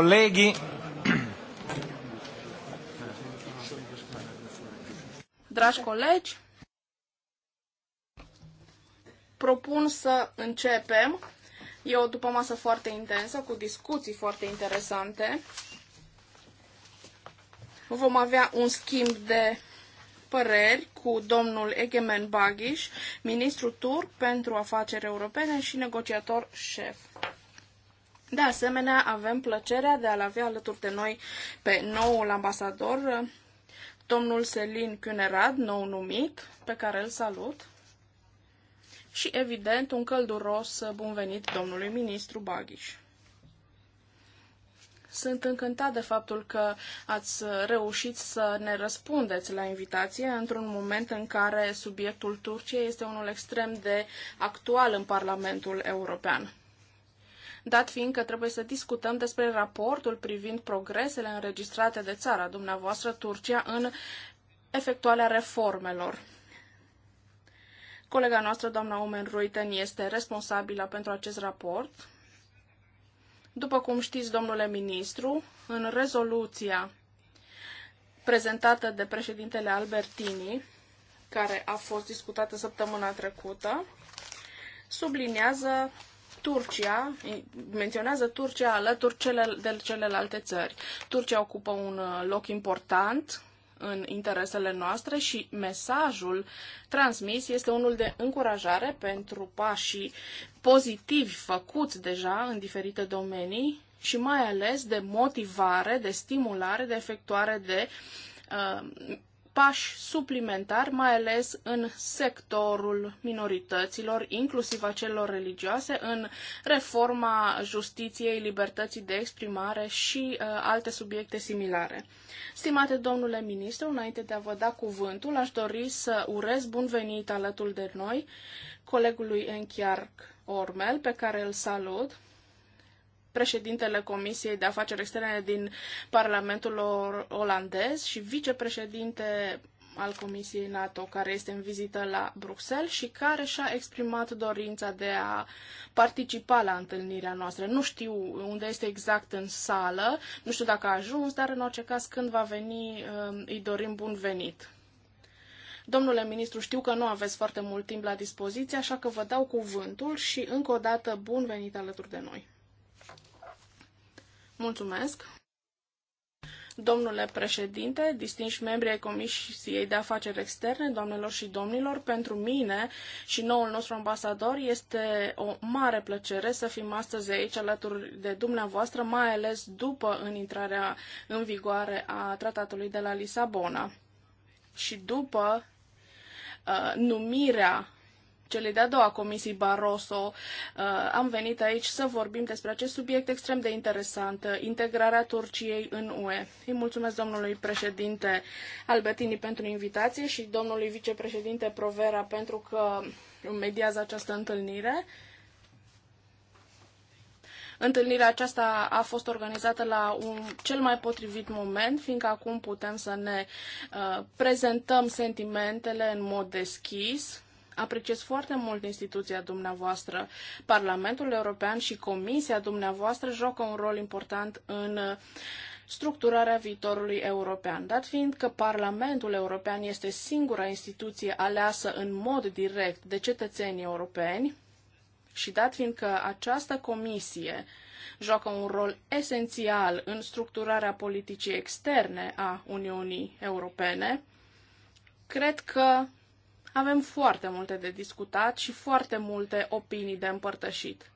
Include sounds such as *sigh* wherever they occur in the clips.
Colleghi. Dragi colegi, propun să începem. E o după masă foarte intensă, cu discuții foarte interesante. Vom avea un schimb de păreri cu domnul Egemen Baghiș, ministru turc pentru afaceri europene și negociator șef. De asemenea, avem plăcerea de a-l avea alături de noi pe noul ambasador, domnul Selin Cunerad, nou numit, pe care îl salut. Și, evident, un călduros bun venit domnului ministru Baghiș. Sunt încântat de faptul că ați reușit să ne răspundeți la invitație într-un moment în care subiectul Turciei este unul extrem de actual în Parlamentul European dat fiind că trebuie să discutăm despre raportul privind progresele înregistrate de țara dumneavoastră, Turcia, în efectuarea reformelor. Colega noastră, doamna Omen Ruiten, este responsabilă pentru acest raport. După cum știți, domnule ministru, în rezoluția prezentată de președintele Albertini, care a fost discutată săptămâna trecută, subliniază Turcia, menționează Turcia alături cele, de celelalte țări. Turcia ocupă un uh, loc important în interesele noastre și mesajul transmis este unul de încurajare pentru pașii pozitivi făcuți deja în diferite domenii și mai ales de motivare, de stimulare, de efectuare de uh, pași suplimentari, mai ales în sectorul minorităților, inclusiv a celor religioase, în reforma justiției, libertății de exprimare și uh, alte subiecte similare. Stimate domnule ministru, înainte de a vă da cuvântul, aș dori să urez bun venit alături de noi colegului Enchiar Ormel, pe care îl salut președintele Comisiei de Afaceri Externe din Parlamentul olandez și vicepreședinte al Comisiei NATO, care este în vizită la Bruxelles și care și-a exprimat dorința de a participa la întâlnirea noastră. Nu știu unde este exact în sală, nu știu dacă a ajuns, dar în orice caz când va veni um, îi dorim bun venit. Domnule ministru, știu că nu aveți foarte mult timp la dispoziție, așa că vă dau cuvântul și încă o dată bun venit alături de noi. Mulțumesc! Domnule președinte, distinși membri ai Comisiei de Afaceri Externe, doamnelor și domnilor, pentru mine și noul nostru ambasador este o mare plăcere să fim astăzi aici alături de dumneavoastră, mai ales după în intrarea în vigoare a tratatului de la Lisabona și după uh, numirea cele de-a doua comisii Barroso. Uh, am venit aici să vorbim despre acest subiect extrem de interesant, integrarea Turciei în UE. Îi mulțumesc domnului președinte Albertini pentru invitație și domnului vicepreședinte Provera pentru că mediază această întâlnire. Întâlnirea aceasta a fost organizată la un cel mai potrivit moment, fiindcă acum putem să ne uh, prezentăm sentimentele în mod deschis, Apreciez foarte mult instituția dumneavoastră. Parlamentul European și Comisia dumneavoastră joacă un rol important în structurarea viitorului european, dat fiind că Parlamentul European este singura instituție aleasă în mod direct de cetățenii europeni și dat fiind că această comisie joacă un rol esențial în structurarea politicii externe a Uniunii Europene, cred că avem foarte multe de discutat și foarte multe opinii de împărtășit.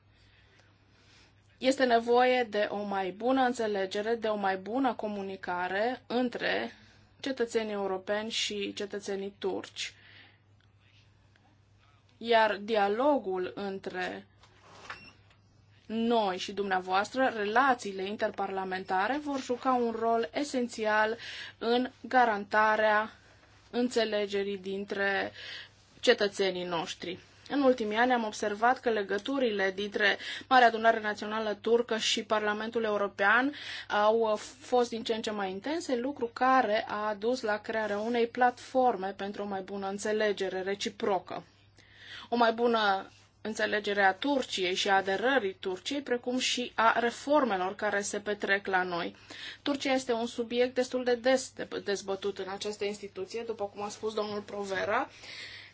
Este nevoie de o mai bună înțelegere, de o mai bună comunicare între cetățenii europeni și cetățenii turci. Iar dialogul între noi și dumneavoastră, relațiile interparlamentare vor juca un rol esențial în garantarea înțelegerii dintre cetățenii noștri. În ultimii ani am observat că legăturile dintre Marea Adunare Națională Turcă și Parlamentul European au fost din ce în ce mai intense, lucru care a dus la crearea unei platforme pentru o mai bună înțelegere reciprocă. O mai bună înțelegerea Turciei și a aderării Turciei, precum și a reformelor care se petrec la noi. Turcia este un subiect destul de des dezbătut în această instituție, după cum a spus domnul Provera.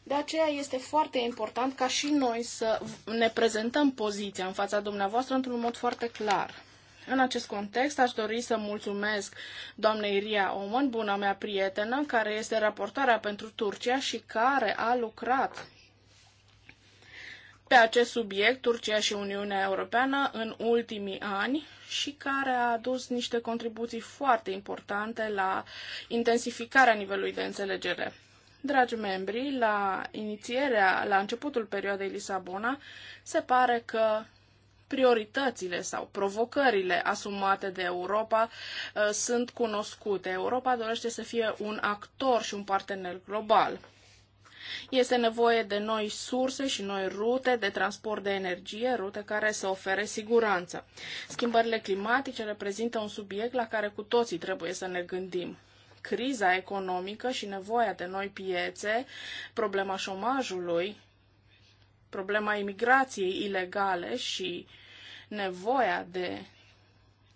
De aceea este foarte important ca și noi să ne prezentăm poziția în fața dumneavoastră într-un mod foarte clar. În acest context, aș dori să mulțumesc doamnei Ria Oman, buna mea prietenă, care este raportarea pentru Turcia și care a lucrat pe acest subiect, Turcia și Uniunea Europeană, în ultimii ani și care a adus niște contribuții foarte importante la intensificarea nivelului de înțelegere. Dragi membri, la inițierea, la începutul perioadei Lisabona, se pare că prioritățile sau provocările asumate de Europa uh, sunt cunoscute. Europa dorește să fie un actor și un partener global. Este nevoie de noi surse și noi rute de transport de energie, rute care să ofere siguranță. Schimbările climatice reprezintă un subiect la care cu toții trebuie să ne gândim criza economică și nevoia de noi piețe, problema șomajului, problema imigrației ilegale și nevoia de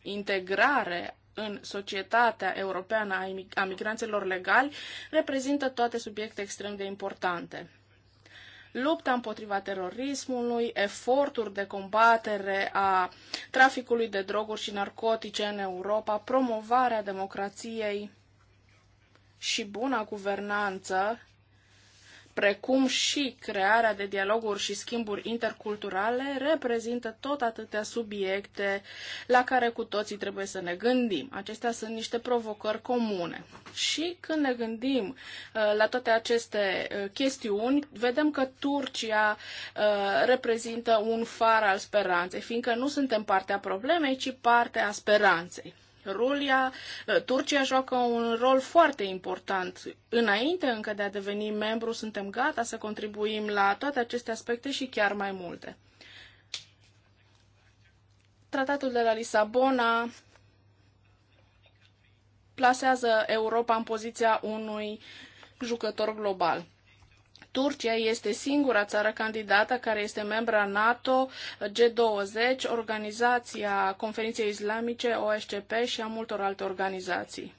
integrare în societatea europeană a migranților legali reprezintă toate subiecte extrem de importante lupta împotriva terorismului, eforturi de combatere a traficului de droguri și narcotice în Europa, promovarea democrației și buna guvernanță precum și crearea de dialoguri și schimburi interculturale, reprezintă tot atâtea subiecte la care cu toții trebuie să ne gândim. Acestea sunt niște provocări comune. Și când ne gândim uh, la toate aceste uh, chestiuni, vedem că Turcia uh, reprezintă un far al speranței, fiindcă nu suntem partea problemei, ci partea speranței. Rulia, uh, Turcia joacă un rol foarte important. Înainte încă de a deveni membru, suntem gata să contribuim la toate aceste aspecte și chiar mai multe. Tratatul de la Lisabona plasează Europa în poziția unui jucător global. Turcia este singura țară candidată care este membra NATO, G20, Organizația Conferinței Islamice, OSCP și a multor alte organizații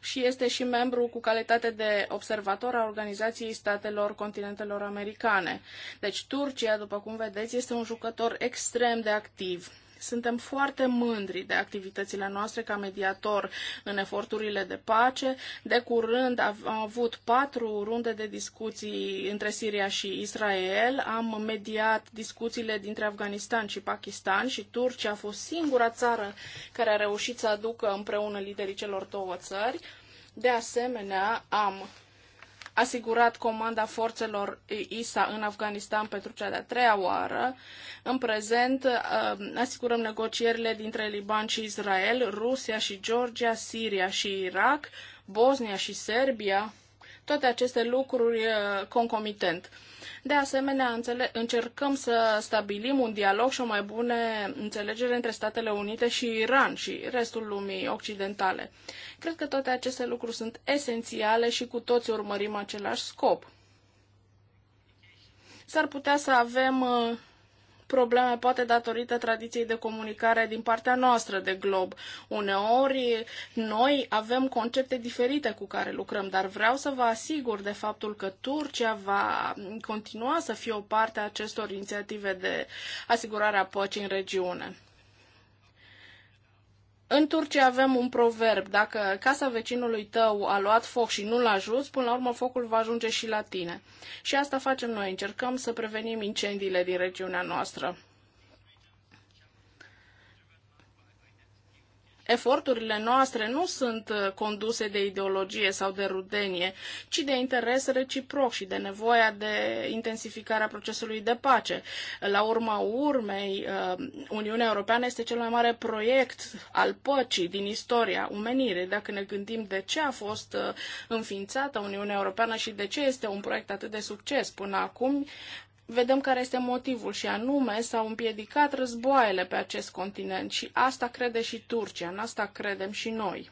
și este și membru cu calitate de observator a Organizației Statelor Continentelor Americane. Deci Turcia, după cum vedeți, este un jucător extrem de activ. Suntem foarte mândri de activitățile noastre ca mediator în eforturile de pace. De curând am avut patru runde de discuții între Siria și Israel. Am mediat discuțiile dintre Afganistan și Pakistan și Turcia a fost singura țară care a reușit să aducă împreună liderii celor două țări. De asemenea, am asigurat comanda forțelor ISA în Afganistan pentru cea de-a treia oară. În prezent uh, asigurăm negocierile dintre Liban și Israel, Rusia și Georgia, Siria și Irak, Bosnia și Serbia, toate aceste lucruri uh, concomitent. De asemenea, încercăm să stabilim un dialog și o mai bună înțelegere între Statele Unite și Iran și restul lumii occidentale. Cred că toate aceste lucruri sunt esențiale și cu toți urmărim același scop. S-ar putea să avem uh, probleme poate datorită tradiției de comunicare din partea noastră de glob. Uneori noi avem concepte diferite cu care lucrăm, dar vreau să vă asigur de faptul că Turcia va continua să fie o parte a acestor inițiative de asigurare a păcii în regiune. În Turcia avem un proverb, dacă casa vecinului tău a luat foc și nu-l ajuți, până la urmă focul va ajunge și la tine. Și asta facem noi, încercăm să prevenim incendiile din regiunea noastră. Eforturile noastre nu sunt uh, conduse de ideologie sau de rudenie, ci de interes reciproc și de nevoia de intensificarea procesului de pace. La urma urmei, uh, Uniunea Europeană este cel mai mare proiect al păcii din istoria omenirii. Dacă ne gândim de ce a fost uh, înființată Uniunea Europeană și de ce este un proiect atât de succes până acum, vedem care este motivul și anume s-au împiedicat războaiele pe acest continent și asta crede și Turcia, în asta credem și noi.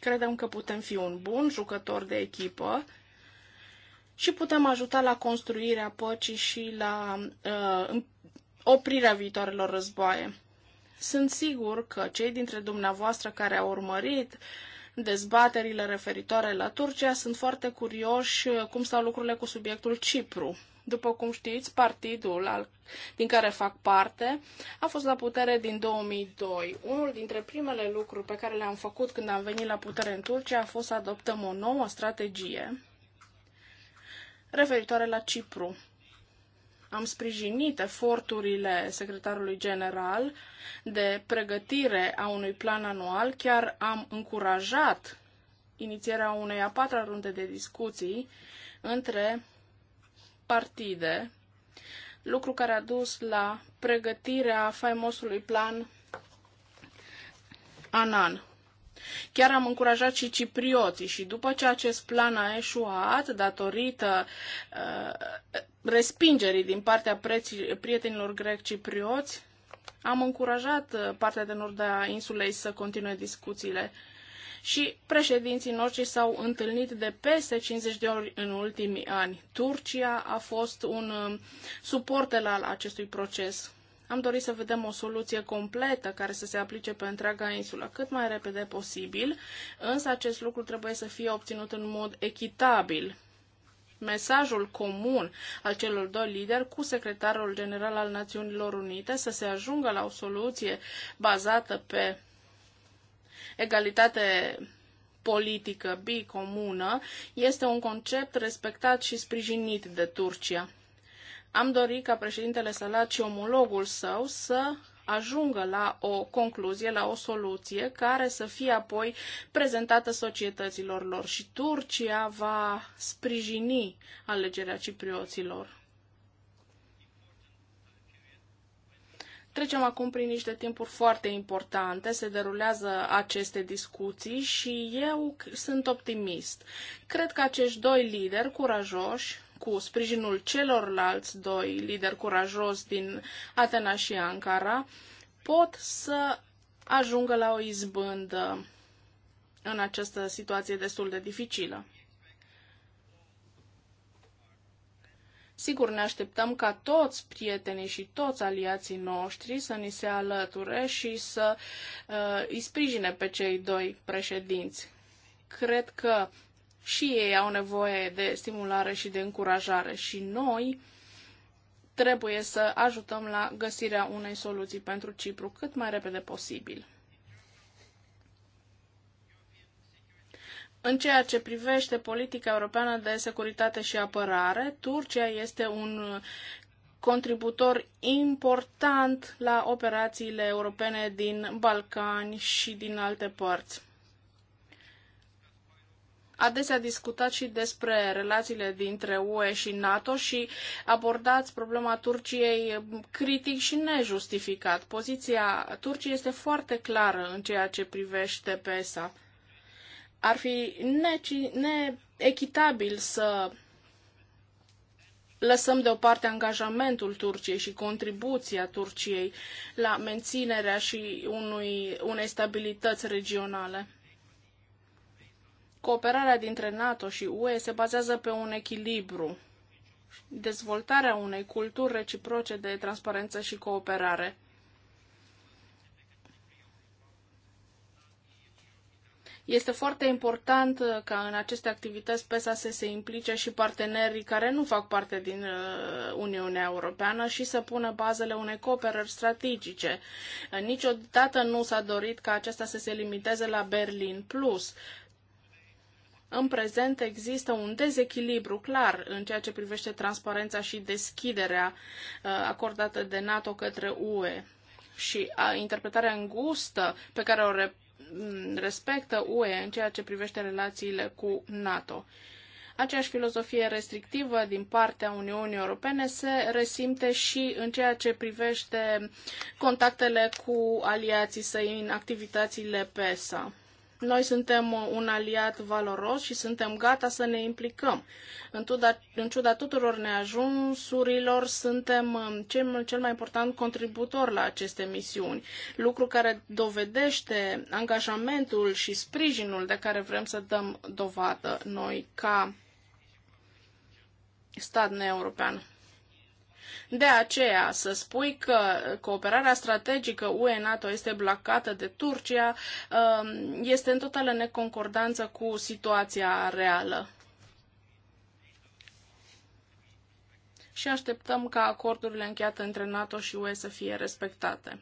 Credem că putem fi un bun jucător de echipă și putem ajuta la construirea păcii și la uh, oprirea viitoarelor războaie. Sunt sigur că cei dintre dumneavoastră care au urmărit dezbaterile referitoare la Turcia sunt foarte curioși uh, cum stau lucrurile cu subiectul Cipru. După cum știți, partidul al, din care fac parte a fost la putere din 2002. Unul dintre primele lucruri pe care le-am făcut când am venit la putere în Turcia a fost să adoptăm o nouă strategie referitoare la Cipru. Am sprijinit eforturile secretarului general de pregătire a unui plan anual, chiar am încurajat inițierea unei a patra runde de discuții între partide, lucru care a dus la pregătirea faimosului plan Anan. Chiar am încurajat și ciprioții și după ce acest plan a eșuat, datorită uh, respingerii din partea preții, prietenilor greci ciprioți, am încurajat uh, partea de nord a insulei să continue discuțiile și președinții noștri s-au întâlnit de peste 50 de ori în ultimii ani. Turcia a fost un um, suport al acestui proces. Am dorit să vedem o soluție completă care să se aplice pe întreaga insulă cât mai repede posibil, însă acest lucru trebuie să fie obținut în mod echitabil. Mesajul comun al celor doi lideri cu secretarul general al Națiunilor Unite să se ajungă la o soluție bazată pe egalitate politică bicomună este un concept respectat și sprijinit de Turcia. Am dorit ca președintele Salat și omologul său să ajungă la o concluzie, la o soluție care să fie apoi prezentată societăților lor și Turcia va sprijini alegerea ciprioților. Trecem acum prin niște timpuri foarte importante, se derulează aceste discuții și eu sunt optimist. Cred că acești doi lideri curajoși, cu sprijinul celorlalți doi lideri curajoși din Atena și Ankara, pot să ajungă la o izbândă în această situație destul de dificilă. Sigur, ne așteptăm ca toți prietenii și toți aliații noștri să ni se alăture și să uh, îi sprijine pe cei doi președinți. Cred că și ei au nevoie de stimulare și de încurajare și noi trebuie să ajutăm la găsirea unei soluții pentru Cipru cât mai repede posibil. În ceea ce privește politica europeană de securitate și apărare, Turcia este un contributor important la operațiile europene din Balcani și din alte părți. Adesea discutat și despre relațiile dintre UE și NATO și abordați problema Turciei critic și nejustificat. Poziția Turciei este foarte clară în ceea ce privește PESA ar fi neechitabil să lăsăm deoparte angajamentul Turciei și contribuția Turciei la menținerea și unui, unei stabilități regionale. Cooperarea dintre NATO și UE se bazează pe un echilibru, dezvoltarea unei culturi reciproce de transparență și cooperare. Este foarte important uh, ca în aceste activități PESA să se implice și partenerii care nu fac parte din uh, Uniunea Europeană și să pună bazele unei cooperări strategice. Uh, niciodată nu s-a dorit ca acesta să se limiteze la Berlin Plus. În prezent există un dezechilibru clar în ceea ce privește transparența și deschiderea acordată de NATO către UE și interpretarea îngustă pe care o Mm, respectă UE în ceea ce privește relațiile cu NATO. Aceeași filozofie restrictivă din partea Uniunii Europene se resimte și în ceea ce privește contactele cu aliații săi în activitățile PESA. Noi suntem uh, un aliat valoros și suntem gata să ne implicăm. În, tuda, în ciuda tuturor neajunsurilor, suntem um, cel, cel mai important contributor la aceste misiuni, lucru care dovedește angajamentul și sprijinul de care vrem să dăm dovadă noi ca stat neeuropean. De aceea, să spui că cooperarea strategică UE-NATO este blocată de Turcia um, este în totală neconcordanță cu situația reală. Și așteptăm ca acordurile încheiate între NATO și UE să fie respectate.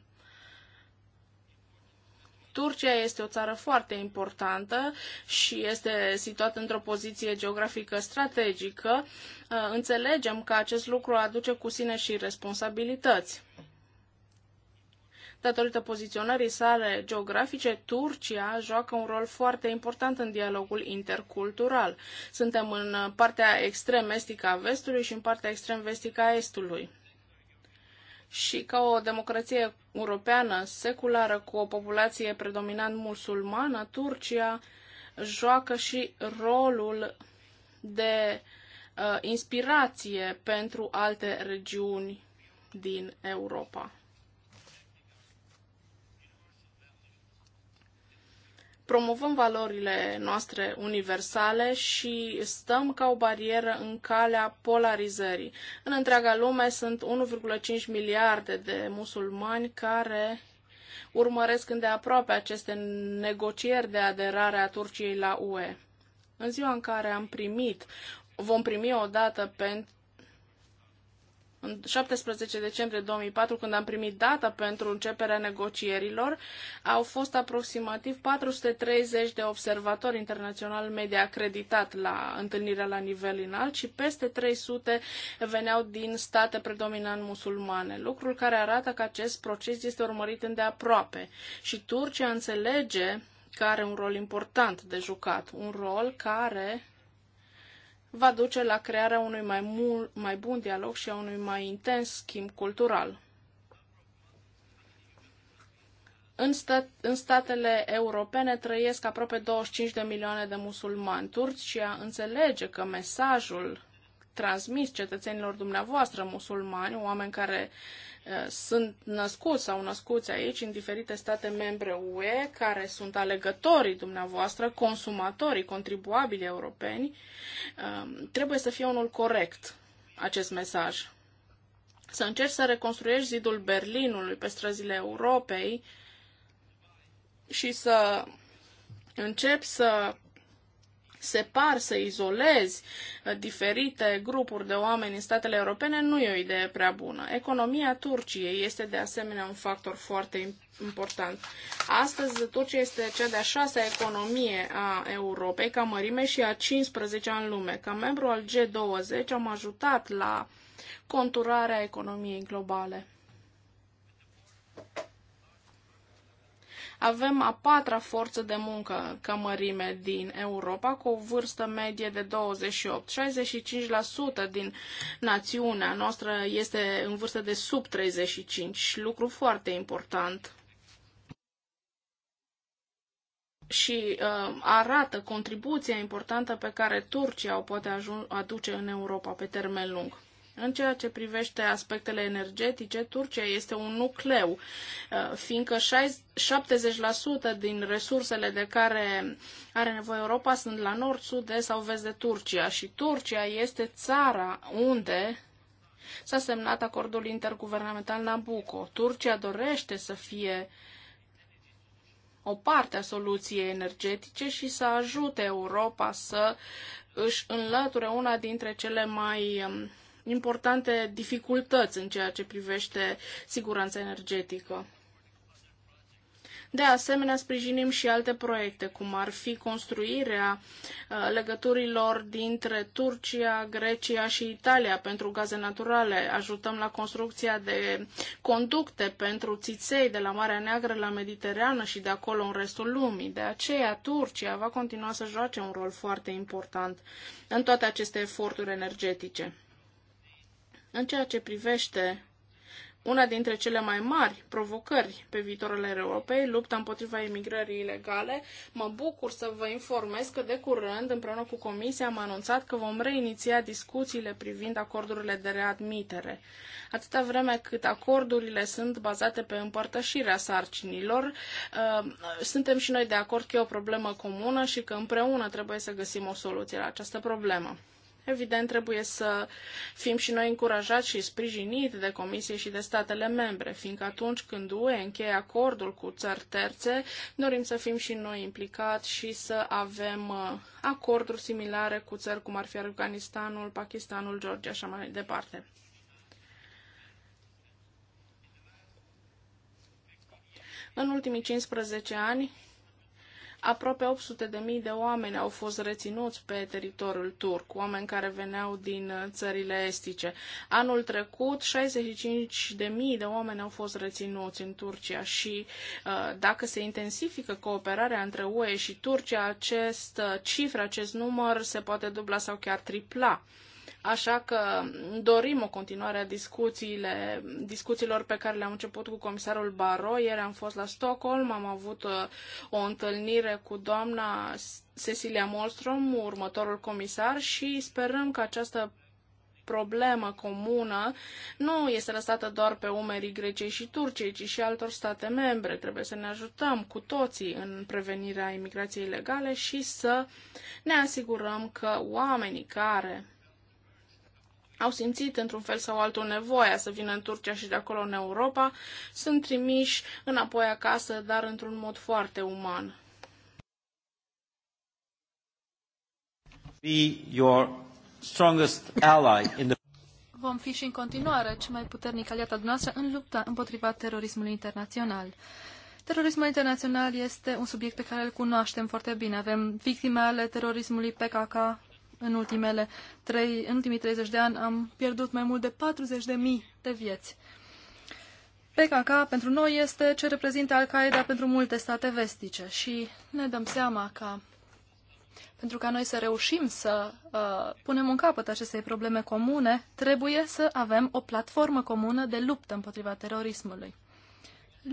Turcia este o țară foarte importantă și este situată într-o poziție geografică strategică. Uh, înțelegem că acest lucru aduce cu sine și responsabilități. Datorită poziționării sale geografice, Turcia joacă un rol foarte important în dialogul intercultural. Suntem în partea extrem estică a vestului și în partea extrem vestică a estului și ca o democrație europeană seculară cu o populație predominant musulmană, Turcia joacă și rolul de uh, inspirație pentru alte regiuni din Europa. promovăm valorile noastre universale și stăm ca o barieră în calea polarizării. În întreaga lume sunt 1,5 miliarde de musulmani care urmăresc îndeaproape aceste negocieri de aderare a Turciei la UE. În ziua în care am primit, vom primi o dată pentru în 17 decembrie 2004, când am primit data pentru începerea negocierilor, au fost aproximativ 430 de observatori internaționali media acreditat la întâlnirea la nivel înalt și peste 300 veneau din state predominant musulmane, lucrul care arată că acest proces este urmărit îndeaproape și Turcia înțelege că are un rol important de jucat, un rol care va duce la crearea unui mai, mul, mai bun dialog și a unui mai intens schimb cultural. În, stat, în statele europene trăiesc aproape 25 de milioane de musulmani. Turcia înțelege că mesajul transmis cetățenilor dumneavoastră musulmani, oameni care uh, Eh, sunt născuți sau născuți aici în diferite state membre UE, care sunt alegătorii dumneavoastră, consumatorii, contribuabili europeni, eh, trebuie să fie unul corect acest mesaj. Să încerci să reconstruiești zidul Berlinului pe străzile Europei și să începi să separ, să izolezi uh, diferite grupuri de oameni în statele europene, nu e o idee prea bună. Economia Turciei este de asemenea un factor foarte important. Astăzi, Turcia este cea de-a șasea economie a Europei ca mărime și a 15-a în lume. Ca membru al G20 am ajutat la conturarea economiei globale. Avem a patra forță de muncă ca mărime din Europa, cu o vârstă medie de 28. 65% din națiunea noastră este în vârstă de sub 35, lucru foarte important și uh, arată contribuția importantă pe care Turcia o poate aduce în Europa pe termen lung. În ceea ce privește aspectele energetice, Turcia este un nucleu, uh, fiindcă 70% din resursele de care are nevoie Europa sunt la nord, sud, est sau vest de Turcia și Turcia este țara unde s-a semnat acordul interguvernamental Nabucco. Turcia dorește să fie o parte a soluției energetice și să ajute Europa să își înlăture una dintre cele mai um, importante dificultăți în ceea ce privește siguranța energetică. De asemenea, sprijinim și alte proiecte, cum ar fi construirea uh, legăturilor dintre Turcia, Grecia și Italia pentru gaze naturale. Ajutăm la construcția de conducte pentru țiței de la Marea Neagră la Mediterană și de acolo în restul lumii. De aceea, Turcia va continua să joace un rol foarte important în toate aceste eforturi energetice. În ceea ce privește una dintre cele mai mari provocări pe viitorul Europei, lupta împotriva emigrării ilegale, mă bucur să vă informez că de curând, împreună cu Comisia, am anunțat că vom reiniția discuțiile privind acordurile de readmitere. Atâta vreme cât acordurile sunt bazate pe împărtășirea sarcinilor, uh, suntem și noi de acord că e o problemă comună și că împreună trebuie să găsim o soluție la această problemă. Evident, trebuie să fim și noi încurajați și sprijiniți de Comisie și de statele membre, fiindcă atunci când UE încheie acordul cu țări terțe, dorim să fim și noi implicați și să avem uh, acorduri similare cu țări cum ar fi Afganistanul, Pakistanul, Georgia și așa mai departe. În ultimii 15 ani, Aproape 800.000 de oameni au fost reținuți pe teritoriul turc, oameni care veneau din uh, țările estice. Anul trecut, 65.000 de oameni au fost reținuți în Turcia și uh, dacă se intensifică cooperarea între UE și Turcia, acest uh, cifră, acest număr se poate dubla sau chiar tripla. Așa că dorim o continuare a discuțiile, discuțiilor pe care le-am început cu comisarul Baro. Ieri am fost la Stockholm, am avut uh, o întâlnire cu doamna Cecilia Molstrom, următorul comisar, și sperăm că această problemă comună nu este lăsată doar pe umerii Greciei și Turciei, ci și altor state membre. Trebuie să ne ajutăm cu toții în prevenirea imigrației ilegale și să ne asigurăm că oamenii care au simțit într-un fel sau altul nevoia să vină în Turcia și de acolo în Europa, sunt trimiși înapoi acasă, dar într-un mod foarte uman. Be your strongest ally in the... Vom fi și în continuare cea mai puternic aliată a noastră în lupta împotriva terorismului internațional. Terorismul internațional este un subiect pe care îl cunoaștem foarte bine. Avem victime ale terorismului PKK, în, ultimele trei, în ultimii 30 de ani am pierdut mai mult de 40.000 de vieți. PKK pentru noi este ce reprezintă Al-Qaeda pentru multe state vestice și ne dăm seama că pentru ca noi să reușim să uh, punem în capăt acestei probleme comune, trebuie să avem o platformă comună de luptă împotriva terorismului.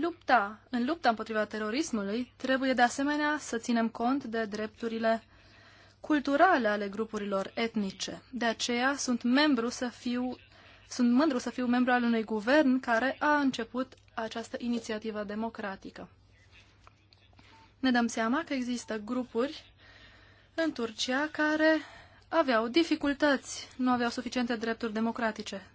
Lupta, în lupta împotriva terorismului, trebuie de asemenea să ținem cont de drepturile culturale ale grupurilor etnice. De aceea sunt membru să fiu sunt mândru să fiu membru al unui guvern care a început această inițiativă democratică. Ne dăm seama că există grupuri în Turcia care aveau dificultăți, nu aveau suficiente drepturi democratice.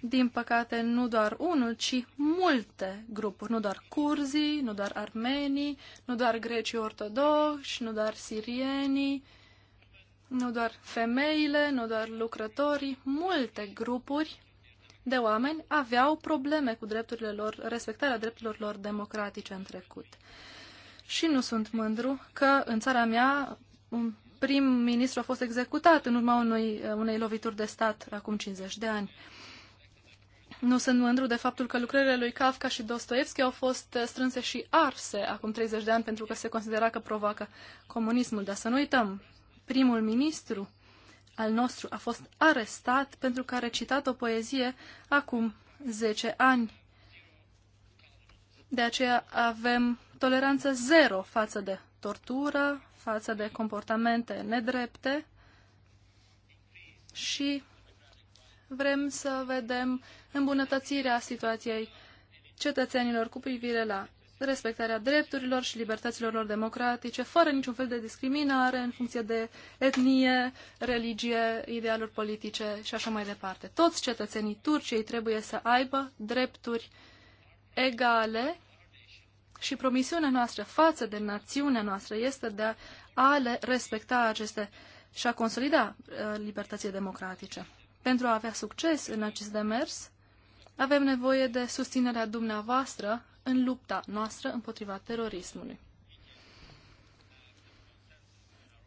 Din păcate, nu doar unul, ci multe grupuri, nu doar curzii, nu doar armenii, nu doar grecii ortodoxi, nu doar sirienii, nu doar femeile, nu doar lucrătorii, multe grupuri de oameni aveau probleme cu drepturile lor, respectarea drepturilor lor democratice în trecut. Și nu sunt mândru că în țara mea un prim-ministru a fost executat în urma unui, unei lovituri de stat acum 50 de ani. Nu sunt mândru de faptul că lucrările lui Kafka și Dostoevski au fost strânse și arse acum 30 de ani pentru că se considera că provoacă comunismul. Dar să nu uităm, primul ministru al nostru a fost arestat pentru că a recitat o poezie acum 10 ani. De aceea avem toleranță zero față de tortură, față de comportamente nedrepte și vrem să vedem îmbunătățirea situației cetățenilor cu privire la respectarea drepturilor și libertăților lor democratice, fără niciun fel de discriminare în funcție de etnie, religie, idealuri politice și așa mai departe. Toți cetățenii Turciei trebuie să aibă drepturi egale și promisiunea noastră față de națiunea noastră este de a le respecta aceste și a consolida uh, libertățile democratice. Pentru a avea succes în acest demers, avem nevoie de susținerea dumneavoastră în lupta noastră împotriva terorismului.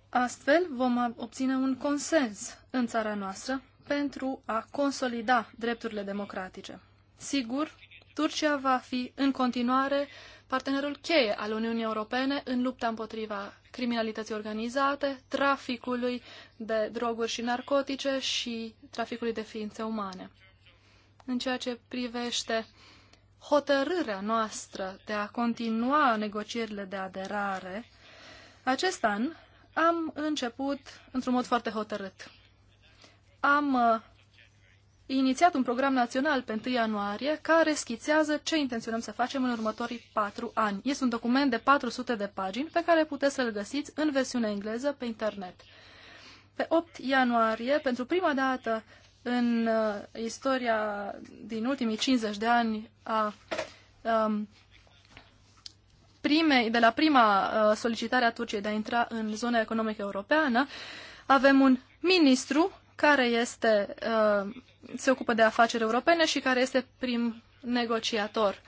Astfel, vom obține un consens în țara noastră pentru a consolida drepturile democratice. Sigur, Turcia va fi în continuare partenerul cheie al Uniunii Europene în lupta împotriva criminalității organizate, traficului de droguri și narcotice și traficului de ființe umane. În ceea ce privește hotărârea noastră de a continua negocierile de aderare, acest an am început într-un mod foarte hotărât. Am uh, inițiat un program național pe 1 ianuarie care schițează ce intenționăm să facem în următorii patru ani. Este un document de 400 de pagini pe care puteți să-l găsiți în versiunea engleză pe internet. Pe 8 ianuarie, pentru prima dată, în uh, istoria din ultimii 50 de ani a um, primei, de la prima uh, solicitare a Turciei de a intra în zona economică europeană, avem un ministru care este, uh, se ocupă de afaceri europene și care este prim negociator.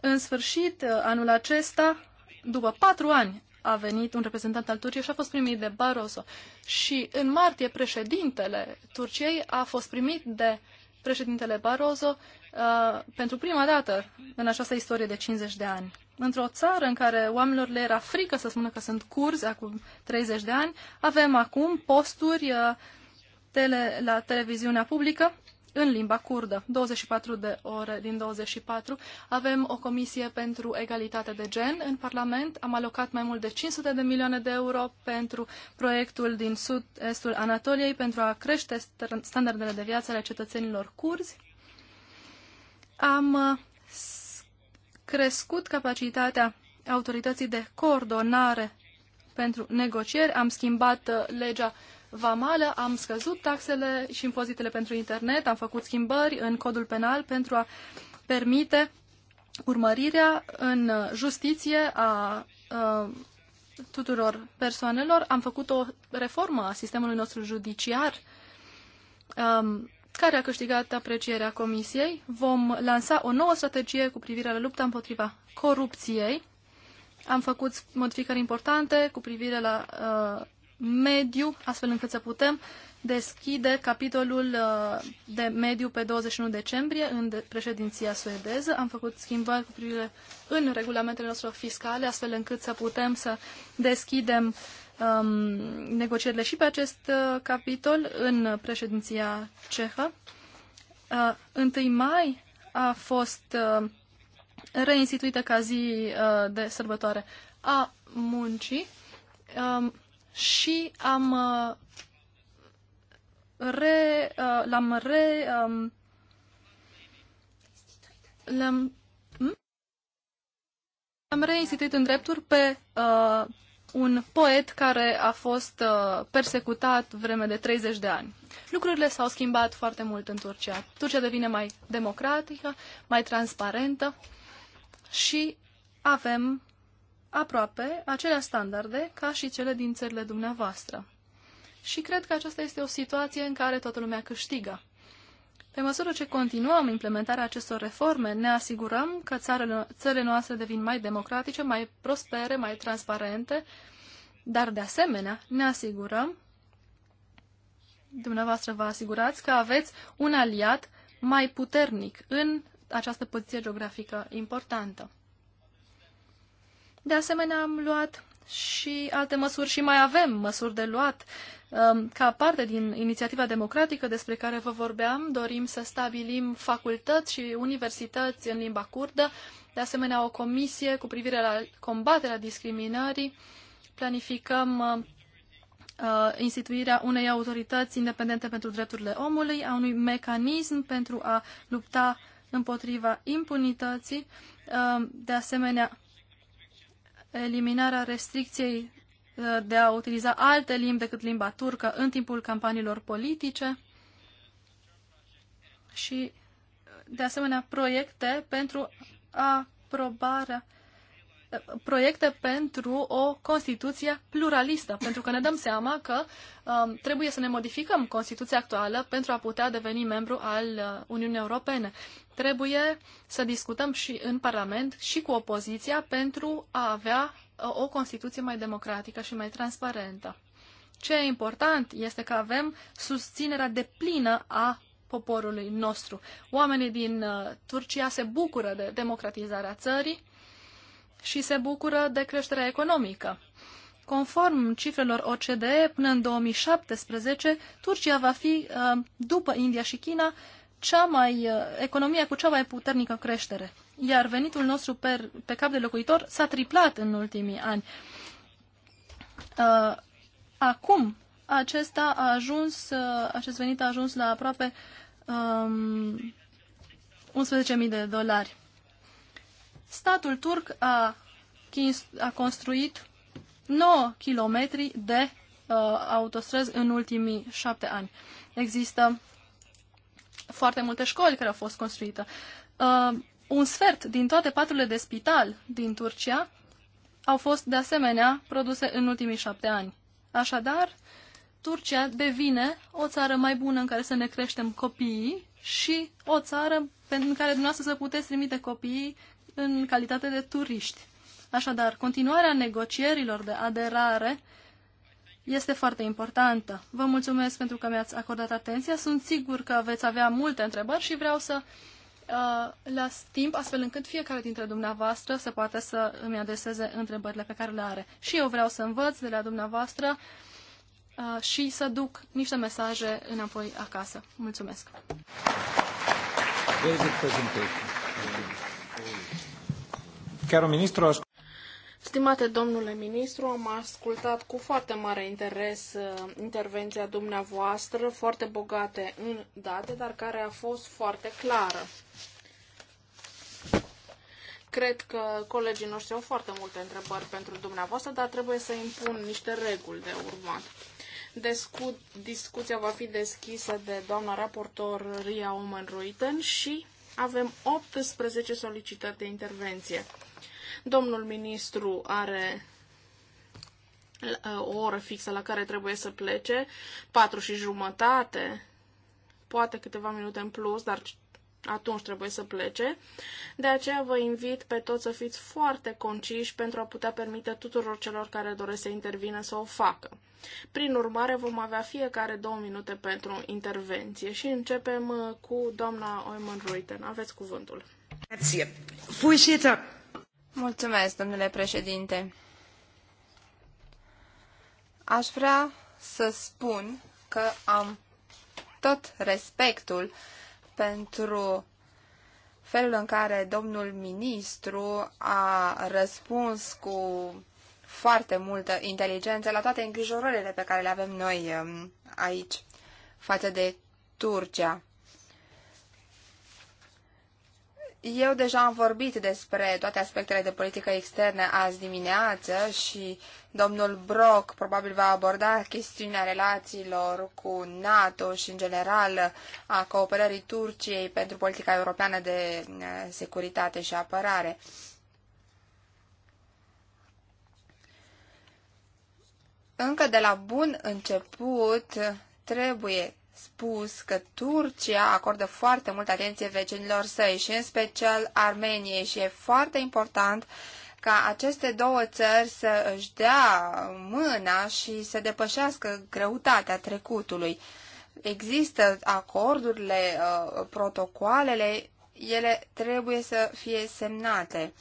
În sfârșit, uh, anul acesta, după patru ani a venit un reprezentant al Turciei și a fost primit de Barroso. Și în martie președintele Turciei a fost primit de președintele Barroso uh, pentru prima dată în această istorie de 50 de ani. Într-o țară în care oamenilor le era frică să spună că sunt curzi acum 30 de ani, avem acum posturi uh, tele, la televiziunea publică în limba curdă, 24 de ore din 24. Avem o comisie pentru egalitate de gen în Parlament. Am alocat mai mult de 500 de milioane de euro pentru proiectul din sud-estul Anatoliei pentru a crește standardele de viață ale cetățenilor curzi. Am uh, crescut capacitatea autorității de coordonare pentru negocieri. Am schimbat uh, legea vamală, am scăzut taxele și impozitele pentru internet, am făcut schimbări în codul penal pentru a permite urmărirea în justiție a a tuturor persoanelor. Am făcut o reformă a sistemului nostru judiciar um, care a câștigat aprecierea Comisiei. Vom lansa o nouă strategie cu privire la lupta împotriva corupției. Am făcut modificări importante cu privire la uh, mediu, astfel încât să putem deschide capitolul uh, de mediu pe 21 decembrie în președinția suedeză. Am făcut schimbări cu privire în regulamentele noastre fiscale, astfel încât să putem să deschidem um, negocierile și pe acest uh, capitol în președinția cehă. Uh, 1 mai a fost uh, reinstituită ca zi uh, de sărbătoare a muncii. Um, și am uh, re, uh, l-am re um, l-am hm? am reinstituit în drepturi pe uh, un poet care a fost uh, persecutat vreme de 30 de ani. Lucrurile s-au schimbat foarte mult în Turcia. Turcia devine mai democratică, mai transparentă și avem aproape acelea standarde ca și cele din țările dumneavoastră. Și cred că aceasta este o situație în care toată lumea câștigă. Pe măsură ce continuăm implementarea acestor reforme, ne asigurăm că țările noastre devin mai democratice, mai prospere, mai transparente, dar de asemenea ne asigurăm, dumneavoastră vă asigurați că aveți un aliat mai puternic în această poziție geografică importantă. De asemenea, am luat și alte măsuri și mai avem măsuri de luat. Um, ca parte din inițiativa democratică despre care vă vorbeam, dorim să stabilim facultăți și universități în limba curdă, de asemenea o comisie cu privire la combaterea discriminării. Planificăm uh, uh, instituirea unei autorități independente pentru drepturile omului, a unui mecanism pentru a lupta împotriva impunității, uh, de asemenea eliminarea restricției uh, de a utiliza alte limbi decât limba turcă în timpul campaniilor politice și, de asemenea, proiecte pentru aprobarea proiecte pentru o Constituție pluralistă, pentru că ne dăm seama că um, trebuie să ne modificăm Constituția actuală pentru a putea deveni membru al uh, Uniunii Europene. Trebuie să discutăm și în Parlament și cu opoziția pentru a avea uh, o Constituție mai democratică și mai transparentă. Ce e important este că avem susținerea deplină a poporului nostru. Oamenii din uh, Turcia se bucură de democratizarea țării, și se bucură de creșterea economică. Conform cifrelor OCDE, până în 2017, Turcia va fi, uh, după India și China, cea mai, uh, economia cu cea mai puternică creștere. Iar venitul nostru per, pe cap de locuitor s-a triplat în ultimii ani. Uh, acum, acesta a ajuns, acest venit a ajuns la aproape um, 11.000 de dolari statul turc a, a construit 9 kilometri de uh, autostrăzi în ultimii șapte ani. Există foarte multe școli care au fost construite. Uh, un sfert din toate paturile de spital din Turcia au fost de asemenea produse în ultimii șapte ani. Așadar, Turcia devine o țară mai bună în care să ne creștem copiii și o țară în care dumneavoastră să puteți trimite copiii în calitate de turiști. Așadar, continuarea negocierilor de aderare este foarte importantă. Vă mulțumesc pentru că mi-ați acordat atenția. Sunt sigur că veți avea multe întrebări și vreau să uh, las timp astfel încât fiecare dintre dumneavoastră să poată să îmi adreseze întrebările pe care le are. Și eu vreau să învăț de la dumneavoastră uh, și să duc niște mesaje înapoi acasă. Mulțumesc! Very good presentation. Chiar un ministru Stimate domnule ministru, am ascultat cu foarte mare interes uh, intervenția dumneavoastră, foarte bogate în date, dar care a fost foarte clară. Cred că colegii noștri au foarte multe întrebări pentru dumneavoastră, dar trebuie să impun niște reguli de urmat. Discu- discuția va fi deschisă de doamna raportor Ria Omen-Ruiten și avem 18 solicitări de intervenție. Domnul ministru are uh, o oră fixă la care trebuie să plece, patru și jumătate, poate câteva minute în plus, dar atunci trebuie să plece. De aceea vă invit pe toți să fiți foarte conciși pentru a putea permite tuturor celor care doresc să intervină să o facă. Prin urmare, vom avea fiecare două minute pentru intervenție și începem uh, cu doamna Oyman Reuten. Aveți cuvântul. Grazie. Voorzitter, Mulțumesc, domnule președinte. Aș vrea să spun că am tot respectul pentru felul în care domnul ministru a răspuns cu foarte multă inteligență la toate îngrijorările pe care le avem noi um, aici față de Turcia. Eu deja am vorbit despre toate aspectele de politică externă azi dimineață și domnul Brock probabil va aborda chestiunea relațiilor cu NATO și în general a cooperării Turciei pentru politica europeană de eh, securitate și apărare. Încă de la bun început trebuie spus că Turcia acordă foarte multă atenție vecinilor săi și în special Armeniei și e foarte important ca aceste două țări să își dea mâna și să depășească greutatea trecutului. Există acordurile, uh, protocoalele, ele trebuie să fie semnate.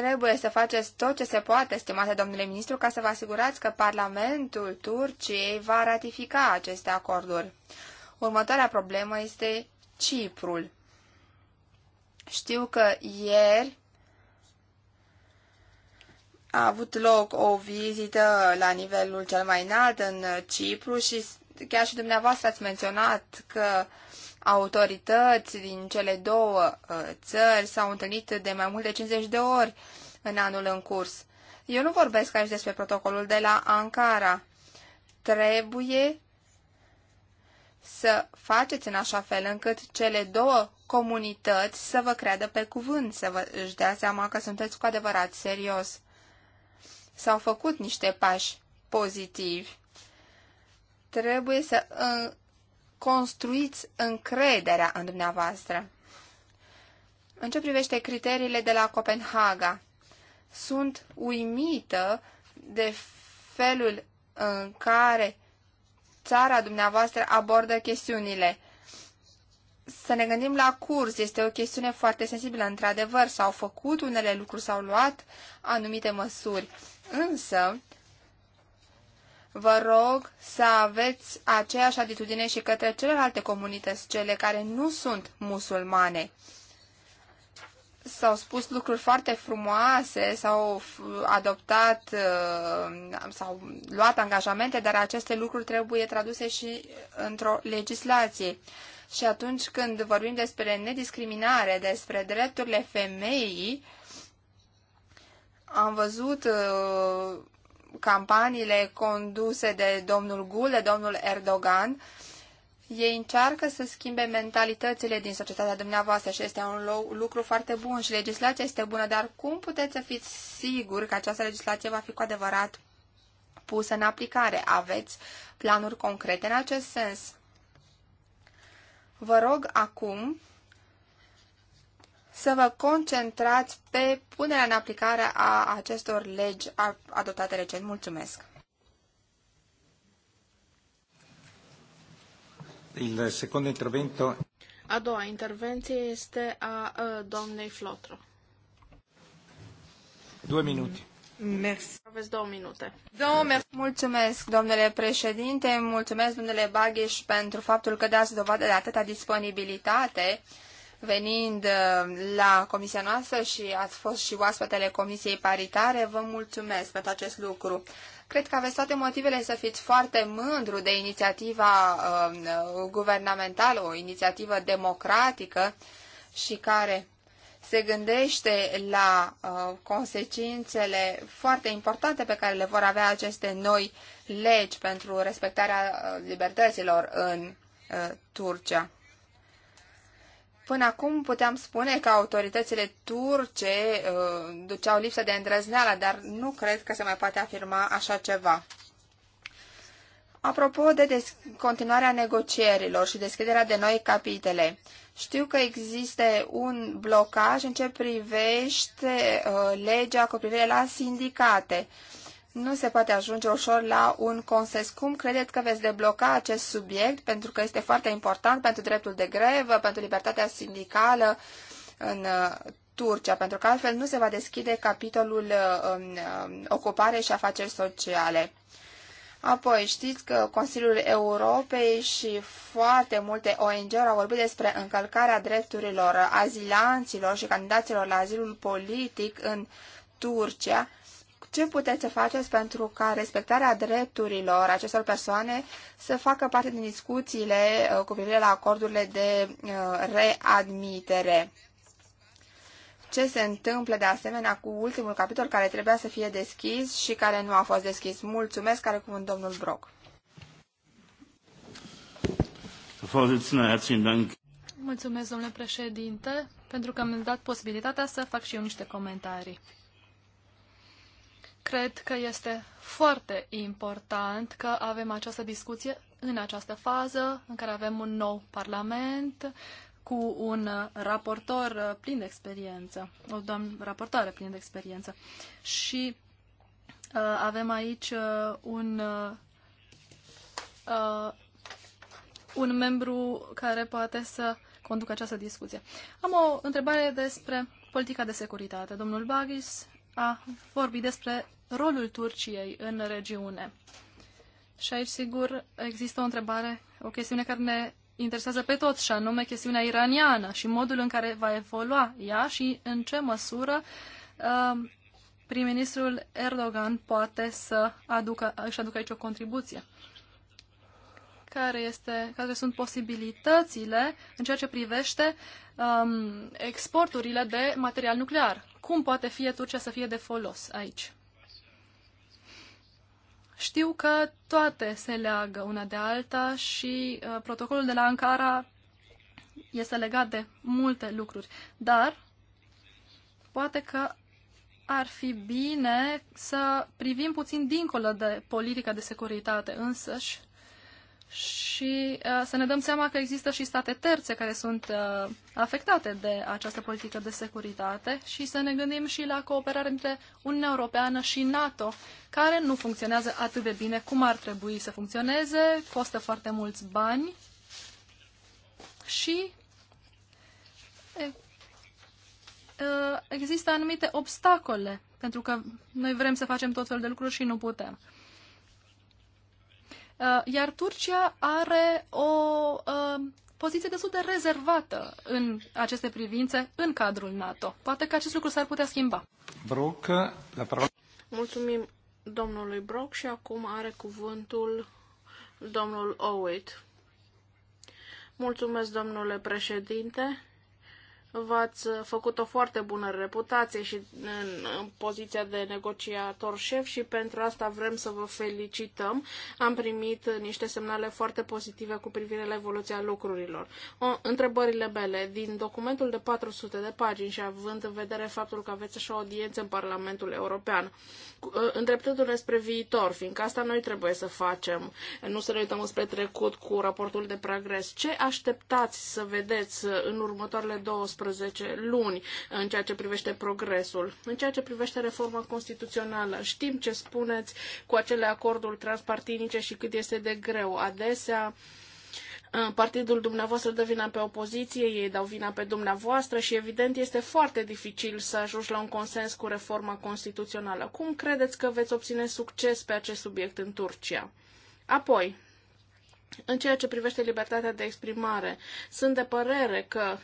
Trebuie să faceți tot ce se poate, stimate domnule ministru, ca să vă asigurați că Parlamentul Turciei va ratifica aceste acorduri. Următoarea problemă este Ciprul. Știu că ieri a avut loc o vizită la nivelul cel mai înalt în Cipru și chiar și dumneavoastră ați menționat că uh, autorități din cele două uh, țări s-au întâlnit de mai mult de 50 de ori în anul în curs. Eu nu vorbesc aici despre protocolul de la Ankara. Trebuie să faceți în așa fel încât cele două comunități să vă creadă pe cuvânt, să vă, își dea seama că sunteți cu adevărat serios. S-au făcut niște pași pozitivi. Trebuie să construiți încrederea în dumneavoastră. În ce privește criteriile de la Copenhaga, sunt uimită de felul în care țara dumneavoastră abordă chestiunile. Să ne gândim la curs, este o chestiune foarte sensibilă, într-adevăr, s-au făcut unele lucruri, s-au luat anumite măsuri, însă vă rog să aveți aceeași atitudine și către celelalte comunități, cele care nu sunt musulmane. S-au spus lucruri foarte frumoase, s-au adoptat, uh, s-au luat angajamente, dar aceste lucruri trebuie traduse și într-o legislație. Și atunci când vorbim despre nediscriminare, despre drepturile femeii, am văzut uh, campaniile conduse de domnul Gule, domnul Erdogan, ei încearcă să schimbe mentalitățile din societatea dumneavoastră și este un lucru foarte bun și legislația este bună, dar cum puteți să fiți siguri că această legislație va fi cu adevărat pusă în aplicare? Aveți planuri concrete în acest sens? Vă rog acum să vă concentrați pe punerea în aplicare a acestor legi adoptate recent. Mulțumesc! Il secondo intervento. A doua intervenție este a doamnei Flotro. Două minute. Mersi. Aveți două minute. Două mers. Mulțumesc, domnule președinte, mulțumesc, domnule Bagheș, pentru faptul că dați dovadă de atâta disponibilitate venind uh, la comisia noastră și ați fost și oaspetele comisiei paritare. Vă mulțumesc pentru acest lucru. Cred că aveți toate motivele să fiți foarte mândru de inițiativa uh, guvernamentală, o inițiativă democratică și care se gândește la uh, consecințele foarte importante pe care le vor avea aceste noi legi pentru respectarea uh, libertăților în uh, Turcia. Până acum puteam spune că autoritățile turce uh, duceau lipsă de îndrăzneală, dar nu cred că se mai poate afirma așa ceva. Apropo de continuarea negocierilor și deschiderea de noi capitele, știu că există un blocaj în ce privește uh, legea cu privire la sindicate. Uh, nu se poate ajunge ușor la un consens. Cum credeți că veți debloca acest subiect? Pentru că este foarte important pentru dreptul de grevă, pentru libertatea sindicală în uh, Turcia, pentru că altfel nu se va deschide capitolul uh, uh, ocupare și afaceri sociale. Apoi, știți că Consiliul Europei și foarte multe ONG-uri au vorbit despre încălcarea drepturilor azilanților și candidaților la azilul politic în Turcia, ce puteți să faceți pentru ca respectarea drepturilor acestor persoane să facă parte din discuțiile uh, cu privire la acordurile de uh, readmitere? Ce se întâmplă de asemenea cu ultimul capitol care trebuia să fie deschis și care nu a fost deschis? Mulțumesc, care cuvânt domnul Brock. Mulțumesc, domnule președinte, pentru că mi-a dat posibilitatea să fac și eu niște comentarii. Cred că este foarte important că avem această discuție în această fază în care avem un nou parlament cu un raportor plin de experiență, o doamnă raportoare plin de experiență. Și uh, avem aici uh, un uh, un membru care poate să conducă această discuție. Am o întrebare despre politica de securitate. Domnul Bagis a vorbit despre rolul Turciei în regiune. Și aici, sigur, există o întrebare, o chestiune care ne interesează pe toți, și anume chestiunea iraniană și modul în care va evolua ea și în ce măsură uh, prim-ministrul Erdogan poate să aducă, își aducă aici o contribuție. Care, este, care sunt posibilitățile în ceea ce privește um, exporturile de material nuclear? Cum poate fi Turcia să fie de folos aici? Știu că toate se leagă una de alta și uh, protocolul de la Ankara este legat de multe lucruri, dar poate că ar fi bine să privim puțin dincolo de politica de securitate însăși și uh, să ne dăm seama că există și state terțe care sunt uh, afectate de această politică de securitate și să ne gândim și la cooperare între Uniunea Europeană și NATO, care nu funcționează atât de bine cum ar trebui să funcționeze, costă foarte mulți bani și uh, există anumite obstacole, pentru că noi vrem să facem tot felul de lucruri și nu putem. Uh, iar Turcia are o uh, poziție destul de rezervată în aceste privințe în cadrul NATO. Poate că acest lucru s-ar putea schimba. Brock, la parola. Mulțumim domnului Brock și acum are cuvântul domnul Owit. Mulțumesc, domnule președinte. V-ați făcut o foarte bună reputație și în, în poziția de negociator șef și pentru asta vrem să vă felicităm. Am primit niște semnale foarte pozitive cu privire la evoluția lucrurilor. O, întrebările mele. Din documentul de 400 de pagini și având în vedere faptul că aveți așa audiență în Parlamentul European, ă, îndreptându-ne spre viitor, fiindcă asta noi trebuie să facem, nu să ne uităm spre trecut cu raportul de progres, ce așteptați să vedeți în următoarele două 12 luni în ceea ce privește progresul. În ceea ce privește reforma constituțională, știm ce spuneți cu acele acorduri transpartinice și cât este de greu. Adesea, uh, partidul dumneavoastră dă vina pe opoziție, ei dau vina pe dumneavoastră și evident este foarte dificil să ajungi la un consens cu reforma constituțională. Cum credeți că veți obține succes pe acest subiect în Turcia? Apoi, în ceea ce privește libertatea de exprimare, sunt de părere că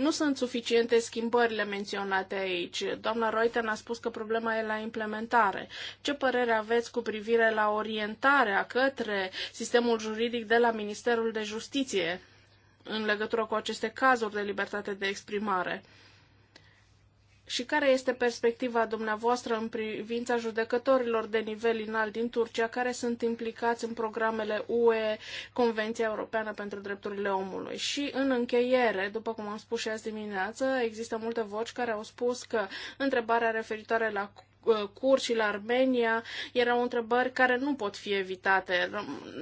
nu sunt suficiente schimbările menționate aici. Doamna Reuten a spus că problema e la implementare. Ce părere aveți cu privire la orientarea către sistemul juridic de la Ministerul de Justiție în legătură cu aceste cazuri de libertate de exprimare? Și care este perspectiva dumneavoastră în privința judecătorilor de nivel înalt din Turcia care sunt implicați în programele UE, Convenția Europeană pentru Drepturile Omului? Și în încheiere, după cum am spus și azi dimineață, există multe voci care au spus că întrebarea referitoare la curzi uh, și la Armenia erau întrebări care nu pot fi evitate.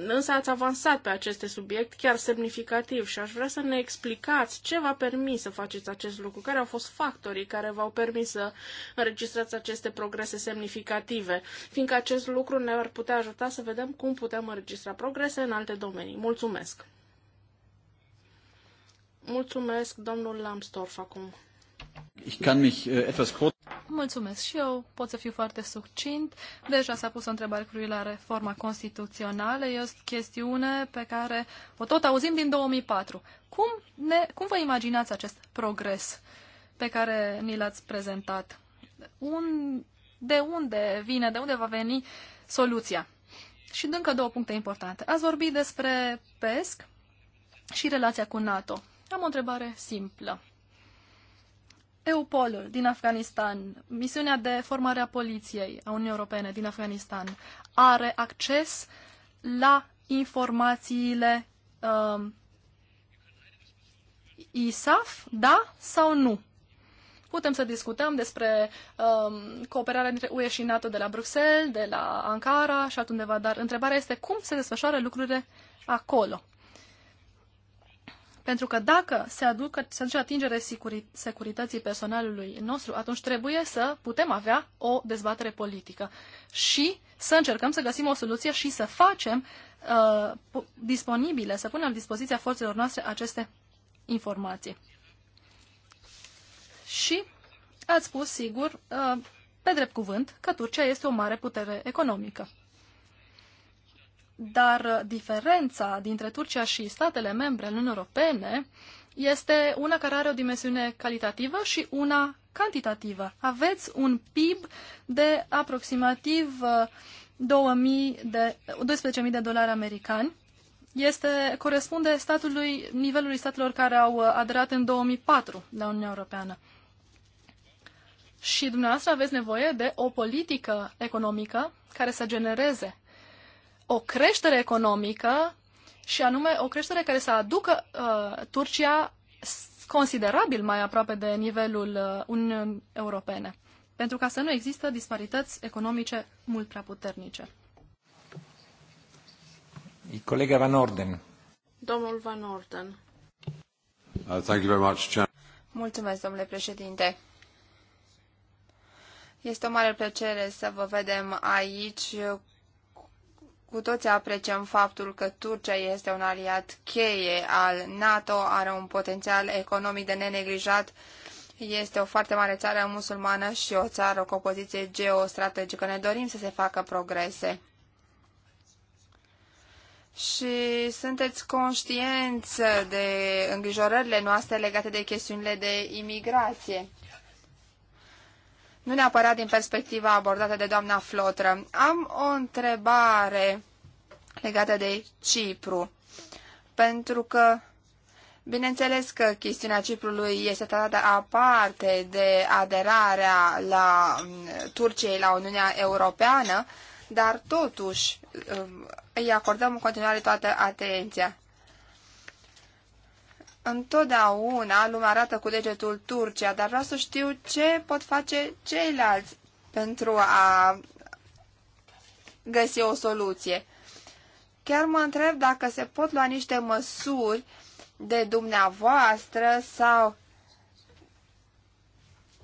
Însă ați avansat pe aceste subiect chiar semnificativ și aș vrea să ne explicați ce v-a permis să faceți acest lucru, care au fost factorii care v-au permis să înregistrați aceste progrese semnificative, fiindcă acest lucru ne-ar putea ajuta să vedem cum putem înregistra progrese în alte domenii. Mulțumesc! Mulțumesc, domnul Lambsdorff, acum. Äh, Mulțumesc și eu, pot să fiu foarte succint. Deja s-a pus o întrebare cu la reforma constituțională. E o chestiune pe care o tot auzim din 2004. Cum, ne, cum vă imaginați acest progres pe care ni l-ați prezentat? Un, de unde vine, de unde va veni soluția? Și încă două puncte importante. Ați vorbit despre PESC și relația cu NATO. Am o întrebare simplă. Eupolul din Afganistan, misiunea de formare a poliției a Uniunii Europene din Afganistan, are acces la informațiile uh, um, ISAF, da sau nu? Putem să discutăm despre um, cooperarea dintre UE și NATO de la Bruxelles, de la Ankara și altundeva, dar întrebarea este cum se desfășoară lucrurile acolo. Pentru că dacă se, aducă, se aduce atingere securității personalului nostru, atunci trebuie să putem avea o dezbatere politică și să încercăm să găsim o soluție și să facem uh, disponibile, să punem la dispoziția forțelor noastre aceste informații. Și ați spus, sigur, uh, pe drept cuvânt, că Turcia este o mare putere economică. Dar diferența dintre Turcia și statele membre ale Uniunii Europene este una care are o dimensiune calitativă și una cantitativă. Aveți un PIB de aproximativ 2000 uh, de, 12.000 de dolari americani. Este, corespunde statului, nivelului statelor care au uh, aderat în 2004 la Uniunea Europeană. Și dumneavoastră aveți nevoie de o politică economică care să genereze o creștere economică și anume o creștere care să aducă uh, Turcia considerabil mai aproape de nivelul uh, Uniunii Europene, pentru ca să nu există disparități economice mult prea puternice. Colega Van Orden. Domnul Van Orden. Uh, thank you very much, Mulțumesc, domnule președinte. Este o mare plăcere să vă vedem aici cu toți apreciem faptul că Turcia este un aliat cheie al NATO, are un potențial economic de neneglijat, este o foarte mare țară musulmană și o țară cu o poziție geostrategică. Ne dorim să se facă progrese. Și sunteți conștienți de îngrijorările noastre legate de chestiunile de imigrație nu neapărat din perspectiva abordată de doamna Flotră. Am o întrebare legată de Cipru, pentru că Bineînțeles că chestiunea Ciprului este tratată aparte de aderarea la mm, Turciei la Uniunea Europeană, dar totuși mm, îi acordăm în continuare toată atenția. Întotdeauna lumea arată cu degetul Turcia, dar vreau să știu ce pot face ceilalți pentru a găsi o soluție. Chiar mă întreb dacă se pot lua niște măsuri de dumneavoastră sau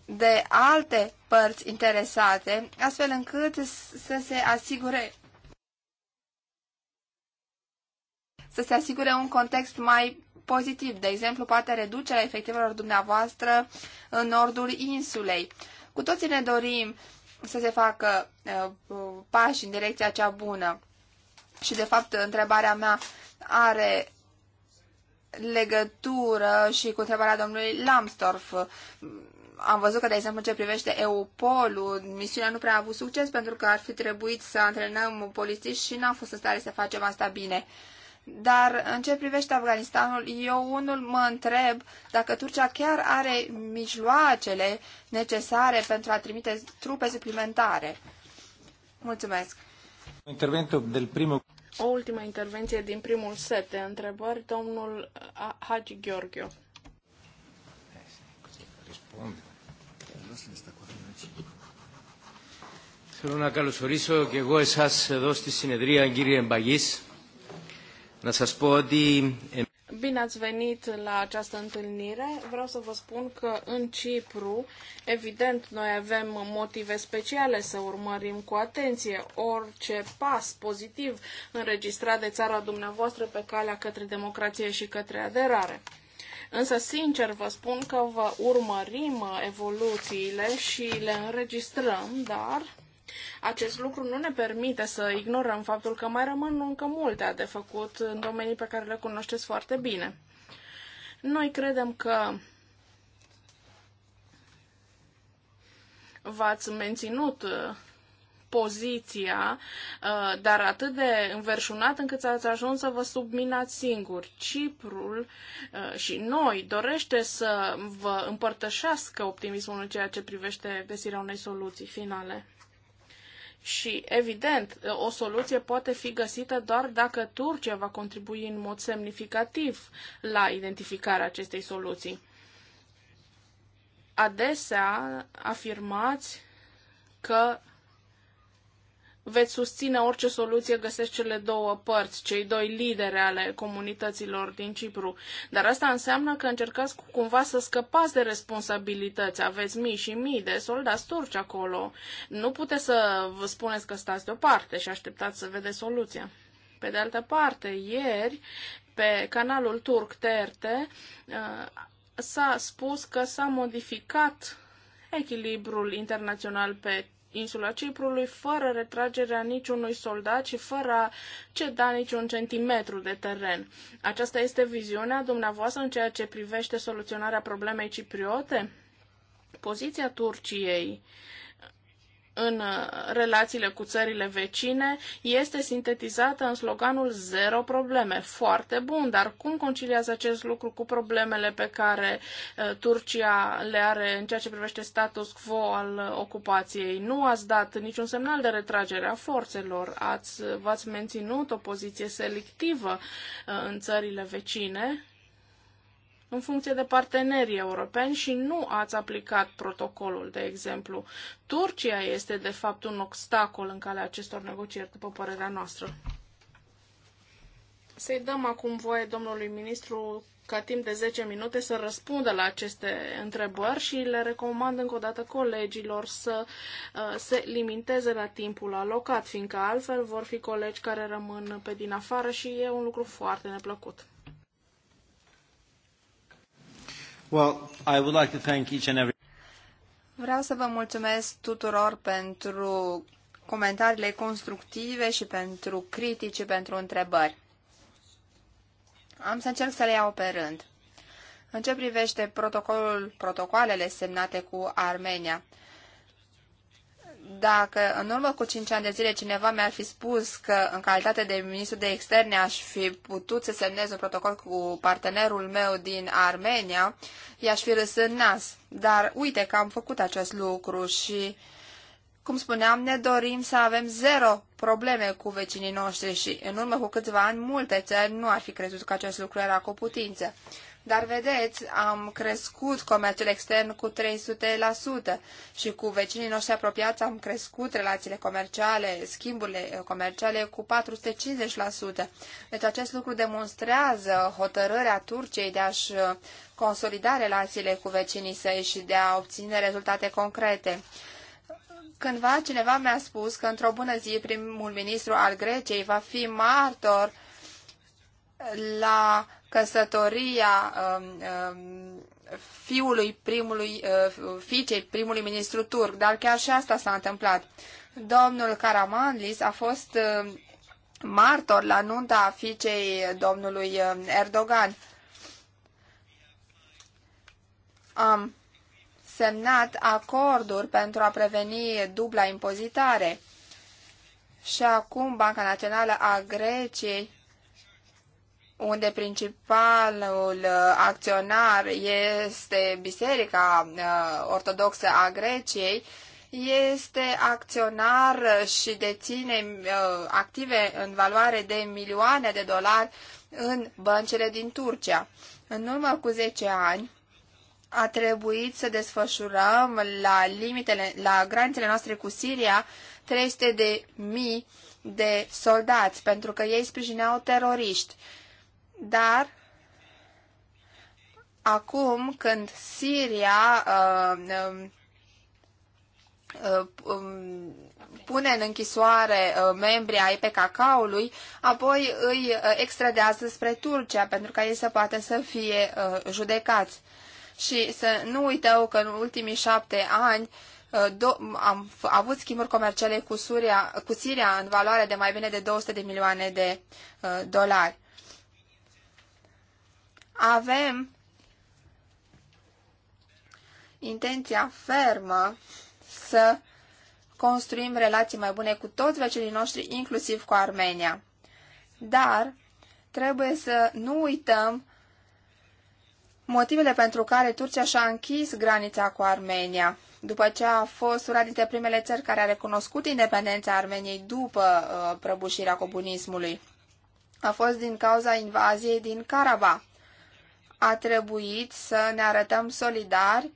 de alte părți interesate, astfel încât să se asigure să se asigure un context mai pozitiv. De exemplu, poate reducerea efectivelor dumneavoastră în nordul insulei. Cu toții ne dorim să se facă uh, pași în direcția cea bună. Și, de fapt, întrebarea mea are legătură și cu întrebarea domnului Lambsdorff. Am văzut că, de exemplu, în ce privește eupol misiunea nu prea a avut succes pentru că ar fi trebuit să antrenăm polițiști și n a fost în stare să facem asta bine. Uh, dar în ce privește Afganistanul, eu unul mă întreb dacă Turcia chiar are mijloacele necesare pentru a trimite trupe suplimentare. Mulțumesc. Interventul primul. O ultimă intervenție din primul set de întrebări, domnul Hagi Gheorghiu. Θέλω να καλωσορίσω και εγώ εσάς εδώ στη συνεδρία, κύριε Μπαγής. Bine ați venit la această întâlnire. Vreau să vă spun că în Cipru, evident, noi avem motive speciale să urmărim cu atenție orice pas pozitiv înregistrat de țara dumneavoastră pe calea către democrație și către aderare. Însă, sincer, vă spun că vă urmărim evoluțiile și le înregistrăm, dar acest lucru nu ne permite să ignorăm faptul că mai rămân încă multe de făcut în domenii pe care le cunoașteți foarte bine. Noi credem că v-ați menținut uh, poziția, uh, dar atât de înverșunat încât ați ajuns să vă subminați singuri. Ciprul uh, și noi dorește să vă împărtășească optimismul în ceea ce privește găsirea unei soluții finale. Și, evident, o soluție poate fi găsită doar dacă Turcia va contribui în mod semnificativ la identificarea acestei soluții. Adesea afirmați că veți susține orice soluție găsesc cele două părți, cei doi lideri ale comunităților din Cipru. Dar asta înseamnă că încercați cumva să scăpați de responsabilități. Aveți mii și mii de soldați turci acolo. Nu puteți să vă spuneți că stați deoparte și așteptați să vedeți soluția. Pe de altă parte, ieri, pe canalul turc TRT, uh, s-a spus că s-a modificat echilibrul internațional pe insula Ciprului fără retragerea niciunui soldat și fără a ceda niciun centimetru de teren. Aceasta este viziunea dumneavoastră în ceea ce privește soluționarea problemei cipriote? Poziția Turciei în uh, relațiile cu țările vecine este sintetizată în sloganul Zero probleme. Foarte bun, dar cum conciliază acest lucru cu problemele pe care uh, Turcia le are în ceea ce privește status quo al uh, ocupației? Nu ați dat niciun semnal de retragere a forțelor, ați, v-ați menținut o poziție selectivă în țările vecine în funcție de partenerii europeni și nu ați aplicat protocolul, de exemplu. Turcia este, de fapt, un obstacol în calea acestor negocieri, după părerea noastră. Să-i dăm acum voie domnului ministru ca timp de 10 minute să răspundă la aceste întrebări și le recomand încă o dată colegilor să uh, se limiteze la timpul alocat, fiindcă altfel vor fi colegi care rămân pe din afară și e un lucru foarte neplăcut. Well, I would like to thank each and every... Vreau să vă mulțumesc tuturor pentru comentariile constructive și pentru critici și pentru întrebări. Am să încerc să le iau pe rând. În ce privește protocolul, protocoalele semnate cu Armenia, dacă în urmă cu 5 ani de zile cineva mi-ar fi spus că în calitate de ministru de externe aș fi putut să semnez un protocol cu partenerul meu din Armenia, i-aș fi râs în nas. Dar uite că am făcut acest lucru și, cum spuneam, ne dorim să avem zero probleme cu vecinii noștri și în urmă cu câțiva ani multe țări nu ar fi crezut că acest lucru era cu putință. Dar vedeți, am crescut comerțul extern cu 300% și cu vecinii noștri apropiați am crescut relațiile comerciale, schimburile eh, comerciale cu 450%. Deci acest lucru demonstrează hotărârea Turciei de a-și eh, consolida relațiile cu vecinii săi și de a obține rezultate concrete. Cândva cineva mi-a spus că într-o bună zi primul ministru al Greciei va fi martor la căsătoria um, um, fiului primului, uh, fiicei primului ministru turc, dar chiar și asta s-a întâmplat. Domnul Karamanlis a fost uh, martor la nunta fiicei domnului uh, Erdogan. Am semnat acorduri pentru a preveni dubla impozitare. Și acum Banca Națională a Greciei unde principalul uh, acționar este Biserica uh, Ortodoxă a Greciei, este acționar și deține uh, active în valoare de milioane de dolari în băncile din Turcia. În urmă cu 10 ani a trebuit să desfășurăm la limitele, la granițele noastre cu Siria 300 de mii de soldați, pentru că ei sprijineau teroriști dar acum când Siria uh, um, uh, uh, pune în închisoare uh, membrii ai PKK-ului, apoi îi uh, extradează spre Turcia pentru ca ei să poată să fie uh, judecați. Și să nu uităm că în ultimii șapte ani am avut schimburi comerciale cu, Suria, cu Siria în valoare de mai bine de 200 de milioane de dolari avem intenția fermă să construim relații mai bune cu toți vecinii noștri, inclusiv cu Armenia. Dar trebuie să nu uităm motivele pentru care Turcia și-a închis granița cu Armenia. După ce a fost una dintre primele țări care a recunoscut independența Armeniei după uh, prăbușirea comunismului, a fost din cauza invaziei din Karabakh a trebuit să ne arătăm solidari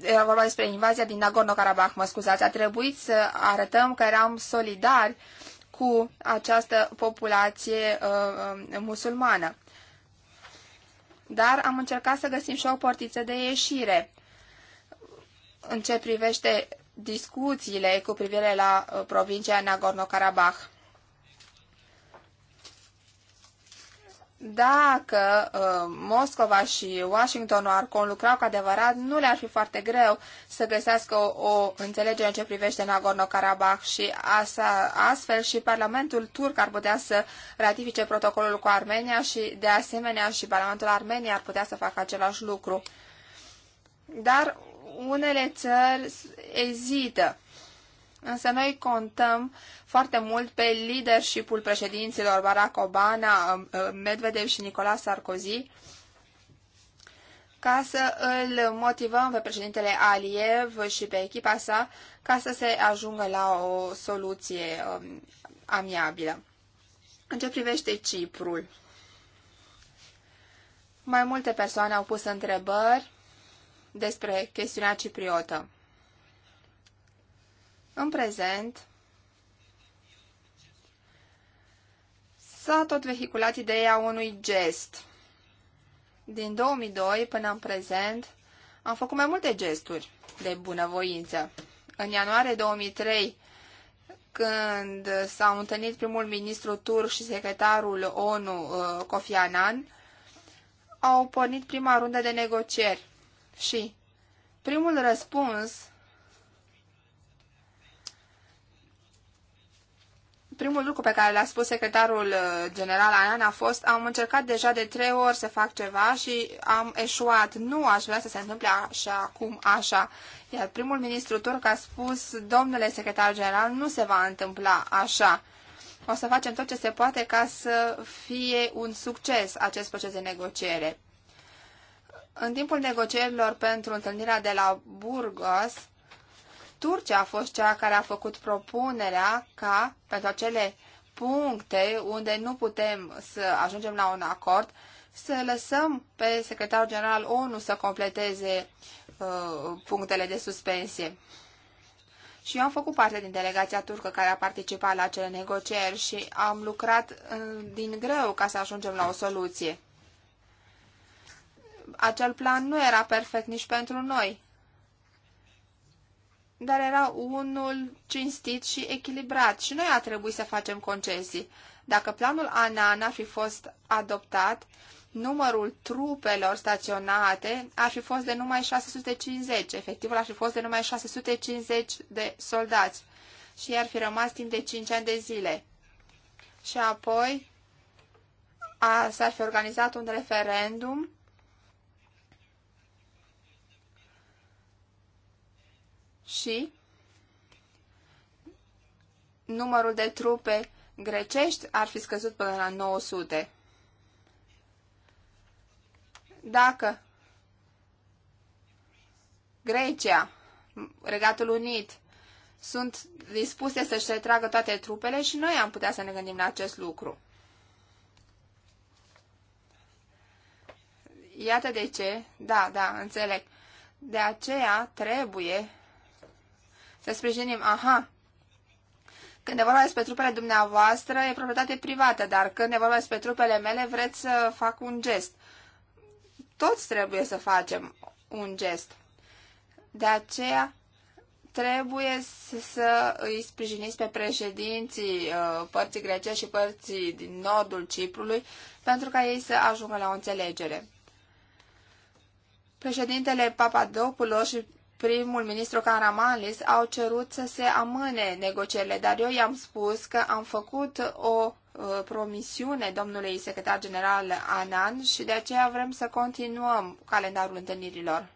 era vorba despre invazia din Nagorno-Karabakh, mă scuzați, a trebuit să arătăm că eram solidari cu această populație uh, uh musulmană. Dar am încercat să găsim și o portiță de ieșire în ce privește discuțiile cu privire la uh, provincia Nagorno-Karabakh. dacă uh, Moscova și Washington ar conlucra cu adevărat, nu le-ar fi foarte greu să găsească o, o înțelegere în ce privește Nagorno-Karabakh și asa, astfel și Parlamentul turc ar putea să ratifice protocolul cu Armenia și de asemenea și Parlamentul Armeniei ar putea să facă același lucru. Dar unele țări ezită Însă noi contăm foarte mult pe leadership-ul președinților Barack Obama, um, um, Medvedev și Nicolas Sarkozy ca să îl motivăm pe președintele Aliev și pe echipa sa ca să se ajungă la o soluție um, amiabilă. În ce privește Ciprul, mai multe persoane au pus întrebări despre chestiunea cipriotă. În prezent, s-a tot vehiculat ideea unui gest. Din 2002 până în prezent, am făcut mai multe gesturi de bunăvoință. În ianuarie 2003, când s-au întâlnit primul ministru turc și secretarul ONU uh, Kofi Annan, au pornit prima rundă de negocieri și primul răspuns Primul lucru pe care l-a spus secretarul uh, general Anan a fost am încercat deja de trei ori să fac ceva și am eșuat. Nu aș vrea să se întâmple așa acum așa. Iar primul ministru turc a spus, domnule secretar general, nu se va întâmpla așa. O să facem tot ce se poate ca să fie un succes acest proces de negociere. În timpul negocierilor pentru întâlnirea de la Burgos, Turcia a fost cea care a făcut propunerea ca pentru acele puncte unde nu putem să ajungem la un acord, să lăsăm pe secretarul general ONU să completeze uh, punctele de suspensie. Și eu am făcut parte din delegația turcă care a participat la acele negocieri și am lucrat în, uh, din greu ca să ajungem la o soluție. Acel plan nu era perfect nici pentru noi, dar era unul cinstit și echilibrat și noi a trebuit să facem concesii. Dacă planul ANAN ar fi fost adoptat, numărul trupelor staționate ar fi fost de numai 650, efectivul ar fi fost de numai 650 de soldați și ar fi rămas timp de 5 ani de zile. Și apoi s-ar fi organizat un referendum și numărul de trupe grecești ar fi scăzut până la 900. Dacă Grecia, Regatul Unit, sunt dispuse să-și retragă toate trupele și noi am putea să ne gândim la acest lucru. Iată de ce, da, da, înțeleg. De aceea trebuie să sprijinim, aha, când e vorba despre trupele dumneavoastră, e proprietate privată, dar când e vorba despre trupele mele, vreți să fac un gest. Toți trebuie să facem un gest. De aceea trebuie să îi sprijiniți pe președinții uh, părții grece și părții din nordul Ciprului pentru ca ei să ajungă la o înțelegere. Președintele Papadopoulos și primul ministru Caramales au cerut să se amâne negocierile, dar eu i-am spus că am făcut o uh, promisiune domnului secretar general Anan și de aceea vrem să continuăm calendarul întâlnirilor.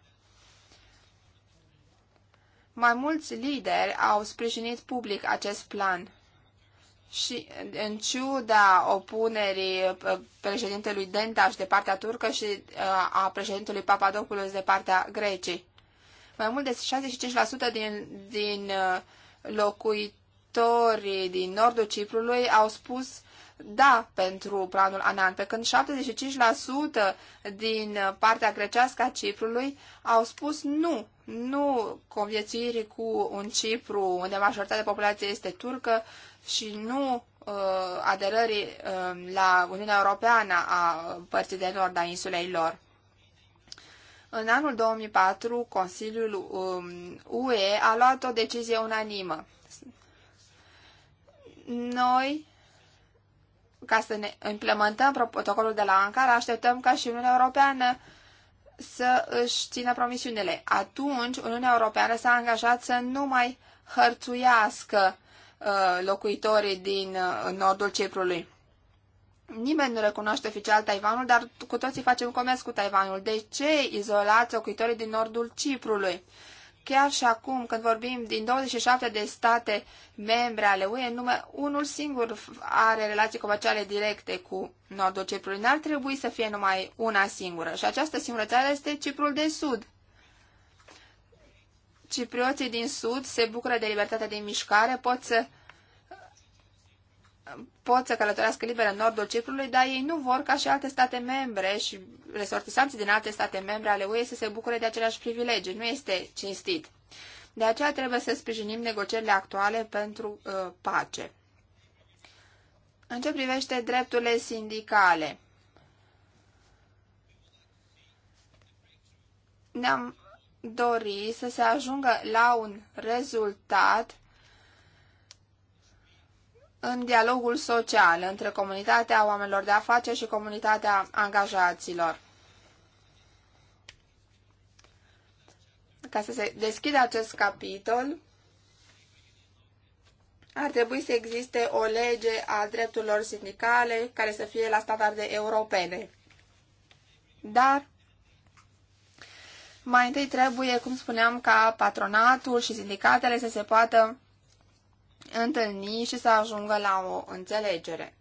Mai mulți lideri au sprijinit public acest plan și în ciuda opunerii uh, președintelui Dentaș de partea turcă și uh, a președintelui Papadopoulos de partea Greciei. Mai mult de 65% din, din uh, locuitorii din nordul Ciprului au spus da pentru planul Anan, pe când 75% din partea grecească a Ciprului au spus nu, nu conviețuirii cu un Cipru unde majoritatea populației este turcă și nu uh, aderării uh, la Uniunea Europeană a părții de nord a insulei lor. În anul 2004, Consiliul UE um, a luat o decizie unanimă. Noi, ca să ne implementăm protocolul de la Ankara, așteptăm ca și Uniunea Europeană să își țină promisiunile. Atunci, Uniunea Europeană s-a angajat să nu mai hărțuiască uh, locuitorii din uh, nordul Ciprului. Nimeni nu recunoaște oficial Taiwanul, dar cu toții facem comerț cu Taiwanul. De ce izolați locuitorii din nordul Ciprului? Chiar și acum, când vorbim din 27 de state membre ale UE, numai unul singur are relații comerciale directe cu nordul Ciprului. N-ar trebui să fie numai una singură. Și această singură țară este Ciprul de Sud. Ciprioții din Sud se bucură de libertatea de mișcare, pot să pot să călătorească liber în nordul Ciprului, dar ei nu vor ca și alte state membre și resortisanții din alte state membre ale UE să se bucure de aceleași privilegii. Nu este cinstit. De aceea trebuie să sprijinim negocierile actuale pentru uh, pace. În ce privește drepturile sindicale, ne-am dori să se ajungă la un rezultat în dialogul social între comunitatea oamenilor de afaceri și comunitatea angajaților. Ca să se deschidă acest capitol, ar trebui să existe o lege a drepturilor sindicale care să fie la standarde europene. Dar mai întâi trebuie, cum spuneam, ca patronatul și sindicatele să se poată întâlni și să ajungă la o înțelegere.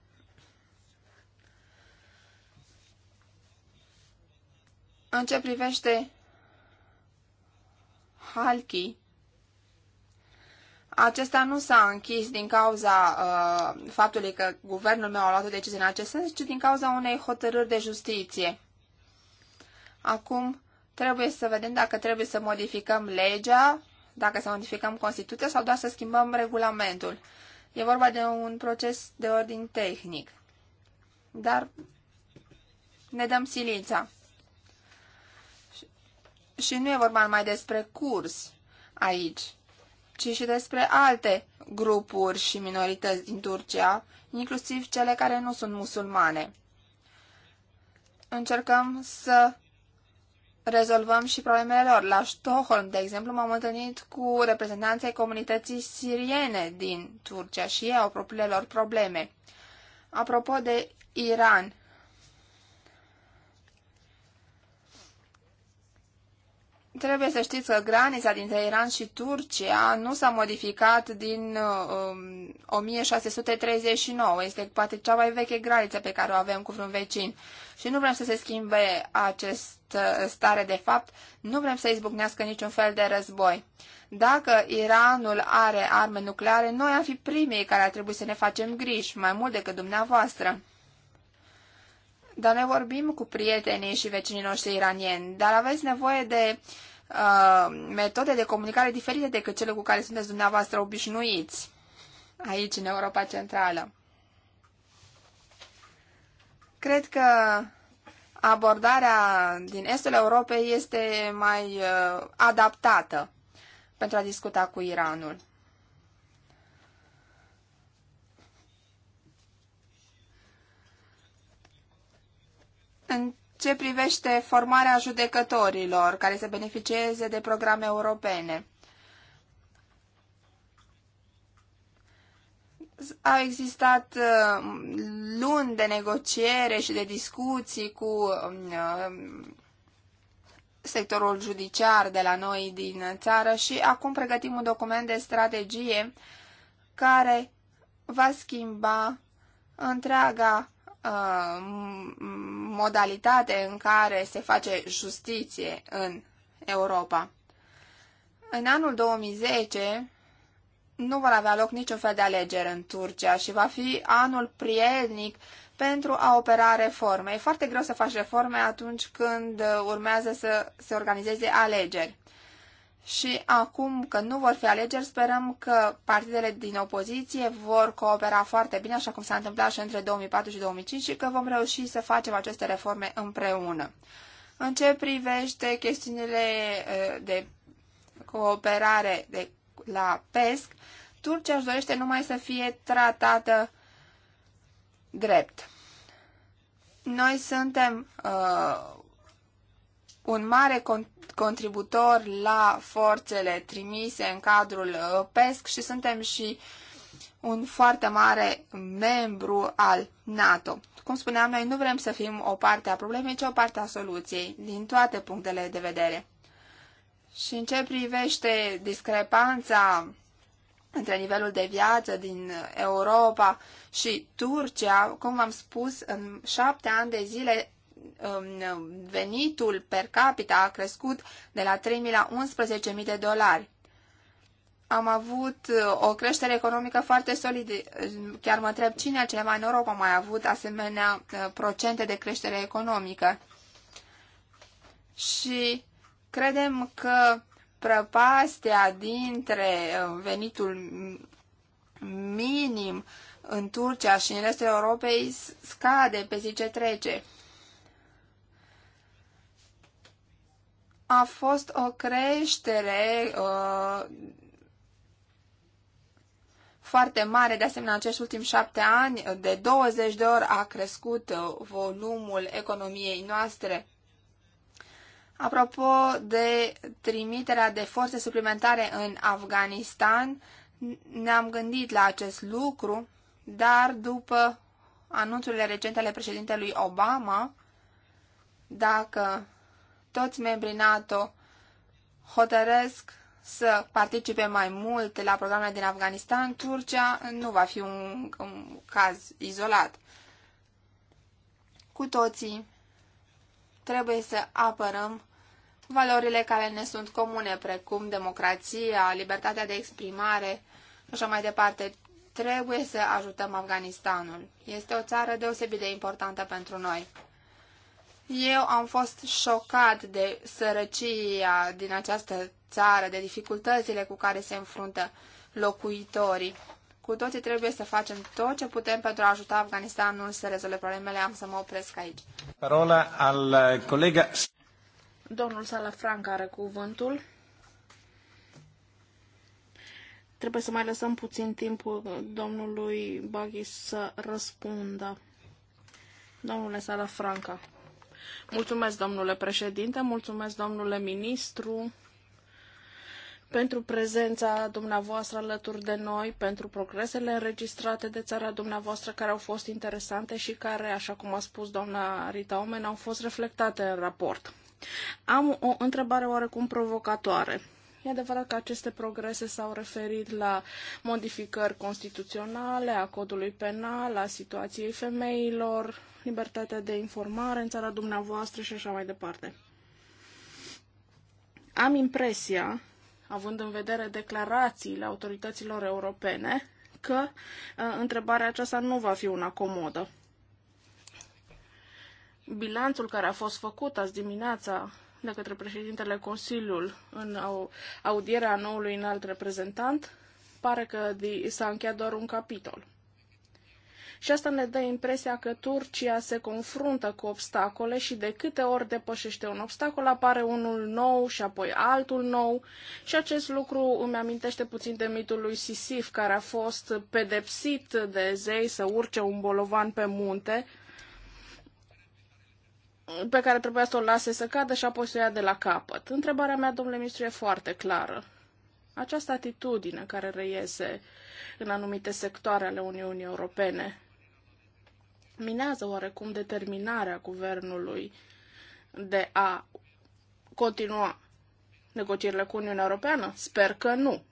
În ce privește Halki, acesta nu s-a închis din cauza uh, faptului că guvernul meu a luat o decizie în acest sens, ci din cauza unei hotărâri de justiție. Acum trebuie să vedem dacă trebuie să modificăm legea dacă să modificăm Constituția sau doar să schimbăm regulamentul. E vorba de un proces de ordin tehnic. Dar ne dăm silința. Și nu e vorba numai despre curs aici, ci și despre alte grupuri și minorități din Turcia, inclusiv cele care nu sunt musulmane. Încercăm să rezolvăm și problemele lor. La Stockholm, de exemplu, m-am întâlnit cu reprezentanții comunității siriene din Turcia și ei au propriile lor probleme. Apropo de Iran, Trebuie să știți că granița dintre Iran și Turcia nu s-a modificat din um, 1639. Este poate cea mai veche graniță pe care o avem cu vreun vecin. Și nu vrem să se schimbe acest Uh, stare de fapt, nu vrem să izbucnească niciun fel de război. Dacă Iranul are arme nucleare, noi am fi primii care ar trebui să ne facem griji, mai mult decât dumneavoastră. Dar noi vorbim cu prietenii și vecinii noștri iranieni, dar aveți nevoie de uh, metode de comunicare diferite decât cele cu care sunteți dumneavoastră obișnuiți aici, în Europa Centrală. Cred că abordarea din estul Europei este mai uh, adaptată pentru a discuta cu Iranul. În ce privește formarea judecătorilor care se beneficieze de programe europene, Au existat uh, luni de negociere și de discuții cu um, uh, sectorul judiciar de la noi din țară și acum pregătim un document de strategie care va schimba întreaga uh, modalitate în care se face justiție în Europa. În anul 2010, nu vor avea loc niciun fel de alegeri în Turcia și va fi anul prielnic pentru a opera reforme. E foarte greu să faci reforme atunci când urmează să se organizeze alegeri. Și acum că nu vor fi alegeri, sperăm că partidele din opoziție vor coopera foarte bine, așa cum s-a întâmplat și între 2004 și 2005, și că vom reuși să facem aceste reforme împreună. În ce privește chestiunile eh, de cooperare, de la PESC, Turcia își dorește numai să fie tratată drept. Noi suntem uh, un mare con- contributor la forțele trimise în cadrul uh, PESC și suntem și un foarte mare membru al NATO. Cum spuneam, noi nu vrem să fim o parte a problemei, ci o parte a soluției, din toate punctele de vedere. Și în ce privește discrepanța între nivelul de viață din Europa și Turcia, cum v-am spus, în șapte ani de zile um, venitul per capita a crescut de la 3.000 la 11.000 de dolari. Am avut uh, o creștere economică foarte solidă. Chiar mă întreb cine mai în Europa mai a avut asemenea uh, procente de creștere economică. Și Credem că prăpastea dintre uh, venitul minim în Turcia și în restul Europei scade pe zi ce trece. A fost o creștere uh, foarte mare, de asemenea, în acești ultimi șapte ani, de 20 de ori a crescut uh, volumul economiei noastre Apropo de trimiterea de forțe suplimentare în Afganistan, ne-am gândit la acest lucru, dar după anunțurile recente ale președintelui Obama, dacă toți membrii NATO hotăresc să participe mai mult la programele din Afganistan, Turcia nu va fi un, un caz izolat. Cu toții trebuie să apărăm valorile care ne sunt comune, precum democrația, libertatea de exprimare și așa mai departe. Trebuie să ajutăm Afganistanul. Este o țară deosebit de importantă pentru noi. Eu am fost șocat de sărăcia din această țară, de dificultățile cu care se înfruntă locuitorii. Cu toții trebuie să facem tot ce putem pentru a ajuta Afganistanul să rezolve problemele. Am să mă opresc aici. Parola al colega Domnul Salafranc are cuvântul. Trebuie să mai lăsăm puțin timp uh, domnului Baghi să răspundă. Domnule Salafranca. Mulțumesc, domnule președinte, mulțumesc, domnule ministru, pentru prezența dumneavoastră alături de noi, pentru progresele înregistrate de țara dumneavoastră care au fost interesante și care, așa cum a spus doamna Rita Omen, au fost reflectate în raport. Am o întrebare oarecum provocatoare. E adevărat că aceste progrese s-au referit la modificări constituționale, a codului penal, la situației femeilor, libertatea de informare în țara dumneavoastră și așa mai departe. Am impresia, având în vedere declarațiile autorităților europene, că uh, întrebarea aceasta nu va fi una comodă bilanțul care a fost făcut azi dimineața de către președintele Consiliul în audierea noului înalt reprezentant, pare că s-a încheiat doar un capitol. Și asta ne dă impresia că Turcia se confruntă cu obstacole și de câte ori depășește un obstacol apare unul nou și apoi altul nou. Și acest lucru îmi amintește puțin de mitul lui Sisif, care a fost pedepsit de zei să urce un bolovan pe munte, pe care trebuia să o lase să cadă și apoi să o ia de la capăt. Întrebarea mea, domnule ministru, e foarte clară. Această atitudine care reiese în anumite sectoare ale Uniunii Europene minează oarecum determinarea guvernului de a continua negocierile cu Uniunea Europeană? Sper că nu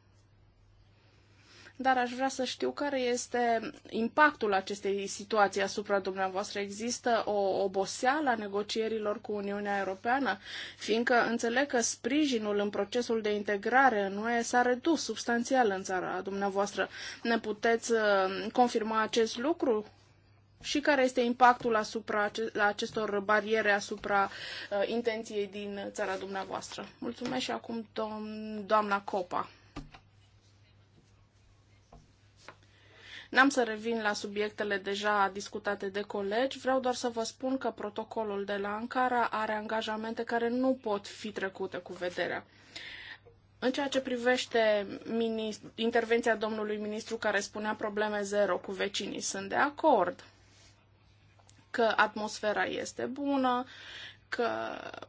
dar aș vrea să știu care este impactul acestei situații asupra dumneavoastră. Există o oboseală a negocierilor cu Uniunea Europeană, fiindcă înțeleg că sprijinul în procesul de integrare în UE s-a redus substanțial în țara dumneavoastră. Ne puteți uh, confirma acest lucru? și care este impactul asupra acestor bariere asupra uh, intenției din țara dumneavoastră. Mulțumesc și acum dom- doamna Copa. N-am să revin la subiectele deja discutate de colegi, vreau doar să vă spun că protocolul de la Ankara are angajamente care nu pot fi trecute cu vederea. În ceea ce privește intervenția domnului ministru care spunea probleme zero cu vecinii, sunt de acord că atmosfera este bună, că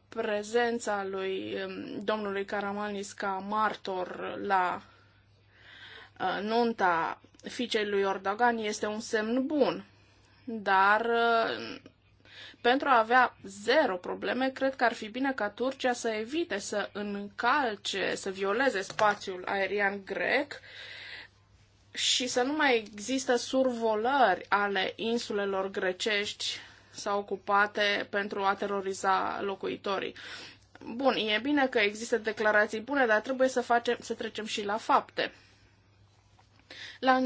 prezența lui um, domnului Karamanis ca martor la uh, nunta fiicei lui Ordogan este un semn bun, dar uh, pentru a avea zero probleme, cred că ar fi bine ca Turcia să evite să încalce, să violeze spațiul aerian grec și să nu mai există survolări ale insulelor grecești sau ocupate pentru a teroriza locuitorii. Bun, e bine că există declarații bune, dar trebuie să, facem, să trecem și la fapte. La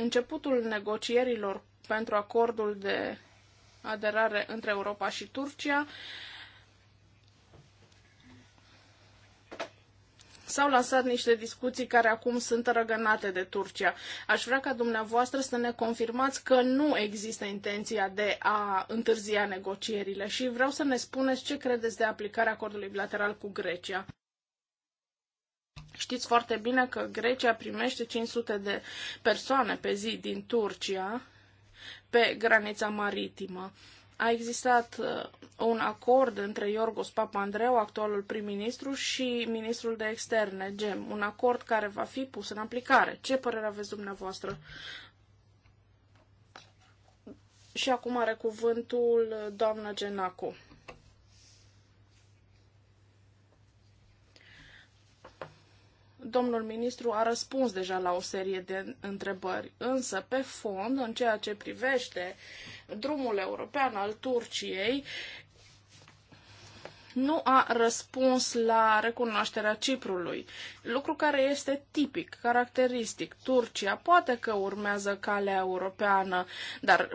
începutul negocierilor pentru acordul de aderare între Europa și Turcia, s-au lansat niște discuții care acum sunt răgănate de Turcia. Aș vrea ca dumneavoastră să ne confirmați că nu există intenția de a întârzia negocierile și vreau să ne spuneți ce credeți de aplicarea acordului bilateral cu Grecia. Știți foarte bine că Grecia primește 500 de persoane pe zi din Turcia pe granița maritimă. A existat uh, un acord între Iorgos Papandreou, actualul prim-ministru, și ministrul de externe, Gem, un acord care va fi pus în aplicare. Ce părere aveți dumneavoastră? Și acum are cuvântul doamna Genacu. domnul ministru a răspuns deja la o serie de întrebări, însă pe fond, în ceea ce privește drumul european al Turciei, nu a răspuns la recunoașterea Ciprului, lucru care este tipic, caracteristic. Turcia poate că urmează calea europeană, dar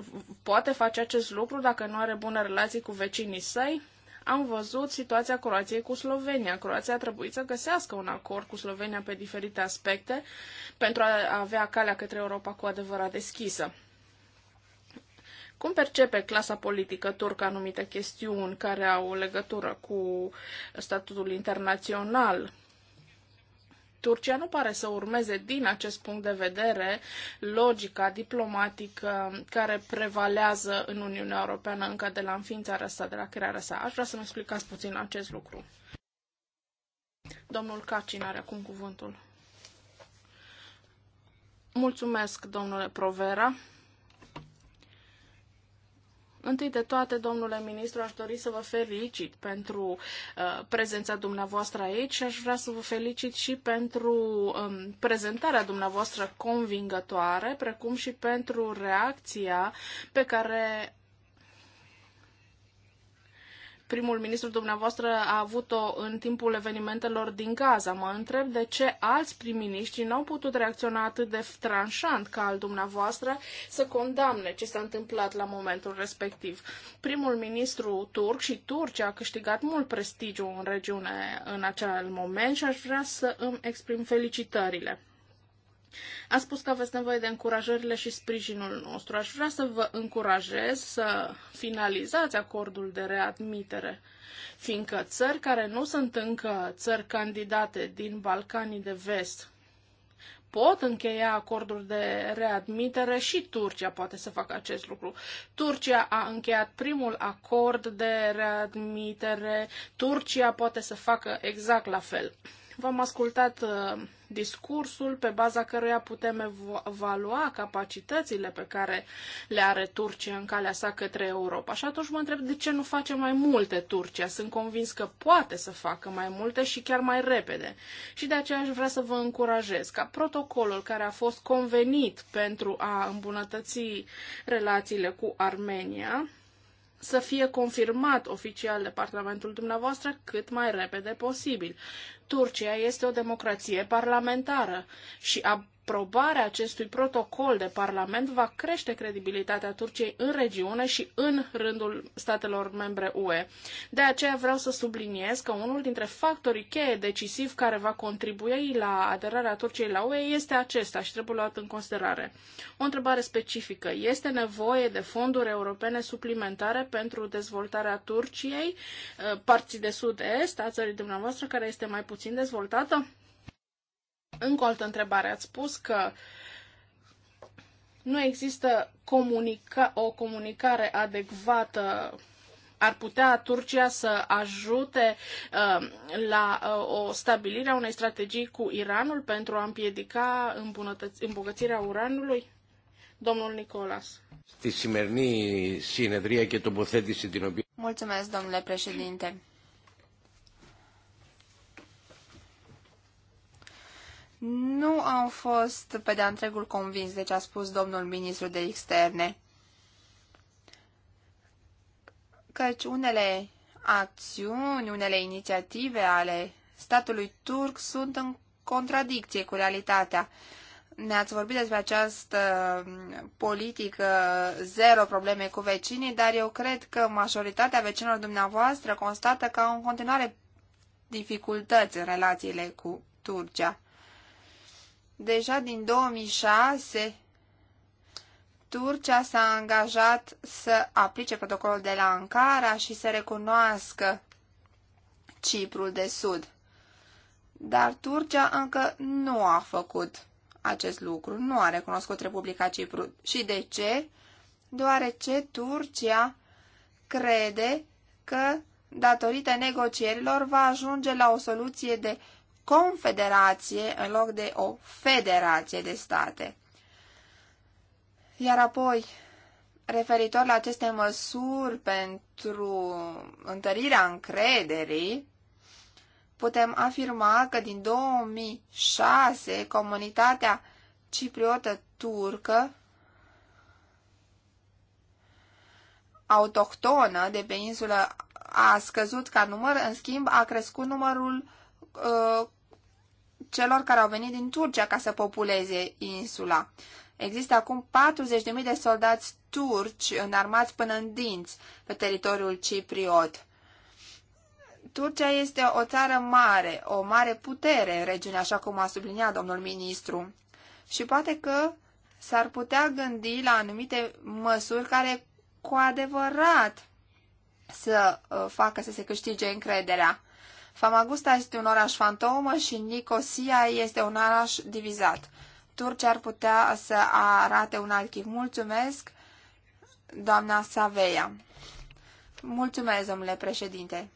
poate face acest lucru dacă nu are bune relații cu vecinii săi? Am văzut situația Croației cu Slovenia. Croația a trebuit să găsească un acord cu Slovenia pe diferite aspecte pentru a avea calea către Europa cu adevărat deschisă. Cum percepe clasa politică turcă anumite chestiuni care au legătură cu statutul internațional Turcia nu pare să urmeze din acest punct de vedere logica diplomatică care prevalează în Uniunea Europeană încă de la înființarea sa, de la crearea sa. Aș vrea să-mi explicați puțin acest lucru. Domnul Cacin are acum cuvântul. Mulțumesc, domnule Provera. Întâi de toate, domnule ministru, aș dori să vă felicit pentru uh, prezența dumneavoastră aici și aș vrea să vă felicit și pentru um, prezentarea dumneavoastră convingătoare, precum și pentru reacția pe care primul ministru dumneavoastră a avut-o în timpul evenimentelor din Gaza. Mă întreb de ce alți prim-ministri n-au putut reacționa atât de tranșant ca al dumneavoastră să condamne ce s-a întâmplat la momentul respectiv. Primul ministru turc și Turcia a câștigat mult prestigiu în regiune în acel moment și aș vrea să îmi exprim felicitările. A spus că aveți nevoie de încurajările și sprijinul nostru. Aș vrea să vă încurajez să finalizați acordul de readmitere, fiindcă țări care nu sunt încă țări candidate din Balcanii de Vest pot încheia acorduri de readmitere și Turcia poate să facă acest lucru. Turcia a încheiat primul acord de readmitere, Turcia poate să facă exact la fel. V-am ascultat uh, discursul pe baza căruia putem evalua capacitățile pe care le are Turcia în calea sa către Europa. Și atunci mă întreb de ce nu face mai multe Turcia. Sunt convins că poate să facă mai multe și chiar mai repede. Și de aceea aș vrea să vă încurajez ca protocolul care a fost convenit pentru a îmbunătăți relațiile cu Armenia să fie confirmat oficial de Parlamentul dumneavoastră cât mai repede posibil. Turcia este o democrație parlamentară și a aprobarea acestui protocol de Parlament va crește credibilitatea Turciei în regiune și în rândul statelor membre UE. De aceea vreau să subliniez că unul dintre factorii cheie decisiv care va contribui la aderarea Turciei la UE este acesta și trebuie luat în considerare. O întrebare specifică. Este nevoie de fonduri europene suplimentare pentru dezvoltarea Turciei, eh, parții de sud-est a țării dumneavoastră, care este mai puțin dezvoltată? Încă o altă întrebare. Ați spus că nu există comunica- o comunicare adecvată ar putea Turcia să ajute uh, la uh, o stabilire a unei strategii cu Iranul pentru a împiedica îmbogățirea uranului? Domnul Nicolas. Mulțumesc, domnule președinte. nu au fost pe de întregul convins de deci ce a spus domnul ministru de externe. Căci unele acțiuni, unele inițiative ale statului turc sunt în contradicție cu realitatea. Ne-ați vorbit despre această politică zero probleme cu vecinii, dar eu cred că majoritatea vecinilor dumneavoastră constată că au în continuare dificultăți în relațiile cu Turcia. Deja din 2006, Turcia s-a angajat să aplice protocolul de la Ankara și să recunoască Ciprul de Sud. Dar Turcia încă nu a făcut acest lucru, nu a recunoscut Republica Cipru. Și de ce? Deoarece Turcia crede că, datorită negocierilor, va ajunge la o soluție de confederație în loc de o federație de state. Iar apoi, referitor la aceste măsuri pentru întărirea încrederii, putem afirma că din 2006 comunitatea cipriotă turcă autohtonă de pe insulă a scăzut ca număr, în schimb a crescut numărul uh, celor care au venit din Turcia ca să populeze insula. Există acum 40.000 de soldați turci înarmați până în dinți pe teritoriul cipriot. Turcia este o țară mare, o mare putere în regiune, așa cum a subliniat domnul ministru. Și poate că s-ar putea gândi la anumite măsuri care cu adevărat să uh, facă să se câștige încrederea. Famagusta este un oraș fantomă și Nicosia este un oraș divizat. Turcia ar putea să arate un alt chip. Mulțumesc, doamna Saveia. Mulțumesc, domnule președinte.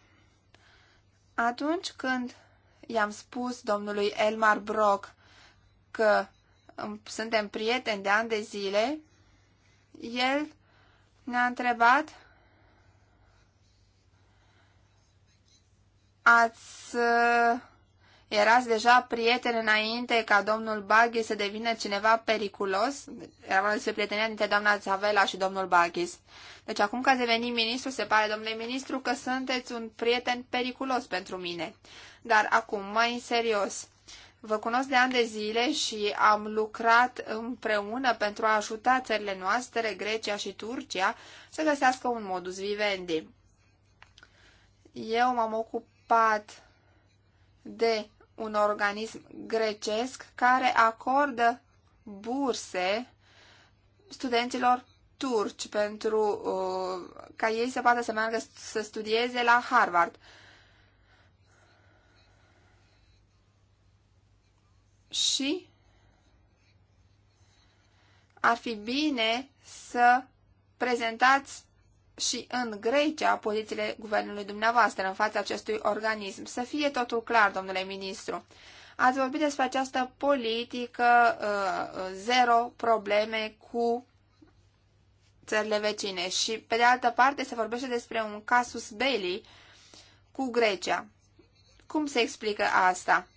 Atunci când i-am spus domnului Elmar Brock că um, suntem prieteni de ani de zile, el ne-a întrebat ați uh, erați deja prieteni înainte ca domnul Baghis să devină cineva periculos? Era vorba despre prietenia dintre doamna Zavela și domnul Baghis. Deci acum că ați devenit ministru, se pare, domnule ministru, că sunteți un prieten periculos pentru mine. Dar acum, mai în serios, vă cunosc de ani de zile și am lucrat împreună pentru a ajuta țările noastre, Grecia și Turcia, să găsească un modus vivendi. Eu m-am ocupat ocupat de un organism grecesc care acordă burse studenților turci pentru uh, ca ei să poată să meargă să studieze la Harvard. Și ar fi bine să prezentați și în Grecia pozițiile guvernului dumneavoastră în fața acestui organism. Să fie totul clar, domnule ministru. Ați vorbit despre această politică uh, zero probleme cu țările vecine și, pe de altă parte, se vorbește despre un casus belli cu Grecia. Cum se explică asta?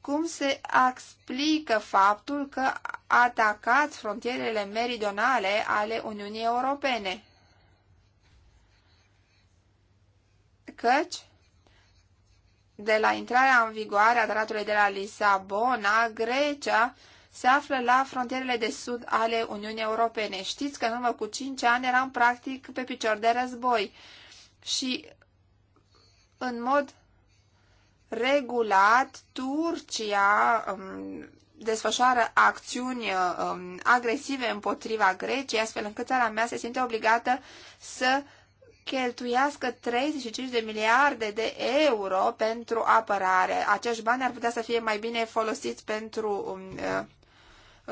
Cum se explică faptul că atacați frontierele meridionale ale Uniunii Europene? căci de la intrarea în vigoare a tratului de la Lisabona, Grecia se află la frontierele de sud ale Uniunii Europene. Știți că în urmă cu 5 ani eram practic pe picior de război și în mod regulat Turcia um, desfășoară acțiuni um, agresive împotriva Greciei, astfel încât țara mea se simte obligată să cheltuiască 35 de miliarde de euro pentru apărare. Acești bani ar putea să fie mai bine folosiți pentru um,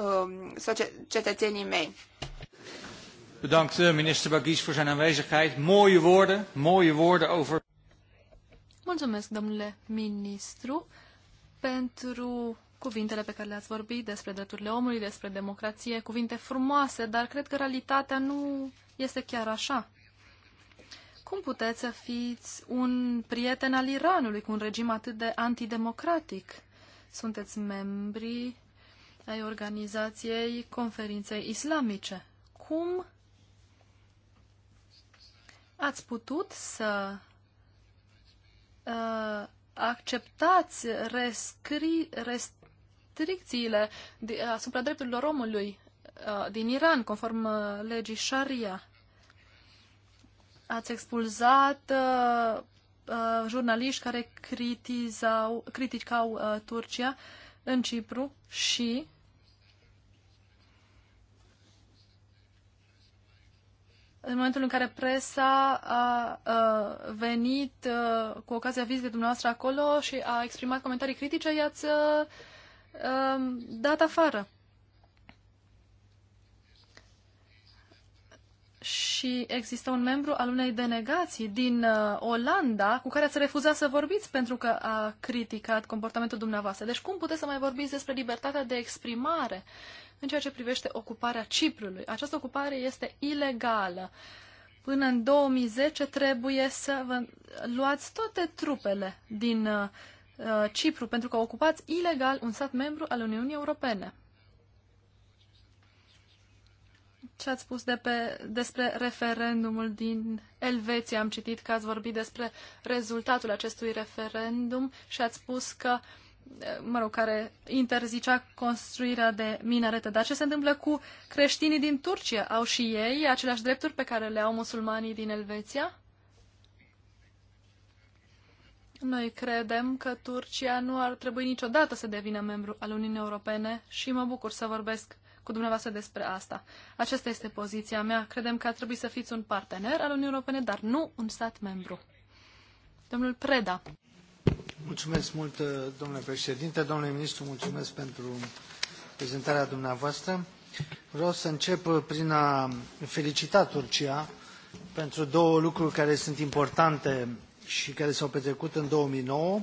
uh, um, cetățenii mei. Bedankt eh, minister Bagis voor zijn aanwezigheid. Mooie woorden, mooie woorden over... Mulțumesc, domnule ministru, pentru cuvintele pe care le-ați vorbit despre drepturile omului, despre democrație, cuvinte frumoase, dar cred că realitatea nu este chiar așa. Cum puteți să fiți un prieten al Iranului cu un regim atât de antidemocratic? Sunteți membri ai organizației conferinței islamice. Cum ați putut să uh, acceptați rescri, restricțiile asupra drepturilor omului uh, din Iran, conform uh, legii Sharia? ați expulzat uh, uh, jurnaliști care critizau, criticau uh, Turcia în Cipru și în momentul în care presa a, uh, venit uh, cu ocazia vizitei dumneavoastră acolo și a exprimat comentarii critice, i-ați uh, um, dat afară. și există un membru al unei denegații din uh, Olanda cu care ați refuzat să vorbiți pentru că a criticat comportamentul dumneavoastră. Deci cum puteți să mai vorbiți despre libertatea de exprimare în ceea ce privește ocuparea Ciprului? Această ocupare este ilegală. Până în 2010 trebuie să vă luați toate trupele din uh, Cipru pentru că ocupați ilegal un stat membru al Uniunii Europene. ce ați spus de pe, despre referendumul din Elveția. Am citit că ați vorbit despre rezultatul acestui referendum și ați spus că mă rog, care interzicea construirea de minarete. Dar ce se întâmplă cu creștinii din Turcia? Au și ei aceleași drepturi pe care le au musulmanii din Elveția? Noi credem că Turcia nu ar trebui niciodată să devină membru al Uniunii Europene și mă bucur să vorbesc cu dumneavoastră despre asta. Aceasta este poziția mea. Credem că ar trebui să fiți un partener al Uniunii Europene, dar nu un stat membru. Domnul Preda. Mulțumesc mult, domnule președinte. Domnule ministru, mulțumesc pentru prezentarea dumneavoastră. Vreau să încep prin a felicita Turcia pentru două lucruri care sunt importante și care s-au petrecut în 2009.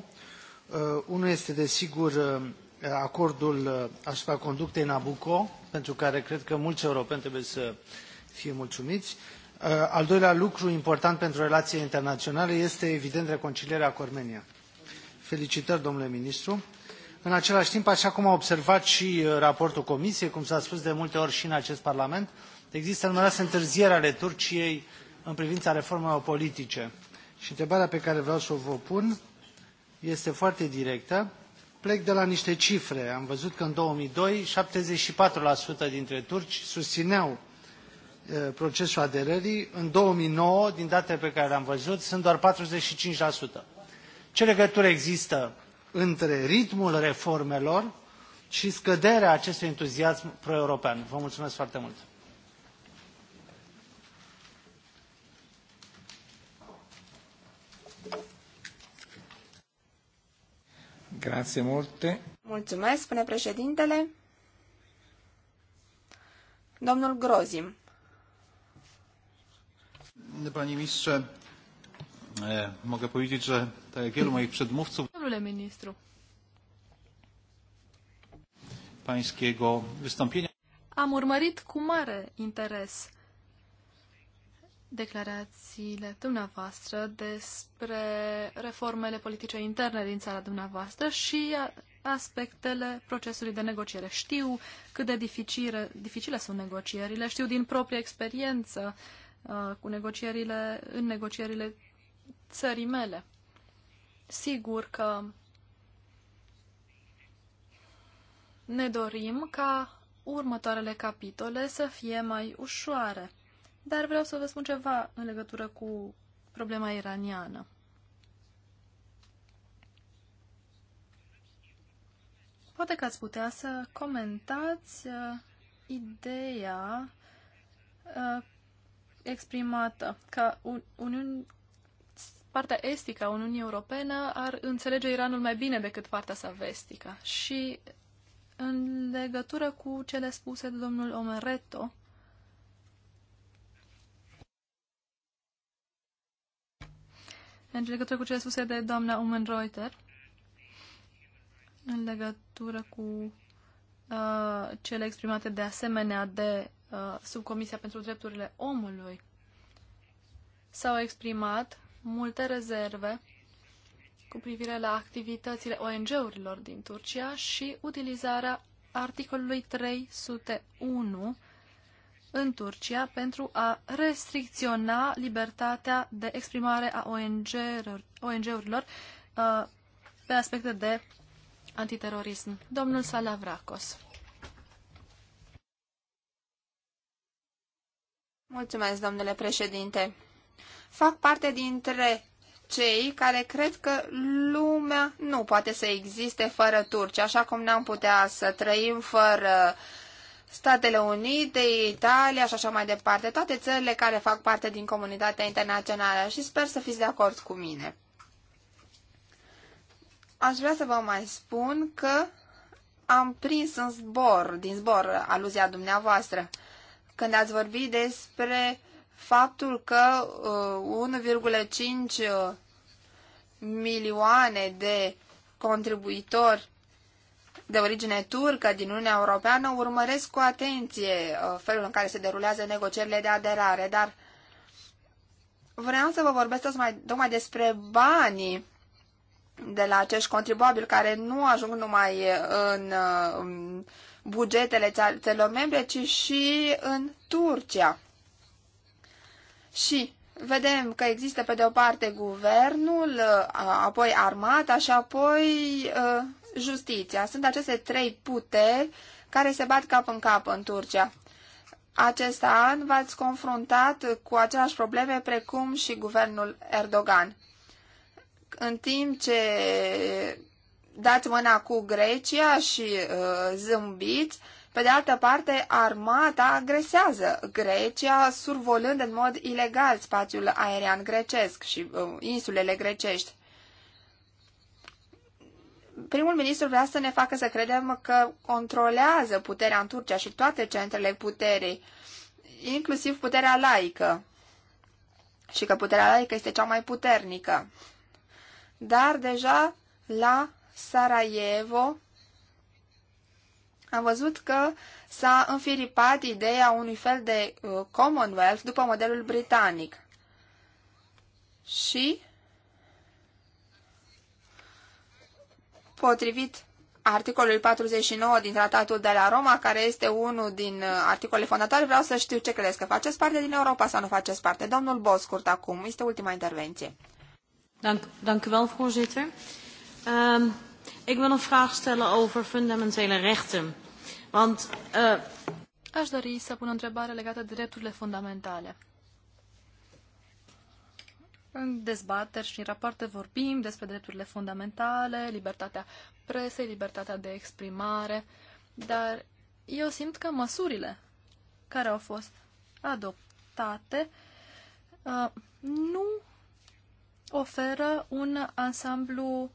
Unul este, desigur, acordul uh, asupra conductei Nabucco, pentru care cred că mulți europeni trebuie să fie mulțumiți. Uh, al doilea lucru important pentru relațiile internaționale este, evident, reconcilierea cu Armenia. Felicitări, domnule ministru. În același timp, așa cum a observat și uh, raportul Comisiei, cum s-a spus de multe ori și în acest Parlament, există numeroase întârzieri ale Turciei în privința reformelor politice. Și întrebarea pe care vreau să o vă pun este foarte directă. Plec de la niște cifre. Am văzut că în 2002 74% dintre turci susțineau procesul aderării. În 2009, din datele pe care le-am văzut, sunt doar 45%. Ce legătură există între ritmul reformelor și scăderea acestui entuziasm pro-european? Vă mulțumesc foarte mult! Grazie multe. Mulțumesc, spune președintele. Domnul Grozim. Panie ministrze, mogę powiedzieć, że tak jak wielu moich przedmówców... Domnule ministru. Pańskiego wystąpienia... Am urmărit cu mare interes declarațiile dumneavoastră despre reformele politice interne din țara dumneavoastră și aspectele procesului de negociere. Știu cât de dificile, dificile sunt negocierile, știu din proprie experiență uh, cu negocierile, în negocierile țării mele. Sigur că ne dorim ca următoarele capitole să fie mai ușoare dar vreau să vă spun ceva în legătură cu problema iraniană. Poate că ați putea să comentați uh, ideea uh, exprimată că un, partea estică a Uniunii Europene ar înțelege Iranul mai bine decât partea sa vestică. Și în legătură cu cele spuse de domnul Omereto, în legătură cu cele spuse de doamna Umen Reuter, în legătură cu uh, cele exprimate de asemenea de uh, Subcomisia pentru Drepturile Omului, s-au exprimat multe rezerve cu privire la activitățile ONG-urilor din Turcia și utilizarea articolului 301 în Turcia pentru a restricționa libertatea de exprimare a ONG-urilor uh, pe aspecte de antiterorism. Domnul Salavracos. Mulțumesc, domnule președinte. Fac parte dintre cei care cred că lumea nu poate să existe fără Turcia, așa cum n-am putea să trăim fără uh, Statele Unite, Italia și așa mai departe, toate țările care fac parte din comunitatea internațională și sper să fiți de acord cu mine. Aș vrea să vă mai spun că am prins în zbor, din zbor, aluzia dumneavoastră, când ați vorbit despre faptul că uh, 1,5 uh, milioane de contribuitori de origine turcă din Uniunea Europeană urmăresc cu atenție uh, felul în care se derulează negocierile de aderare, dar vreau să vă vorbesc tocmai, tocmai despre banii de la acești contribuabili care nu ajung numai în, uh, în bugetele țărilor membre, ci și în Turcia. Și vedem că există pe de o parte guvernul, uh, apoi armata și apoi justiția. Sunt aceste trei puteri care se bat cap în cap în Turcia. Acest an v-ați confruntat cu aceleași probleme precum și guvernul Erdogan. În timp ce dați mâna cu Grecia și uh, zâmbiți, pe de altă parte, armata agresează Grecia, survolând în mod ilegal spațiul aerian grecesc și uh, insulele grecești primul ministru vrea să ne facă să credem că controlează puterea în Turcia și toate centrele puterii, inclusiv puterea laică, și că puterea laică este cea mai puternică. Dar deja la Sarajevo am văzut că s-a înfiripat ideea unui fel de uh, Commonwealth după modelul britanic. Și potrivit articolului 49 din tratatul de la Roma, care este unul din uh, articole fondatoare, vreau să știu ce credeți, că faceți parte din Europa sau nu faceți parte. Domnul Boscurt acum, este ultima intervenție. Dank, u wel, voorzitter. Um, ik wil een vraag stellen over fundamentele rechten. Want, uh... Aș dori să pun o întrebare legată de drepturile fundamentale. În dezbateri și în rapoarte vorbim despre drepturile fundamentale, libertatea presei, libertatea de exprimare, dar eu simt că măsurile care au fost adoptate uh, nu oferă un ansamblu,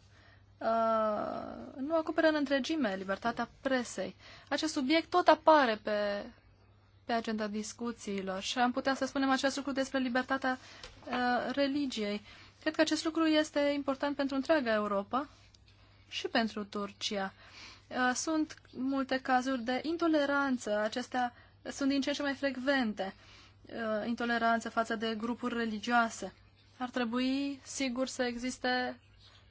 uh, nu acoperă în întregime libertatea presei. Acest subiect tot apare pe pe agenda discuțiilor și am putea să spunem acest lucru despre libertatea uh, religiei. Cred că acest lucru este important pentru întreaga Europa și pentru Turcia. Uh, sunt multe cazuri de intoleranță, acestea sunt din ce în ce mai frecvente, uh, intoleranță față de grupuri religioase. Ar trebui, sigur, să existe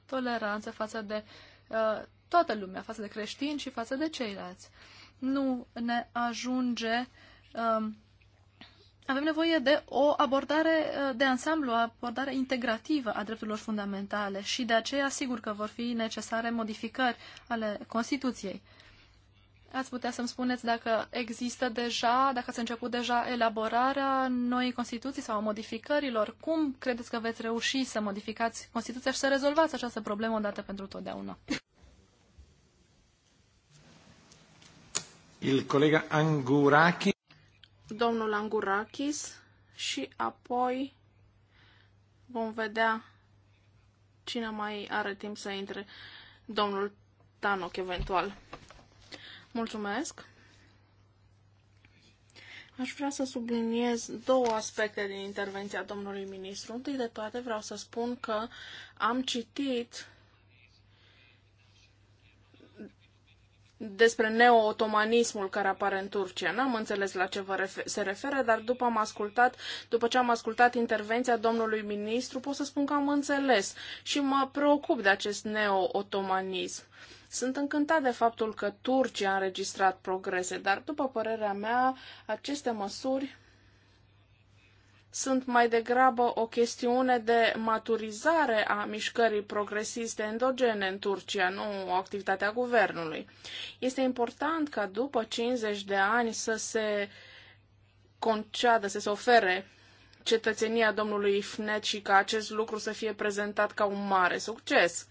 toleranță față de uh, toată lumea, față de creștini și față de ceilalți. Nu ne ajunge uh, Um, avem nevoie de o abordare uh, de ansamblu, o abordare integrativă a drepturilor fundamentale și de aceea sigur că vor fi necesare modificări ale Constituției. Ați putea să-mi spuneți dacă există deja, dacă ați început deja elaborarea noii Constituții sau a modificărilor. Cum credeți că veți reuși să modificați Constituția și să rezolvați această problemă odată pentru totdeauna? Il colega Anguraki domnul Angurakis și apoi vom vedea cine mai are timp să intre domnul Tanoc eventual. Mulțumesc! Aș vrea să subliniez două aspecte din intervenția domnului ministru. Întâi de toate vreau să spun că am citit despre neo-otomanismul care apare în Turcia. N-am înțeles la ce vă refer- se referă, dar după, am ascultat, după ce am ascultat intervenția domnului ministru, pot să spun că am înțeles și mă preocup de acest neo-otomanism. Sunt încântat de faptul că Turcia a înregistrat progrese, dar, după părerea mea, aceste măsuri sunt mai degrabă o chestiune de maturizare a mișcării progresiste endogene în Turcia, nu o activitate a guvernului. Este important ca după 50 de ani să se conceadă, să se ofere cetățenia domnului Ifnet și ca acest lucru să fie prezentat ca un mare succes.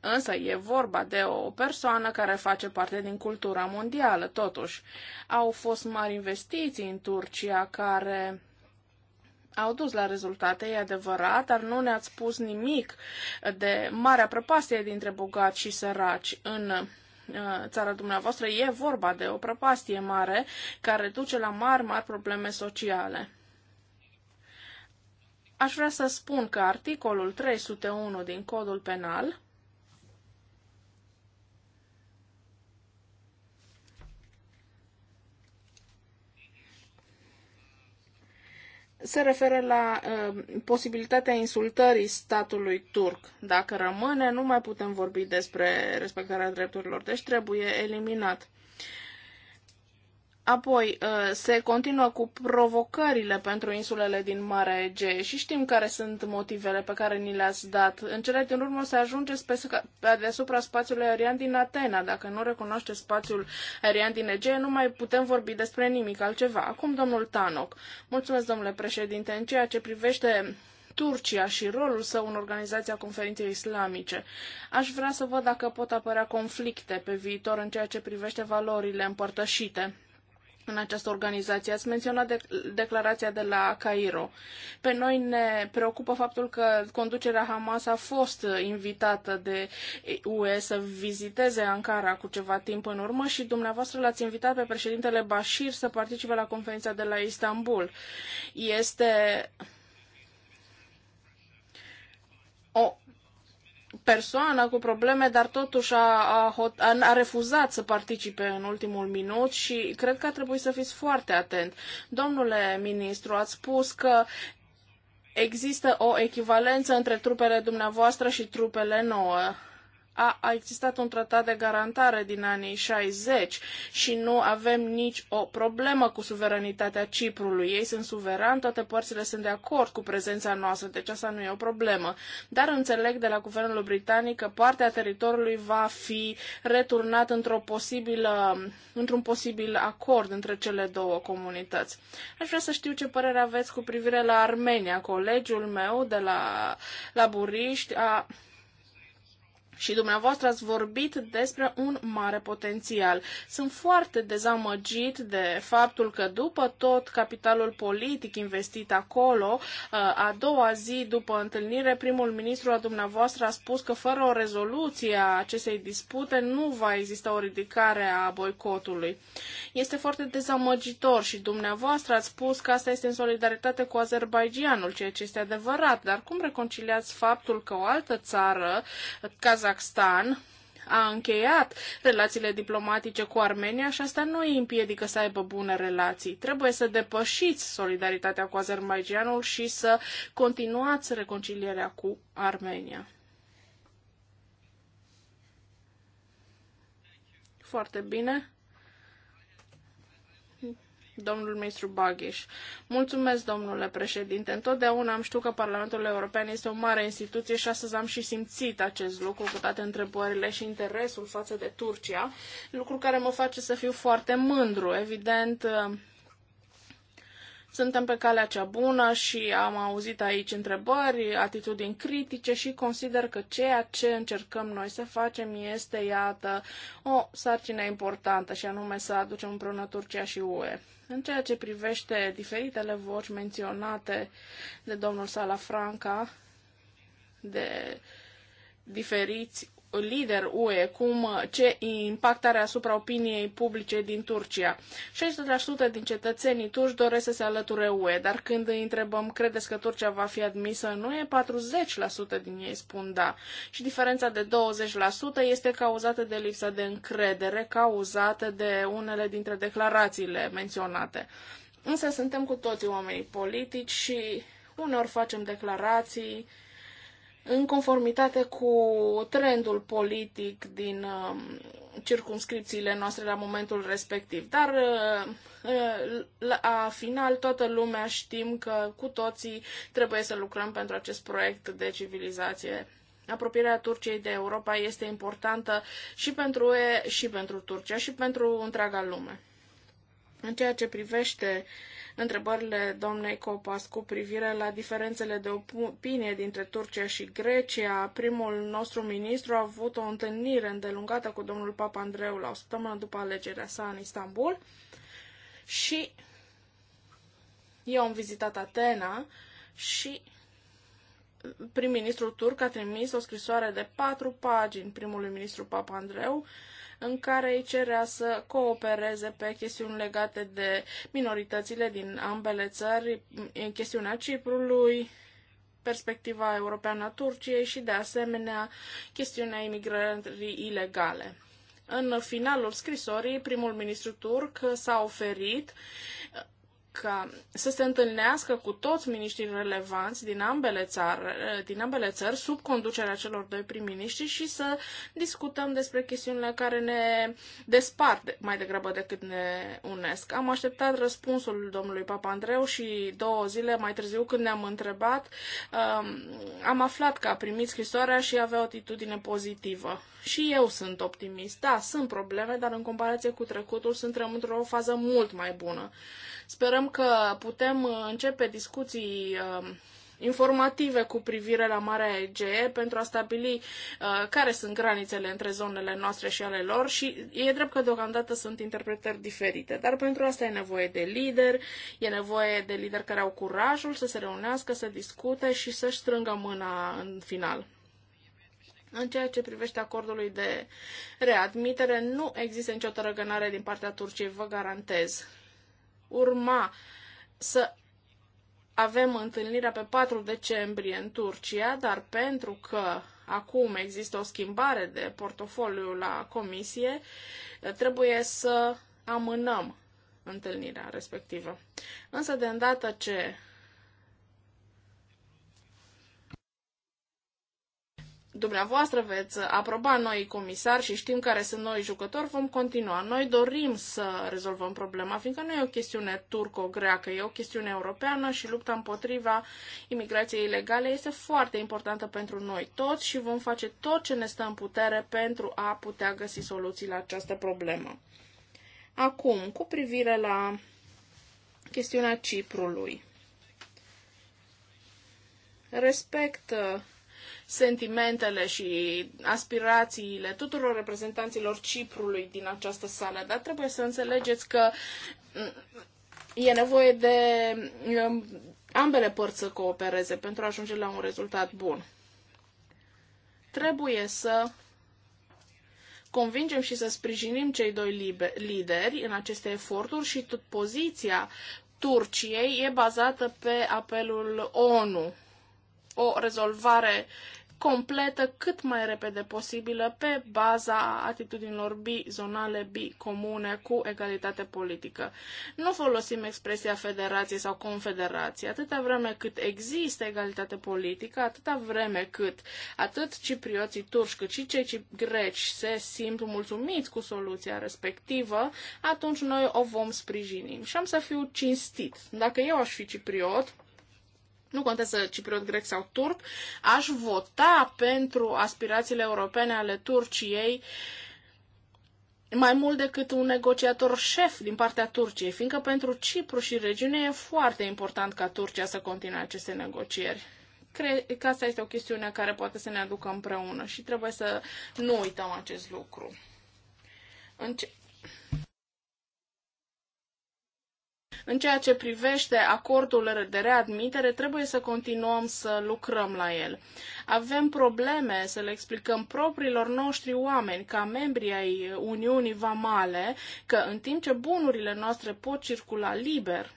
Însă e vorba de o persoană care face parte din cultura mondială, totuși. Au fost mari investiții în Turcia care au dus la rezultate, e adevărat, dar nu ne-ați spus nimic de marea prăpastie dintre bogați și săraci în uh, țara dumneavoastră. E vorba de o prăpastie mare care duce la mari, mari probleme sociale. Aș vrea să spun că articolul 301 din Codul Penal se referă la uh, posibilitatea insultării statului turc. Dacă rămâne, nu mai putem vorbi despre respectarea drepturilor, deci trebuie eliminat. Apoi uh, se continuă cu provocările pentru insulele din Marea Egee și știm care sunt motivele pe care ni le-ați dat. În cele din urmă se ajunge pe deasupra spațiului aerian din Atena. Dacă nu recunoaște spațiul aerian din Egee, nu mai putem vorbi despre nimic altceva. Acum, domnul Tanoc. Mulțumesc, domnule președinte. În ceea ce privește Turcia și rolul său în organizația conferinței islamice. Aș vrea să văd dacă pot apărea conflicte pe viitor în ceea ce privește valorile împărtășite în această organizație. Ați menționat de- declarația de la Cairo. Pe noi ne preocupă faptul că conducerea Hamas a fost invitată de UE să viziteze Ankara cu ceva timp în urmă și dumneavoastră l-ați invitat pe președintele Bashir să participe la conferința de la Istanbul. Este o persoană cu probleme, dar totuși a, a, a, a refuzat să participe în ultimul minut și cred că ar trebui să fiți foarte atent. Domnule ministru, ați spus că există o echivalență între trupele dumneavoastră și trupele nouă a, a existat un tratat de garantare din anii 60 și nu avem nici o problemă cu suveranitatea Ciprului. Ei sunt suverani, toate părțile sunt de acord cu prezența noastră, deci asta nu e o problemă. Dar înțeleg de la guvernul britanic că partea teritoriului va fi returnat într-o posibilă, într-un posibil acord între cele două comunități. Aș vrea să știu ce părere aveți cu privire la Armenia. Colegiul meu de la, la Buriști a și dumneavoastră ați vorbit despre un mare potențial. Sunt foarte dezamăgit de faptul că după tot capitalul politic investit acolo, a doua zi după întâlnire, primul ministru a dumneavoastră a spus că fără o rezoluție a acestei dispute nu va exista o ridicare a boicotului. Este foarte dezamăgitor și dumneavoastră ați spus că asta este în solidaritate cu Azerbaijanul, ceea ce este adevărat, dar cum reconciliați faptul că o altă țară, Kazahstan, Kazakhstan a încheiat relațiile diplomatice cu Armenia și asta nu îi împiedică să aibă bune relații. Trebuie să depășiți solidaritatea cu Azerbaijanul și să continuați reconcilierea cu Armenia. Foarte bine domnul ministru Baghiș. Mulțumesc, domnule președinte. Întotdeauna am știut că Parlamentul European este o mare instituție și astăzi am și simțit acest lucru cu toate întrebările și interesul față de Turcia, lucru care mă face să fiu foarte mândru. Evident, suntem pe calea cea bună și am auzit aici întrebări, atitudini critice și consider că ceea ce încercăm noi să facem este, iată, o sarcină importantă și anume să aducem împreună Turcia și UE. În ceea ce privește diferitele voci menționate de domnul Salafranca, de diferiți lider UE, cum ce impact are asupra opiniei publice din Turcia. 60% din cetățenii turci doresc să se alăture UE, dar când îi întrebăm credeți că Turcia va fi admisă în UE, 40% din ei spun da. Și diferența de 20% este cauzată de lipsa de încredere, cauzată de unele dintre declarațiile menționate. Însă suntem cu toții oamenii politici și uneori facem declarații, în conformitate cu trendul politic din circunscripțiile um, circumscripțiile noastre la momentul respectiv. Dar uh, uh, la final toată lumea știm că cu toții trebuie să lucrăm pentru acest proiect de civilizație. Apropierea Turciei de Europa este importantă și pentru UE, și pentru Turcia, și pentru întreaga lume. În ceea ce privește uh, întrebările doamnei Copas cu privire la diferențele de opinie dintre Turcia și Grecia. Primul nostru ministru a avut o întâlnire îndelungată cu domnul Papa Andreu la o săptămână după alegerea sa în Istanbul și eu am vizitat Atena și prim-ministrul turc a trimis o scrisoare de patru pagini primului ministru papa Andreu în care îi cerea să coopereze pe chestiuni legate de minoritățile din ambele țări, în chestiunea Ciprului, perspectiva europeană a Turciei și, de asemenea, chestiunea imigrării ilegale. În finalul scrisorii, primul ministru turc s-a oferit ca să se întâlnească cu toți miniștrii relevanți din ambele, țară, din ambele țări, sub conducerea celor doi prim-miniștri și să discutăm despre chestiunile care ne despart mai degrabă decât ne unesc. Am așteptat răspunsul domnului Papa Andreu și două zile mai târziu când ne-am întrebat, um, am aflat că a primit scrisoarea și avea o atitudine pozitivă. Și eu sunt optimist. Da, sunt probleme, dar în comparație cu trecutul suntem într-o fază mult mai bună. Sperăm că putem începe discuții um, informative cu privire la Marea Egee pentru a stabili uh, care sunt granițele între zonele noastre și ale lor și e drept că deocamdată sunt interpretări diferite, dar pentru asta e nevoie de lideri, e nevoie de lideri care au curajul să se reunească, să discute și să-și strângă mâna în final. În ceea ce privește acordului de readmitere, nu există nicio tărăgânare din partea Turciei, vă garantez urma să avem întâlnirea pe 4 decembrie în Turcia, dar pentru că acum există o schimbare de portofoliu la comisie, trebuie să amânăm întâlnirea respectivă. Însă, de îndată ce dumneavoastră veți aproba noi comisari și știm care sunt noi jucători, vom continua. Noi dorim să rezolvăm problema, fiindcă nu e o chestiune turco-greacă, e o chestiune europeană și lupta împotriva imigrației ilegale este foarte importantă pentru noi toți și vom face tot ce ne stă în putere pentru a putea găsi soluții la această problemă. Acum, cu privire la chestiunea Ciprului. Respect sentimentele și aspirațiile tuturor reprezentanților Ciprului din această sală, dar trebuie să înțelegeți că mm, e nevoie de um, ambele părți să coopereze pentru a ajunge la un rezultat bun. Trebuie să convingem și să sprijinim cei doi lideri în aceste eforturi și tot poziția Turciei e bazată pe apelul ONU. O rezolvare completă cât mai repede posibilă pe baza atitudinilor bizonale, bicomune, cu egalitate politică. Nu folosim expresia federație sau confederație. Atâta vreme cât există egalitate politică, atâta vreme cât atât ciprioții turci cât și cei greci se simt mulțumiți cu soluția respectivă, atunci noi o vom sprijini. Și am să fiu cinstit. Dacă eu aș fi cipriot, nu contează cipriot, grec sau turc, aș vota pentru aspirațiile europene ale Turciei mai mult decât un negociator șef din partea Turciei, fiindcă pentru Cipru și regiune e foarte important ca Turcia să continue aceste negocieri. Cred că asta este o chestiune care poate să ne aducă împreună și trebuie să nu uităm acest lucru. Înce- În ceea ce privește acordul de readmitere, trebuie să continuăm să lucrăm la el. Avem probleme să le explicăm propriilor noștri oameni, ca membri ai Uniunii Vamale, că în timp ce bunurile noastre pot circula liber,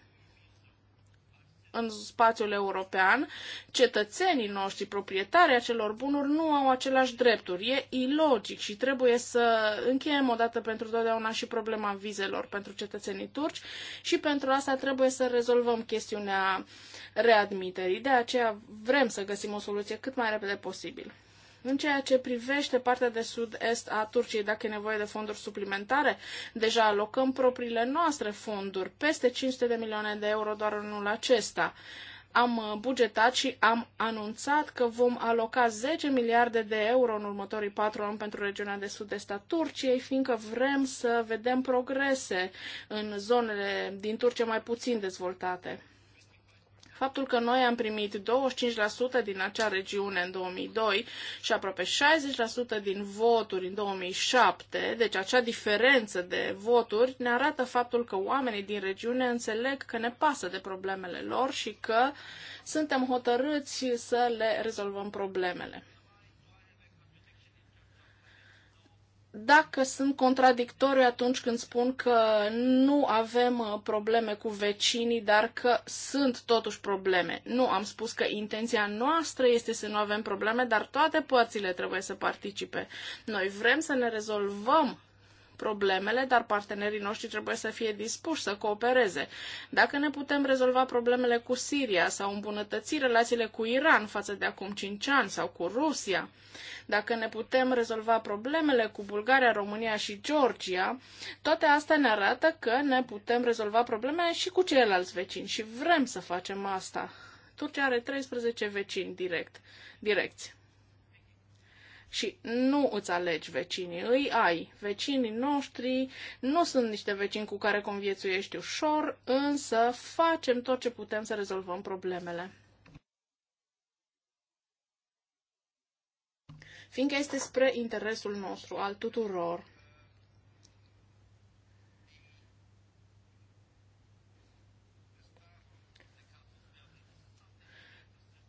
în spațiul european, cetățenii noștri, proprietarii acelor bunuri, nu au aceleași drepturi. E ilogic și trebuie să încheiem odată pentru totdeauna și problema vizelor pentru cetățenii turci și pentru asta trebuie să rezolvăm chestiunea readmiterii. De aceea vrem să găsim o soluție cât mai repede posibil. În ceea ce privește partea de sud-est a Turciei, dacă e nevoie de fonduri suplimentare, deja alocăm propriile noastre fonduri, peste 500 de milioane de euro doar anul acesta am uh, bugetat și am anunțat că vom aloca 10 miliarde de euro în următorii patru ani pentru regiunea de sud-est a Turciei, fiindcă vrem să vedem progrese în zonele din Turcia mai puțin dezvoltate. Faptul că noi am primit 25% din acea regiune în 2002 și aproape 60% din voturi în 2007, deci acea diferență de voturi, ne arată faptul că oamenii din regiune înțeleg că ne pasă de problemele lor și că suntem hotărâți să le rezolvăm problemele. dacă sunt contradictoriu atunci când spun că nu avem uh, probleme cu vecinii, dar că sunt totuși probleme. Nu, am spus că intenția noastră este să nu avem probleme, dar toate părțile trebuie să participe. Noi vrem să ne rezolvăm problemele, dar partenerii noștri trebuie să fie dispuși să coopereze. Dacă ne putem rezolva problemele cu Siria sau îmbunătăți relațiile cu Iran față de acum 5 ani sau cu Rusia, dacă ne putem rezolva problemele cu Bulgaria, România și Georgia, toate astea ne arată că ne putem rezolva problemele și cu ceilalți vecini și vrem să facem asta. Turcia are 13 vecini direct, direcți. Și nu îți alegi vecinii, îi ai. Vecinii noștri nu sunt niște vecini cu care conviețuiești ușor, însă facem tot ce putem să rezolvăm problemele. fiindcă este spre interesul nostru, al tuturor.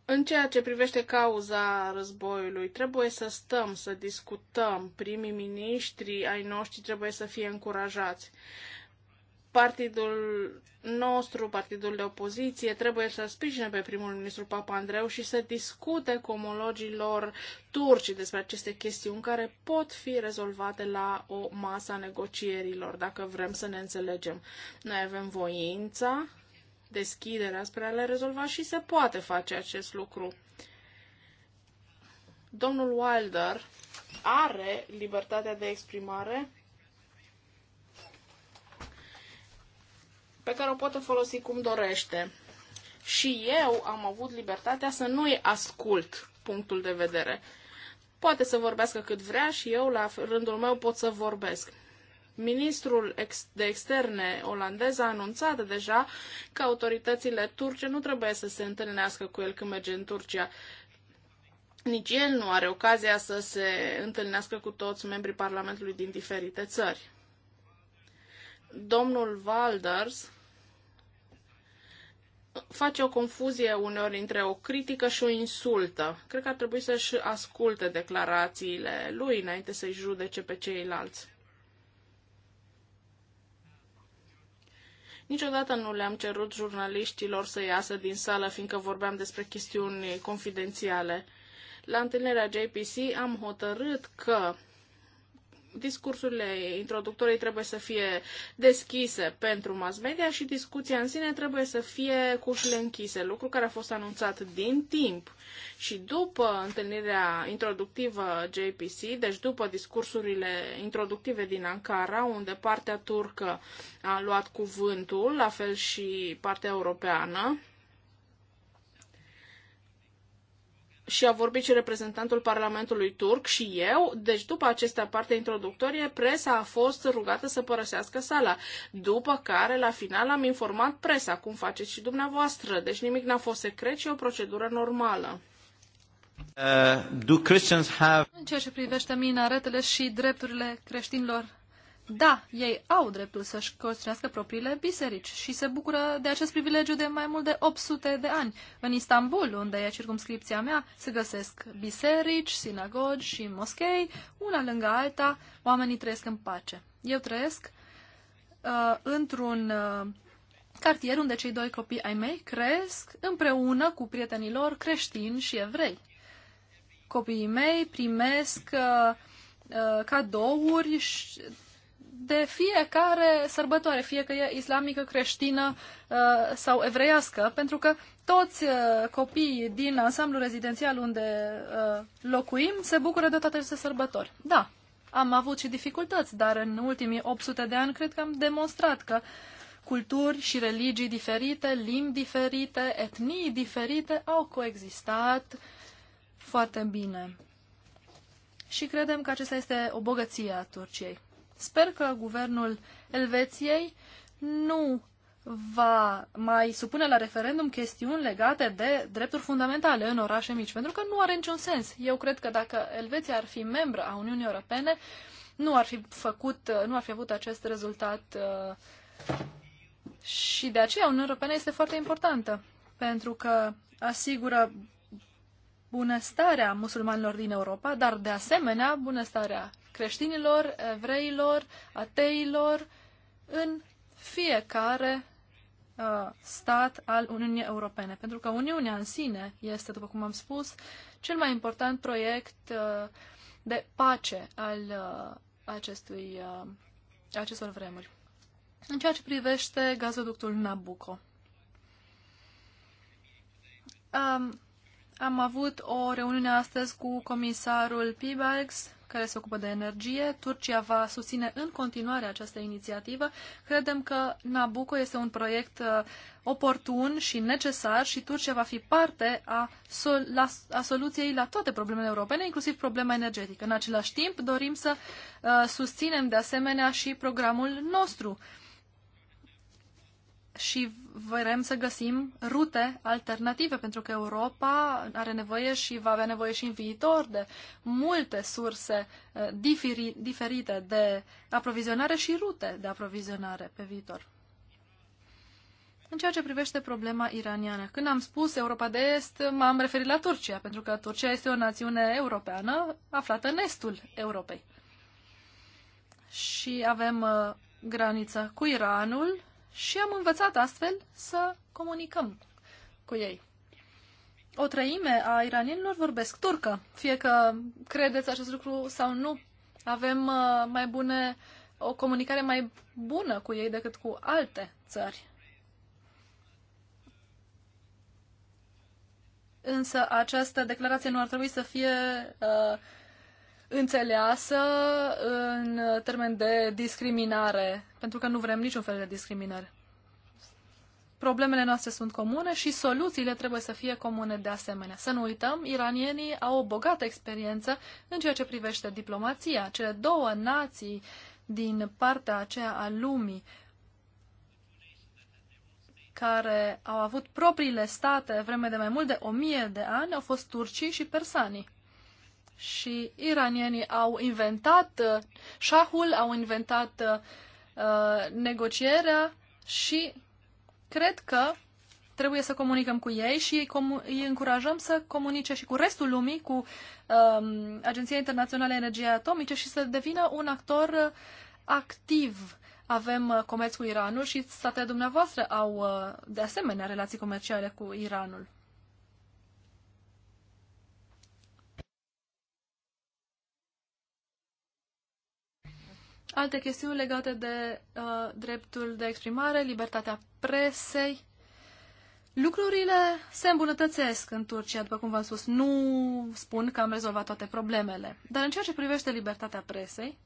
În ceea ce privește cauza războiului, trebuie să stăm, să discutăm. Primii miniștri ai noștri trebuie să fie încurajați partidul nostru, partidul de opoziție, trebuie să sprijine pe primul ministru Papa Andreu și să discute cu omologii lor turci despre aceste chestiuni care pot fi rezolvate la o masă a negocierilor, dacă vrem să ne înțelegem. Noi avem voința, deschiderea spre a le rezolva și se poate face acest lucru. Domnul Wilder are libertatea de exprimare pe care o poate folosi cum dorește. Și eu am avut libertatea să nu-i ascult punctul de vedere. Poate să vorbească cât vrea și eu, la rândul meu, pot să vorbesc. Ministrul de externe olandez a anunțat deja că autoritățile turce nu trebuie să se întâlnească cu el când merge în Turcia. Nici el nu are ocazia să se întâlnească cu toți membrii Parlamentului din diferite țări. Domnul Walders face o confuzie uneori între o critică și o insultă. Cred că ar trebui să-și asculte declarațiile lui înainte să-i judece pe ceilalți. Niciodată nu le-am cerut jurnaliștilor să iasă din sală, fiindcă vorbeam despre chestiuni confidențiale. La întâlnirea JPC am hotărât că discursurile introductorii trebuie să fie deschise pentru mass media și discuția în sine trebuie să fie cu ușile închise, lucru care a fost anunțat din timp. Și după întâlnirea introductivă JPC, deci după discursurile introductive din Ankara, unde partea turcă a luat cuvântul, la fel și partea europeană, și a vorbit și reprezentantul Parlamentului turc și eu, deci după aceste parte introductorie, presa a fost rugată să părăsească sala, după care la final am informat presa, cum faceți și dumneavoastră, deci nimic n-a fost secret și o procedură normală. Uh, do Christians have... În ceea ce privește minaretele și drepturile creștinilor da, ei au dreptul să-și construiască propriile biserici și se bucură de acest privilegiu de mai mult de 800 de ani. În Istanbul, unde e circumscripția mea, se găsesc biserici, sinagogi și moschei, una lângă alta, oamenii trăiesc în pace. Eu trăiesc uh, într-un uh, cartier unde cei doi copii ai mei cresc împreună cu prietenii lor creștini și evrei. Copiii mei primesc uh, uh cadouri și de fiecare sărbătoare, fie că e islamică, creștină uh, sau evreiască, pentru că toți uh, copiii din ansamblul rezidențial unde uh, locuim se bucură de toate aceste sărbători. Da, am avut și dificultăți, dar în ultimii 800 de ani cred că am demonstrat că culturi și religii diferite, limbi diferite, etnii diferite au coexistat foarte bine. Și credem că acesta este o bogăție a Turciei. Sper că guvernul Elveției nu va mai supune la referendum chestiuni legate de drepturi fundamentale în orașe mici, pentru că nu are niciun sens. Eu cred că dacă Elveția ar fi membră a Uniunii Europene, nu ar fi făcut, nu ar fi avut acest rezultat uh, și de aceea Uniunea Europeană este foarte importantă, pentru că asigură bunăstarea musulmanilor din Europa, dar de asemenea bunăstarea creștinilor, evreilor, ateilor în fiecare uh, stat al Uniunii Europene. Pentru că Uniunea în sine este, după cum am spus, cel mai important proiect uh, de pace al uh, acestui, acestor vremuri. În ceea ce privește gazoductul Nabucco. Am, um, am avut o reuniune astăzi cu comisarul Pibalgs care se ocupă de energie. Turcia va susține în continuare această inițiativă. Credem că Nabucco este un proiect uh, oportun și necesar și Turcia va fi parte a, sol- la, a soluției la toate problemele europene, inclusiv problema energetică. În același timp, dorim să uh, susținem de asemenea și programul nostru uh, și vrem să găsim rute alternative, pentru că Europa are nevoie și va avea nevoie și în viitor de multe surse eh, diferi, diferite de aprovizionare și rute de aprovizionare pe viitor. În ceea ce privește problema iraniană, când am spus Europa de Est, m-am referit la Turcia, pentru că Turcia este o națiune europeană aflată în estul Europei. Și avem eh, graniță cu Iranul și am învățat astfel să comunicăm cu ei. O treime a iranienilor vorbesc turcă, fie că credeți acest lucru sau nu, avem uh, mai bune, o comunicare mai bună cu ei decât cu alte țări. Însă această declarație nu ar trebui să fie uh, înțeleasă în termen de discriminare, pentru că nu vrem niciun fel de discriminare. Problemele noastre sunt comune și soluțiile trebuie să fie comune de asemenea. Să nu uităm, iranienii au o bogată experiență în ceea ce privește diplomația. Cele două nații din partea aceea a lumii care au avut propriile state vreme de mai mult de o mie de ani au fost turcii și persanii și iranienii au inventat uh, șahul, au inventat uh, uh, negocierea și cred că trebuie să comunicăm cu ei și îi, îi încurajăm să comunice și cu restul lumii, cu um, Agenția Internațională a Energiei Atomice și să devină un actor uh, activ. Avem comerț cu Iranul și statele dumneavoastră au de asemenea relații comerciale cu Iranul. alte chestiuni legate de uh, dreptul de exprimare, libertatea presei. Lucrurile se îmbunătățesc în Turcia, după cum v-am spus. Nu spun că am rezolvat toate problemele. Dar în ceea ce privește libertatea presei,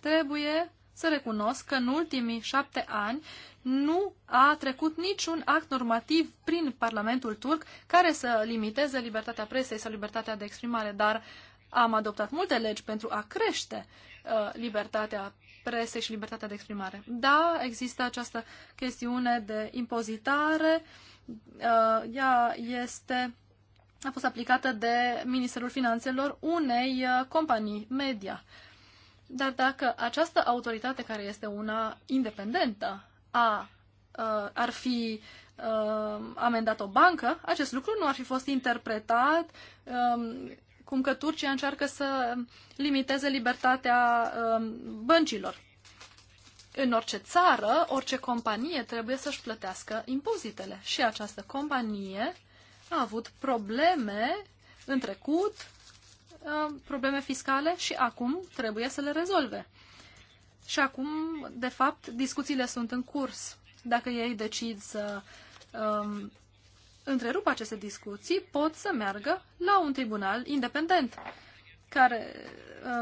trebuie să recunosc că în ultimii șapte ani nu a trecut niciun act normativ prin Parlamentul turc care să limiteze libertatea presei sau libertatea de exprimare, dar am adoptat multe legi pentru a crește uh, libertatea prese și libertatea de exprimare. Da, există această chestiune de impozitare. Uh, ea este, a fost aplicată de Ministerul Finanțelor unei uh, companii media. Dar dacă această autoritate, care este una independentă, a, uh, ar fi amendat o bancă, acest lucru nu ar fi fost interpretat um, cum că Turcia încearcă să limiteze libertatea um, băncilor. În orice țară, orice companie trebuie să-și plătească impozitele. Și această companie a avut probleme în trecut, um, probleme fiscale și acum trebuie să le rezolve. Și acum, de fapt, discuțiile sunt în curs. Dacă ei decid să um, întrerup aceste discuții, pot să meargă la un tribunal independent, care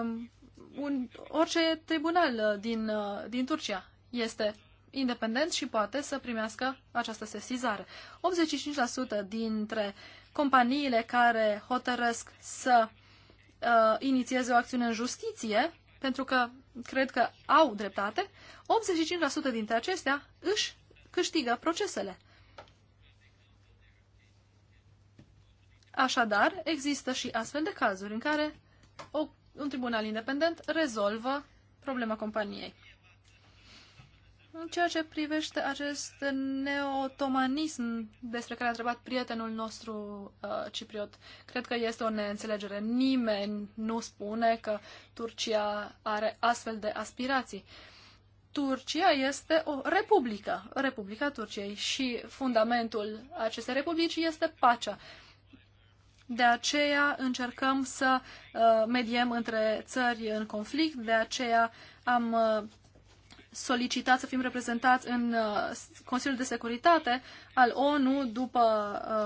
um, un, orice tribunal uh, din, uh, din Turcia este independent și poate să primească această sesizare. 85% dintre companiile care hotărăsc să uh, inițieze o acțiune în justiție, pentru că cred că au dreptate, 85% dintre acestea își câștigă procesele. Așadar, există și astfel de cazuri în care o, un tribunal independent rezolvă problema companiei. În ceea ce privește acest neotomanism despre care a întrebat prietenul nostru uh, cipriot, cred că este o neînțelegere. Nimeni nu spune că Turcia are astfel de aspirații. Turcia este o republică, Republica Turciei și fundamentul acestei republici este pacea. De aceea încercăm să uh, mediem între țări în conflict, de aceea am uh, solicitat să fim reprezentați în uh, Consiliul de Securitate al ONU după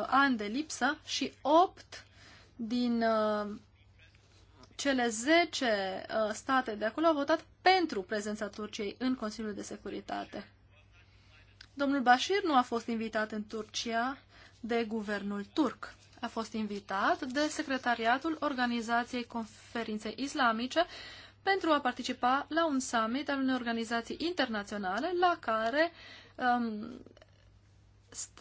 ani de lipsă și opt din cele 10 state de acolo au votat pentru prezența Turciei în Consiliul de Securitate. Domnul Bashir nu a fost invitat în Turcia de guvernul turc a fost invitat de secretariatul Organizației conferințe Islamice pentru a participa la un summit al unei organizații internaționale la care um,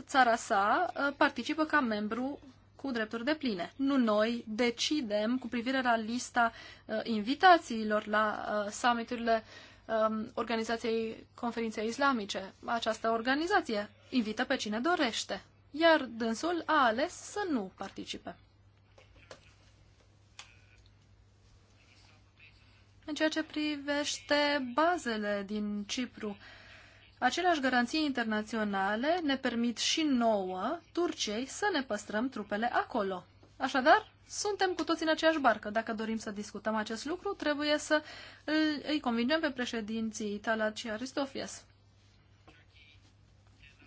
țara sa uh, participă ca membru cu drepturi de pline. Nu noi decidem cu privire la lista uh, invitațiilor la uh, summiturile um, Organizației Conferinței Islamice. Această organizație invită pe cine dorește iar dânsul a ales să nu participe. În ceea ce privește bazele din Cipru, aceleași garanții internaționale ne permit și nouă, Turciei, să ne păstrăm trupele acolo. Așadar, suntem cu toți în aceeași barcă. Dacă dorim să discutăm acest lucru, trebuie să îi convingem pe președinții Talat și Aristofies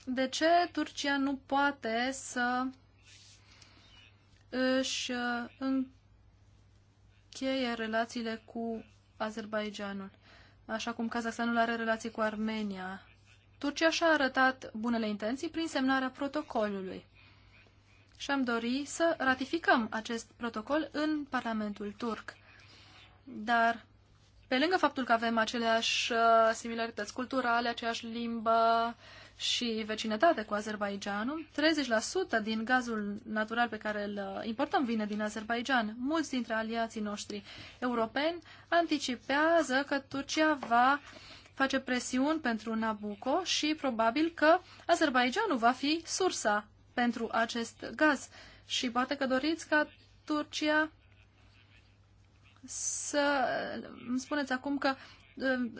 de ce Turcia nu poate să își uh, încheie relațiile cu Azerbaijanul, așa cum Kazahstanul are relații cu Armenia. Turcia și-a arătat bunele intenții prin semnarea protocolului și am dori să ratificăm acest protocol în Parlamentul turc. Dar, pe lângă faptul că avem aceleași uh, similarități culturale, aceeași limbă, și vecinătate cu Azerbaijanul. 30% din gazul natural pe care îl uh, importăm vine din Azerbaijan. Mulți dintre aliații noștri europeni anticipează că Turcia va face presiuni pentru Nabucco și probabil că Azerbaijanul va fi sursa pentru acest gaz. Și poate că doriți ca Turcia să uh, îmi spuneți acum că uh,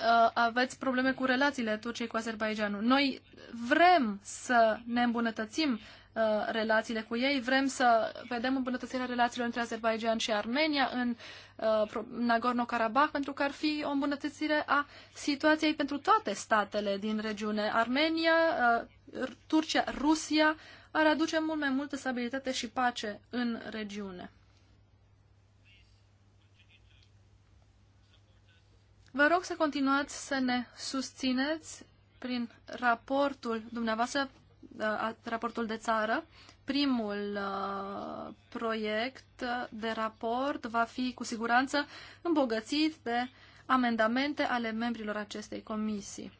uh, aveți probleme cu relațiile Turciei cu Azerbaijanul. Noi vrem să ne îmbunătățim uh, relațiile cu ei, vrem să vedem îmbunătățirea relațiilor între Azerbaijan și Armenia uh, în Nagorno-Karabakh, pentru că ar fi o îmbunătățire a situației pentru toate statele din regiune. Armenia, uh, Turcia, Rusia ar aduce mult mai multă stabilitate și pace în regiune. Vă rog să continuați să ne susțineți prin raportul dumneavoastră, uh, raportul de țară. Primul uh, proiect de raport va fi cu siguranță îmbogățit de amendamente ale membrilor acestei comisii.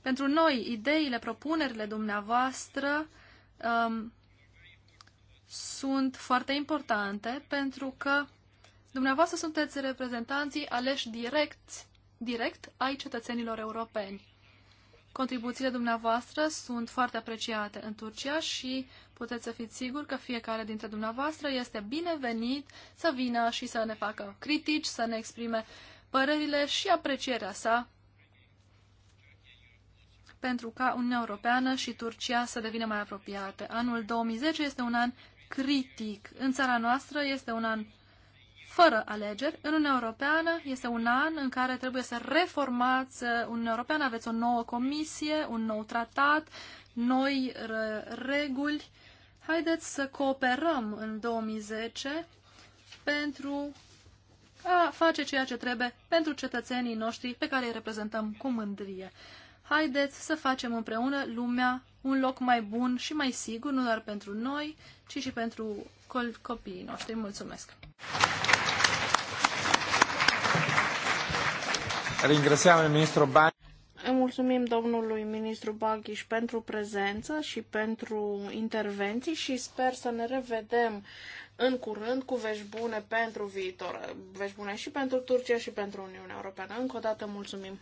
Pentru noi, ideile, propunerile dumneavoastră um, sunt foarte importante pentru că Dumneavoastră sunteți reprezentanții aleși direct, direct ai cetățenilor europeni. Contribuțiile dumneavoastră sunt foarte apreciate în Turcia și puteți să fiți siguri că fiecare dintre dumneavoastră este binevenit să vină și să ne facă critici, să ne exprime părerile și aprecierea sa pentru ca Uniunea Europeană și Turcia să devină mai apropiate. Anul 2010 este un an critic. În țara noastră este un an fără alegeri. În Uniunea Europeană este un an în care trebuie să reformați uh, Uniunea Europeană, aveți o nouă comisie, un nou tratat, noi reguli. Haideți să cooperăm în 2010 pentru a face ceea ce trebuie pentru cetățenii noștri pe care îi reprezentăm cu mândrie. Haideți să facem împreună lumea un loc mai bun și mai sigur, nu doar pentru noi, ci și pentru copiii noștri. Mulțumesc! Ringrațiam ministrul Bani. Mulțumim domnului ministru Baghiș pentru prezență și pentru intervenții și sper să ne revedem în curând cu vești bune pentru viitor. Vești bune și pentru Turcia și pentru Uniunea Europeană. Încă o dată mulțumim!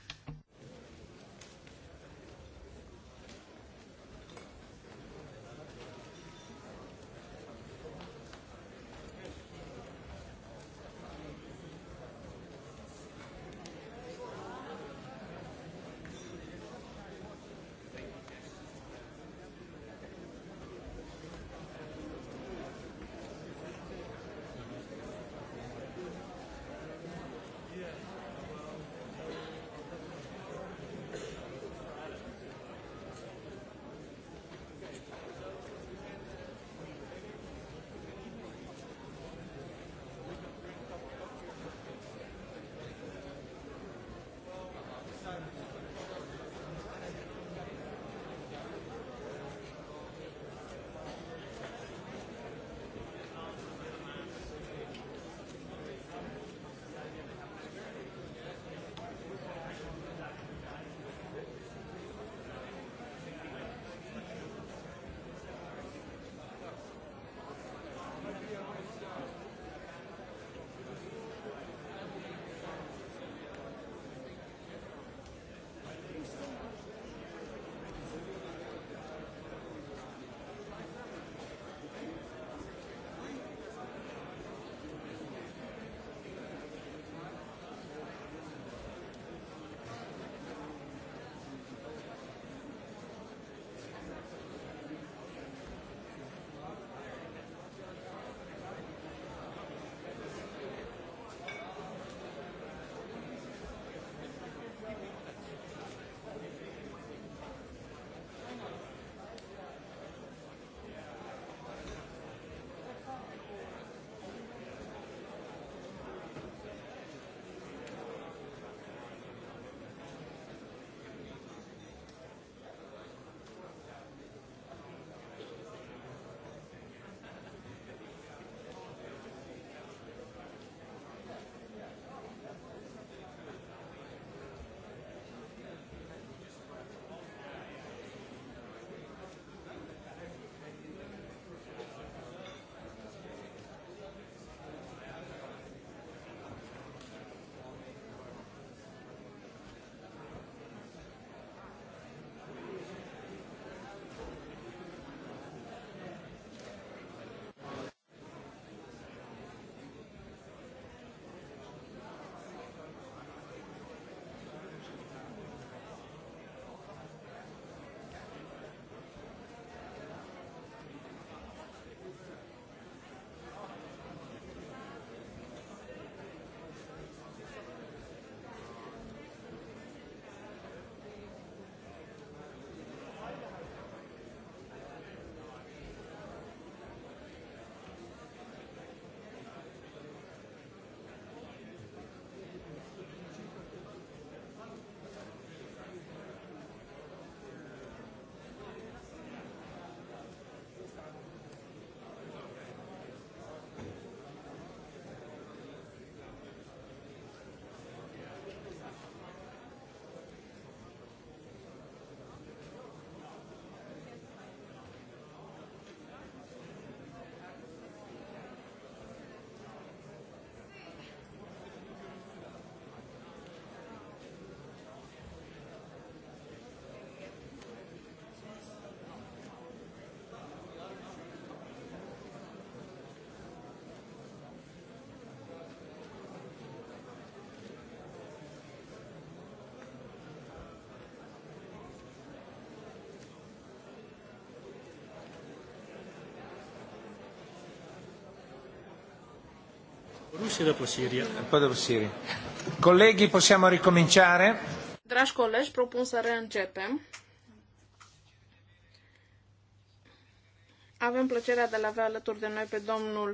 Rusia dopo Siria. Poi dopo Siria. Colleghi, possiamo ricominciare? Dragi colegi, propun să reîncepem. Avem plăcerea de a avea alături de noi pe domnul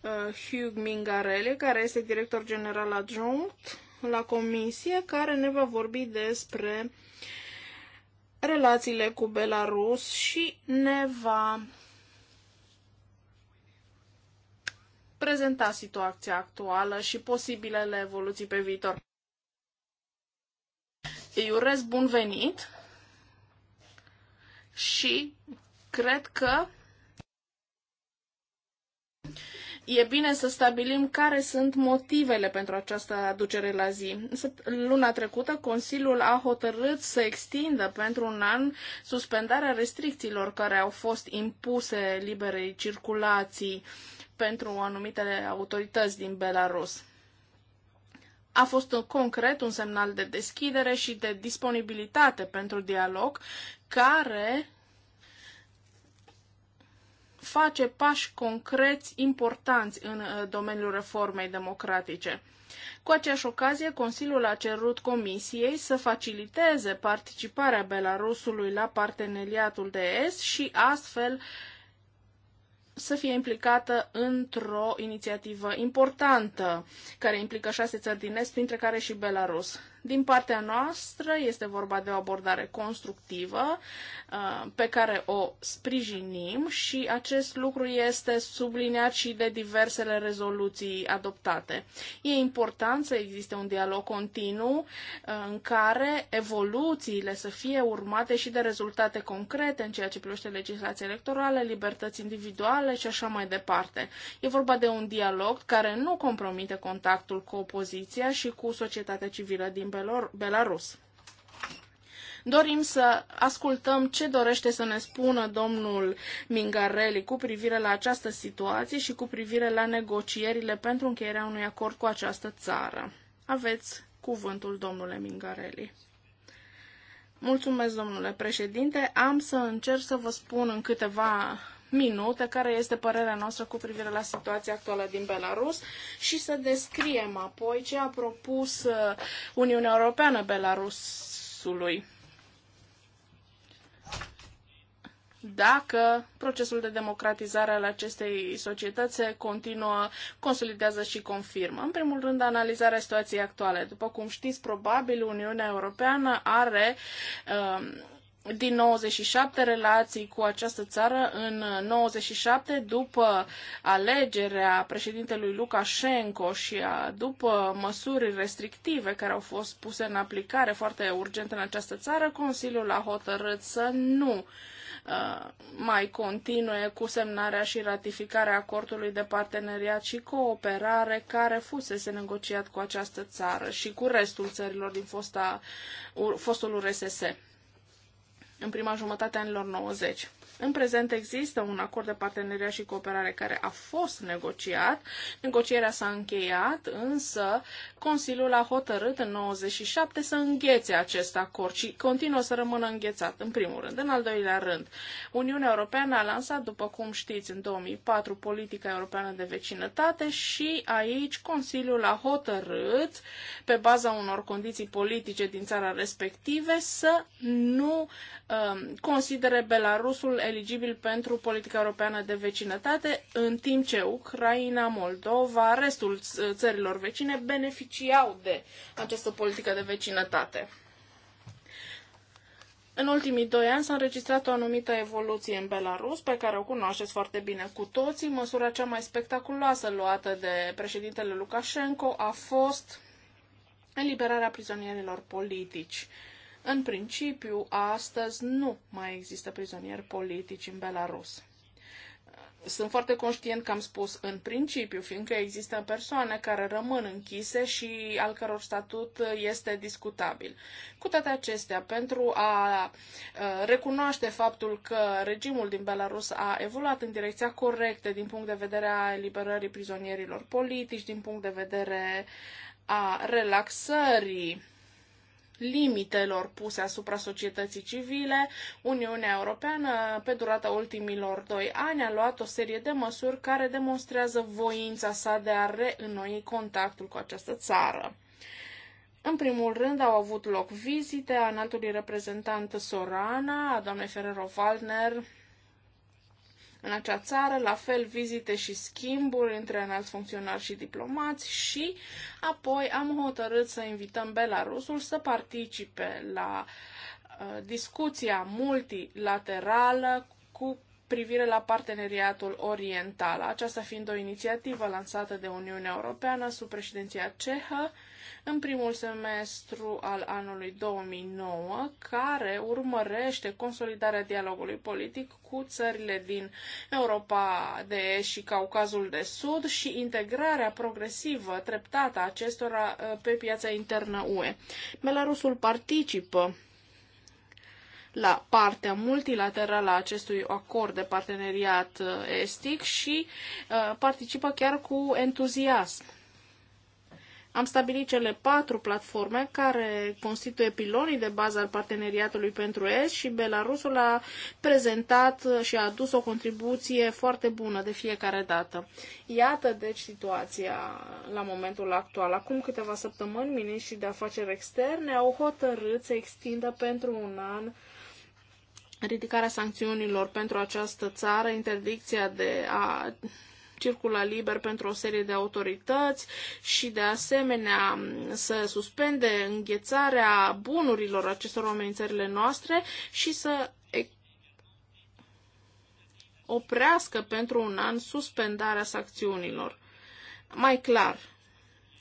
uh, Hugh Mingarele, care este director general adjunct la comisie, care ne va vorbi despre relațiile cu Belarus și ne va prezenta situația actuală și posibilele evoluții pe viitor. Îi urez bun venit și cred că e bine să stabilim care sunt motivele pentru această aducere la zi. Luna trecută, Consiliul a hotărât să extindă pentru un an suspendarea restricțiilor care au fost impuse liberei circulații uh, pentru anumitele autorități din Belarus. A fost concret un semnal de deschidere și de disponibilitate pentru dialog care face pași concreți importanți în uh, domeniul reformei democratice. Cu aceeași ocazie, Consiliul a cerut Comisiei să faciliteze participarea Belarusului la parteneriatul de Est și astfel să fie implicată într-o inițiativă importantă care implică șase țări din Est, printre care și Belarus. Din partea noastră este vorba de o abordare constructivă uh, pe care o sprijinim și acest lucru este subliniat și de diversele rezoluții adoptate. E important să existe un dialog continuu uh, în care evoluțiile să fie urmate și de rezultate concrete în ceea ce privește legislația electorală, libertăți individuale și așa mai departe. E vorba de un dialog care nu compromite contactul cu opoziția și cu societatea civilă din în Belarus. Dorim să ascultăm ce dorește să ne spună domnul Mingarelli cu privire la această situație și cu privire la negocierile pentru încheierea unui acord cu această țară. Aveți cuvântul, domnule Mingarelli. Mulțumesc, domnule președinte. Am să încerc să vă spun în câteva minute care este părerea noastră cu privire la situația actuală din Belarus și să descriem apoi ce a propus uh, Uniunea Europeană Belarusului. dacă procesul de democratizare al acestei societăți se continuă, consolidează și confirmă. În primul rând, analizarea situației actuale. După cum știți, probabil Uniunea Europeană are uh, din 97 relații cu această țară. În 97, după alegerea președintelui Lukashenko și a, după măsuri restrictive care au fost puse în aplicare foarte urgent în această țară, Consiliul a hotărât să nu mai continue cu semnarea și ratificarea acordului de parteneriat și cooperare care fusese negociat cu această țară și cu restul țărilor din fosta, fostul URSS în prima jumătate a anilor 90. În prezent există un acord de parteneriat și cooperare care a fost negociat. Negocierea s-a încheiat, însă Consiliul a hotărât în 97 să înghețe acest acord și continuă să rămână înghețat, în primul rând. În al doilea rând, Uniunea Europeană a lansat, după cum știți, în 2004 politica europeană de vecinătate și aici Consiliul a hotărât, pe baza unor condiții politice din țara respective, să nu um, considere Belarusul eligibil pentru politica europeană de vecinătate, în timp ce Ucraina, Moldova, restul țărilor vecine beneficiau de această politică de vecinătate. În ultimii doi ani s-a înregistrat o anumită evoluție în Belarus, pe care o cunoașteți foarte bine cu toții. Măsura cea mai spectaculoasă luată de președintele Lukashenko a fost eliberarea prizonierilor politici. În principiu, astăzi nu mai există prizonieri politici în Belarus. Sunt foarte conștient că am spus în principiu, fiindcă există persoane care rămân închise și al căror statut este discutabil. Cu toate acestea, pentru a recunoaște faptul că regimul din Belarus a evoluat în direcția corectă din punct de vedere a eliberării prizonierilor politici, din punct de vedere a relaxării limitelor puse asupra societății civile, Uniunea Europeană, pe durata ultimilor doi ani, a luat o serie de măsuri care demonstrează voința sa de a reînnoi contactul cu această țară. În primul rând au avut loc vizite a înaltului reprezentant Sorana, a doamnei Ferrero-Waldner, în acea țară, la fel vizite și schimburi între înalți funcționari și diplomați și apoi am hotărât să invităm Belarusul să participe la uh, discuția multilaterală cu privire la parteneriatul oriental, aceasta fiind o inițiativă lansată de Uniunea Europeană sub președinția cehă, în primul semestru al anului 2009, care urmărește consolidarea dialogului politic cu țările din Europa de Est și Caucazul de Sud și integrarea progresivă, treptată a acestora uh, pe piața internă UE. Belarusul participă la partea multilaterală a acestui acord de parteneriat uh, estic și uh, participă chiar cu entuziasm. Am stabilit cele patru platforme care constituie pilonii de bază al parteneriatului pentru Est și Belarusul a prezentat și a adus o contribuție foarte bună de fiecare dată. Iată deci situația la momentul actual. Acum câteva săptămâni, miniștrii de afaceri externe au hotărât să extindă pentru un an ridicarea sancțiunilor pentru această țară, interdicția de a circulă liber pentru o serie de autorități și de asemenea să suspende înghețarea bunurilor acestor oameni în țările noastre și să oprească pentru un an suspendarea sancțiunilor. Mai clar,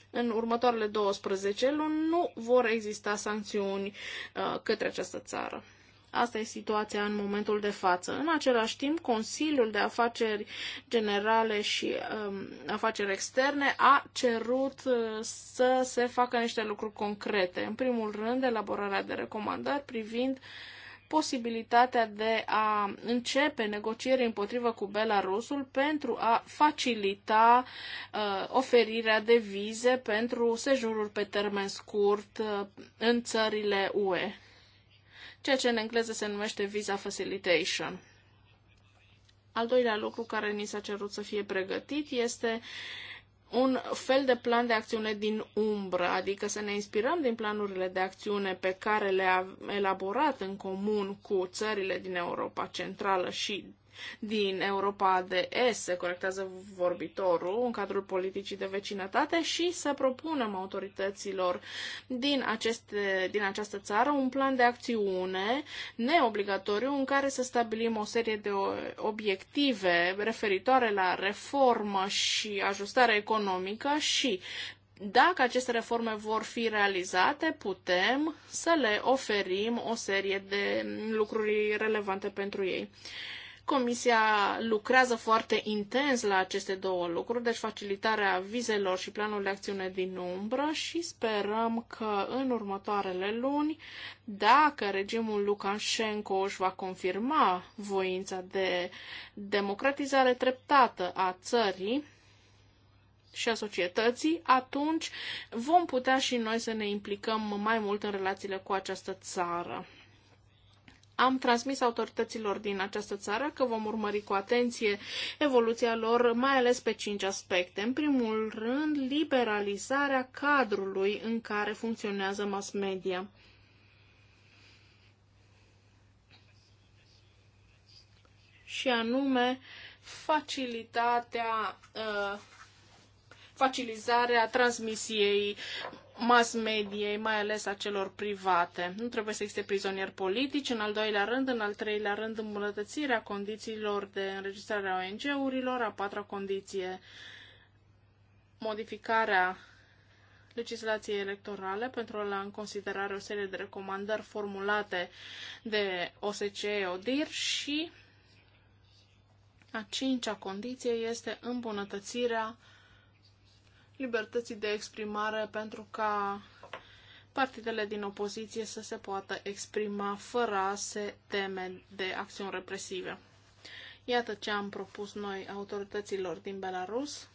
în următoarele 12 luni nu vor exista sancțiuni uh, către această țară. Asta e situația în momentul de față. În același timp, Consiliul de Afaceri Generale și um, Afaceri Externe a cerut uh, să se facă niște lucruri concrete. În primul rând, elaborarea de recomandări privind posibilitatea de a începe negocieri împotriva cu Belarusul pentru a facilita uh, oferirea de vize pentru sejururi pe termen scurt uh, în țările UE ceea ce în engleză se numește Visa Facilitation. Al doilea lucru care ni s-a cerut să fie pregătit este un fel de plan de acțiune din umbră, adică să ne inspirăm din planurile de acțiune pe care le-a elaborat în comun cu țările din Europa Centrală și din Europa de Est, se corectează vorbitorul, în cadrul politicii de vecinătate și să propunem autorităților din, aceste, din această țară un plan de acțiune neobligatoriu în care să stabilim o serie de obiective referitoare la reformă și ajustare economică și dacă aceste reforme vor fi realizate, putem să le oferim o serie de lucruri relevante pentru ei. Comisia lucrează foarte intens la aceste două lucruri, deci facilitarea vizelor și planul de acțiune din umbră și sperăm că în următoarele luni, dacă regimul Lukashenko își va confirma voința de democratizare treptată a țării, și a societății, atunci vom putea și noi să ne implicăm mai mult în relațiile cu această țară. Am transmis autorităților din această țară că vom urmări cu atenție evoluția lor, mai ales pe cinci aspecte. În primul rând, liberalizarea cadrului în care funcționează mass media. Și anume, facilitatea uh, facilizarea transmisiei mass mediei, mai ales a celor private. Nu trebuie să existe prizonieri politici, în al doilea rând, în al treilea rând, îmbunătățirea condițiilor de înregistrare a ONG-urilor, a patra condiție, modificarea legislației electorale pentru a lua în considerare o serie de recomandări formulate de OSCE-ODIR și a cincea condiție este îmbunătățirea libertății de exprimare pentru ca partidele din opoziție să se poată exprima fără a se teme de acțiuni represive. Iată ce am propus noi autorităților din Belarus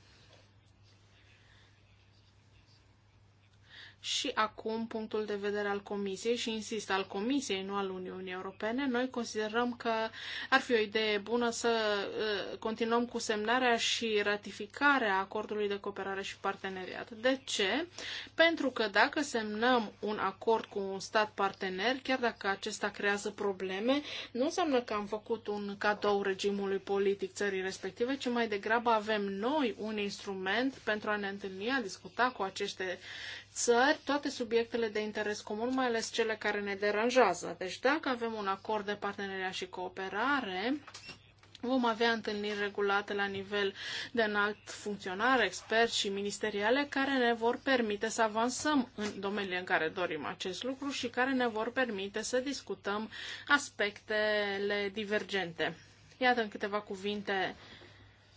Și acum punctul de vedere al Comisiei și insist al Comisiei, nu al Uniunii Europene. Noi considerăm că ar fi o idee bună să uh, continuăm cu semnarea și ratificarea acordului de cooperare și parteneriat. De ce? Pentru că dacă semnăm un acord cu un stat partener, chiar dacă acesta creează probleme, nu înseamnă că am făcut un cadou regimului politic țării respective, ci mai degrabă avem noi un instrument pentru a ne întâlni, a discuta cu aceste țări toate subiectele de interes comun, mai ales cele care ne deranjează. Deci dacă avem un acord de parteneria și cooperare, Vom avea întâlniri regulate la nivel de înalt funcționar, experți și ministeriale care ne vor permite să avansăm în domeniile în care dorim acest lucru și care ne vor permite să discutăm aspectele divergente. Iată în câteva cuvinte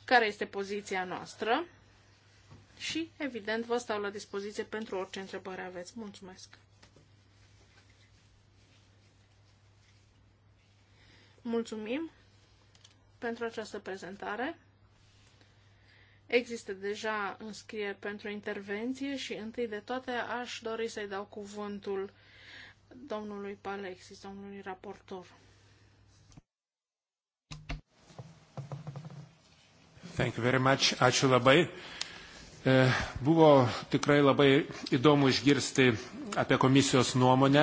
care este poziția noastră și, evident, vă stau la dispoziție pentru orice întrebări aveți. Mulțumesc! Mulțumim pentru această prezentare. Există deja înscrieri pentru intervenție și întâi de toate aș dori să-i dau cuvântul domnului Palexis, domnului raportor. Thank you very much. Achula Bay. Buvo tikrai labai įdomu išgirsti apie komisijos nuomonę.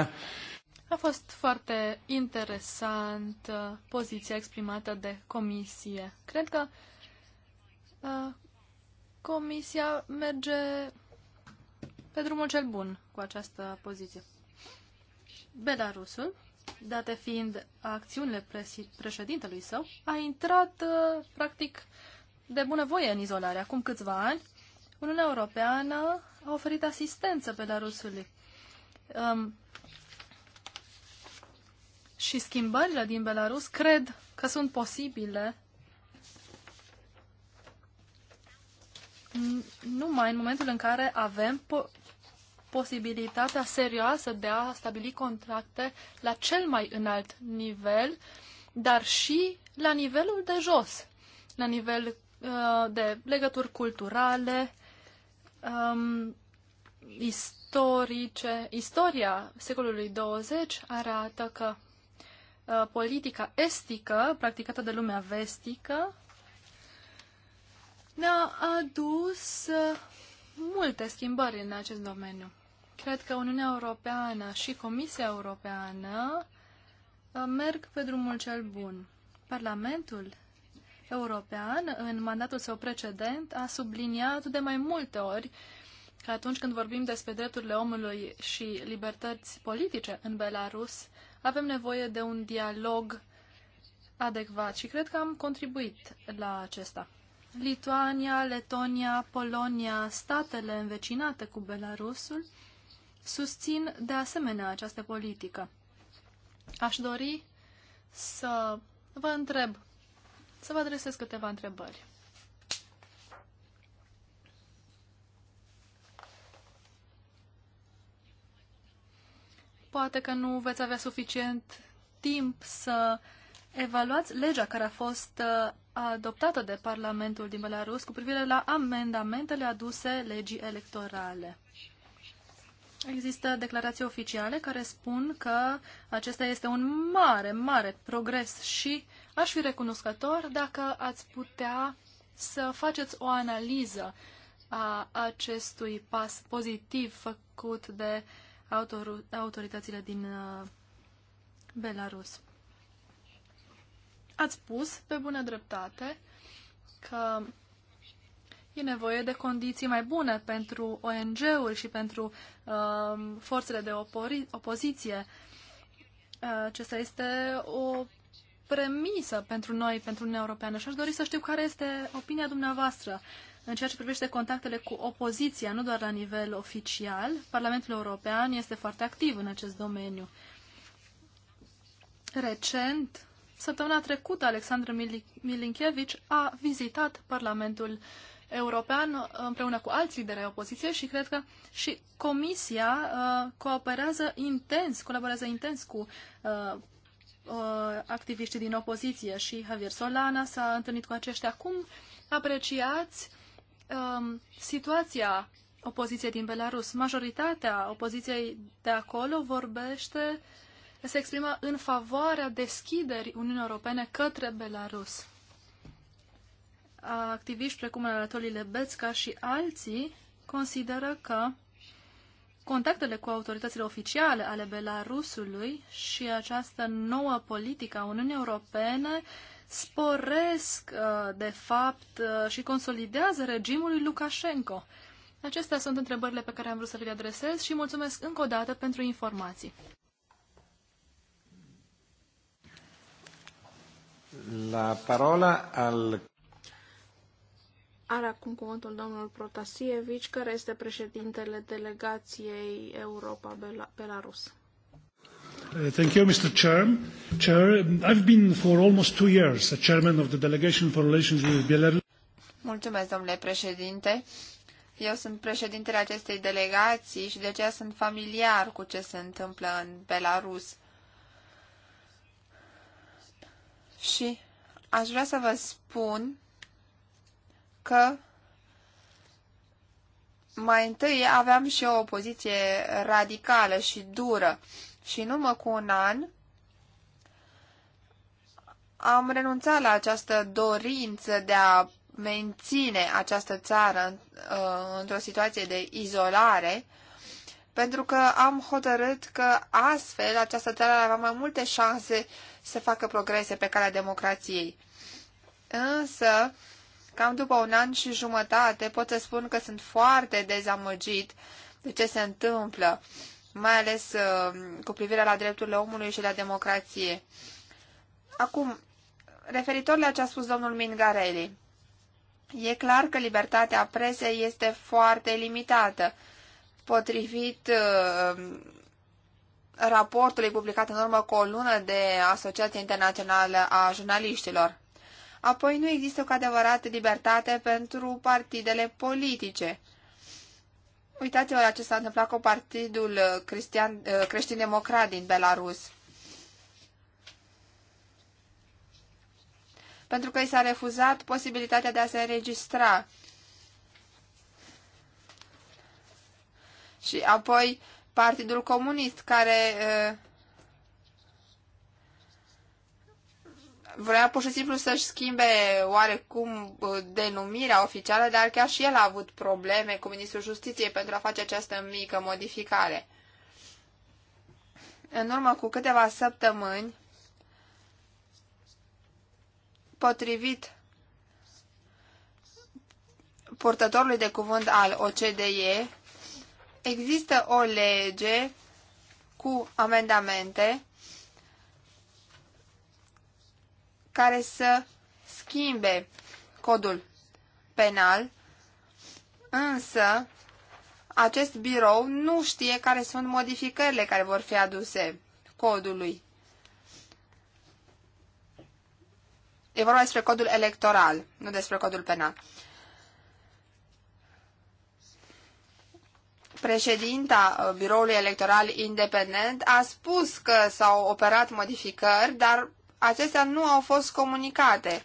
A fost foarte interesant uh, poziția exprimată de comisie. Cred că uh, comisia merge pe drumul cel bun cu această poziție. Belarusul, date fiind acțiunile președintelui său, a intrat uh, practic de bunăvoie în izolare acum câțiva ani Uniunea Europeană a oferit asistență Belarusului. Um, și schimbările din Belarus cred că sunt posibile numai în momentul în care avem po posibilitatea serioasă de a stabili contracte la cel mai înalt nivel, dar și la nivelul de jos, la nivel uh, de legături culturale, um, istorice, istoria secolului 20 arată că uh, politica estică, practicată de lumea vestică, ne-a adus uh, multe schimbări în acest domeniu. Cred că Uniunea Europeană și Comisia Europeană uh, merg pe drumul cel bun. Parlamentul European, în mandatul său precedent, a subliniat de mai multe ori că atunci când vorbim despre drepturile omului și libertăți politice în Belarus, avem nevoie de un dialog adecvat și cred că am contribuit la acesta. Lituania, Letonia, Polonia, statele învecinate cu Belarusul susțin de asemenea această politică. Aș dori să vă întreb să vă adresez câteva întrebări. Poate că nu veți avea suficient timp să evaluați legea care a fost uh, adoptată de Parlamentul din Belarus cu privire la amendamentele aduse legii electorale. Există declarații oficiale care spun că acesta este un mare, mare progres și uh, Aș fi recunoscător dacă ați putea să faceți o analiză a acestui pas pozitiv făcut de autor- autoritățile din uh, Belarus. Ați spus, pe bună dreptate, că e nevoie de condiții mai bune pentru ONG-uri și pentru uh, forțele de opoziție. opoziție. Uh, acesta este o premisă pentru noi, pentru Uniunea Europeană și aș dori să știu care este opinia dumneavoastră în ceea ce privește contactele cu opoziția, nu doar la nivel oficial. Parlamentul European este foarte activ în acest domeniu. Recent, săptămâna trecută, Alexandru Milinkevici a vizitat Parlamentul European uh, împreună cu alți lideri ai opoziției și cred că și Comisia uh, cooperează intens, colaborează intens cu uh, Uh, activiștii din opoziție și Javier Solana s-a întâlnit cu aceștia. Cum apreciați um, situația opoziției din Belarus? Majoritatea opoziției de acolo vorbește, se exprimă în favoarea deschiderii Uniunii Europene către Belarus. Activiști precum Anatolii Lebețca și alții consideră că contactele cu autoritățile oficiale ale Belarusului și această nouă politică a Uniunii Europene sporesc, uh, de fapt, uh, și consolidează regimul lui Lukashenko. Acestea sunt întrebările pe care am vrut să vi le adresez și mulțumesc încă o dată pentru informații. La parola al are acum cuvântul domnul Protasievici, care este președintele delegației Europa Belarus. Uh, thank you, Mr. Chair. Chair, I've been for almost two years a chairman of the delegation for relations with Belarus. Mulțumesc, domnule președinte. Eu sunt președintele acestei delegații și de aceea sunt familiar cu ce se întâmplă în Belarus. Și aș vrea să vă spun că mai întâi aveam și eu o poziție radicală și dură și în urmă cu un an am renunțat la această dorință de a menține această țară uh, într-o situație de izolare, pentru că am hotărât că astfel această țară avea mai multe șanse să facă progrese pe calea democrației. Însă, Cam după un an și jumătate pot să spun că sunt foarte dezamăgit de ce se întâmplă, mai ales uh, cu privire la drepturile omului și la democrație. Acum, referitor la ce a spus domnul Mingarelli, e clar că libertatea presei este foarte limitată. Potrivit uh, raportului publicat în urmă cu o lună de Asociația Internațională a Jurnaliștilor. Apoi nu există o adevărată libertate pentru partidele politice. Uitați-vă la ce s-a întâmplat cu Partidul Cristian, uh, Creștin Democrat din Belarus. Pentru că i s-a refuzat posibilitatea de a se înregistra. Și apoi Partidul Comunist, care uh, vrea pur și simplu să-și schimbe oarecum uh, denumirea oficială, dar chiar și el a avut probleme cu Ministrul Justiției pentru a face această mică modificare. În urmă cu câteva săptămâni, potrivit purtătorului de cuvânt al OCDE, există o lege cu amendamente care să schimbe codul penal, însă acest birou nu știe care sunt modificările care vor fi aduse codului. E vorba despre codul electoral, nu despre codul penal. Președinta uh, Biroului Electoral Independent a spus că s-au operat modificări, dar acestea nu au fost comunicate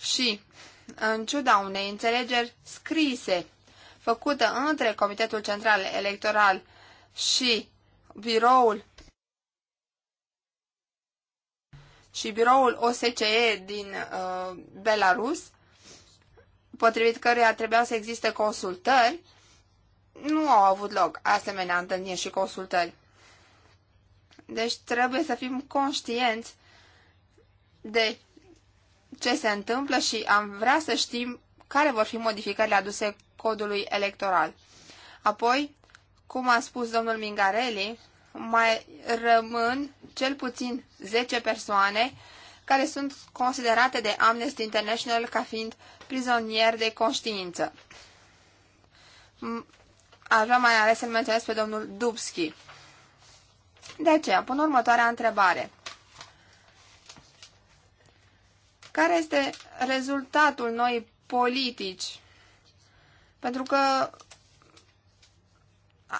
și, în ciuda unei înțelegeri scrise făcută între Comitetul Central Electoral și biroul și biroul OSCE din uh, Belarus, potrivit căruia trebuia să existe consultări, nu au avut loc asemenea întâlniri și consultări. Deci trebuie să fim conștienți de ce se întâmplă și am vrea să știm care vor fi modificările aduse codului electoral. Apoi, cum a spus domnul Mingarelli, mai rămân cel puțin 10 persoane care sunt considerate de Amnesty International ca fiind prizonieri de conștiință. Aș vrea mai ales să-l menționez pe domnul Dubski. De aceea, pun următoarea întrebare. Care este rezultatul noii politici? Pentru că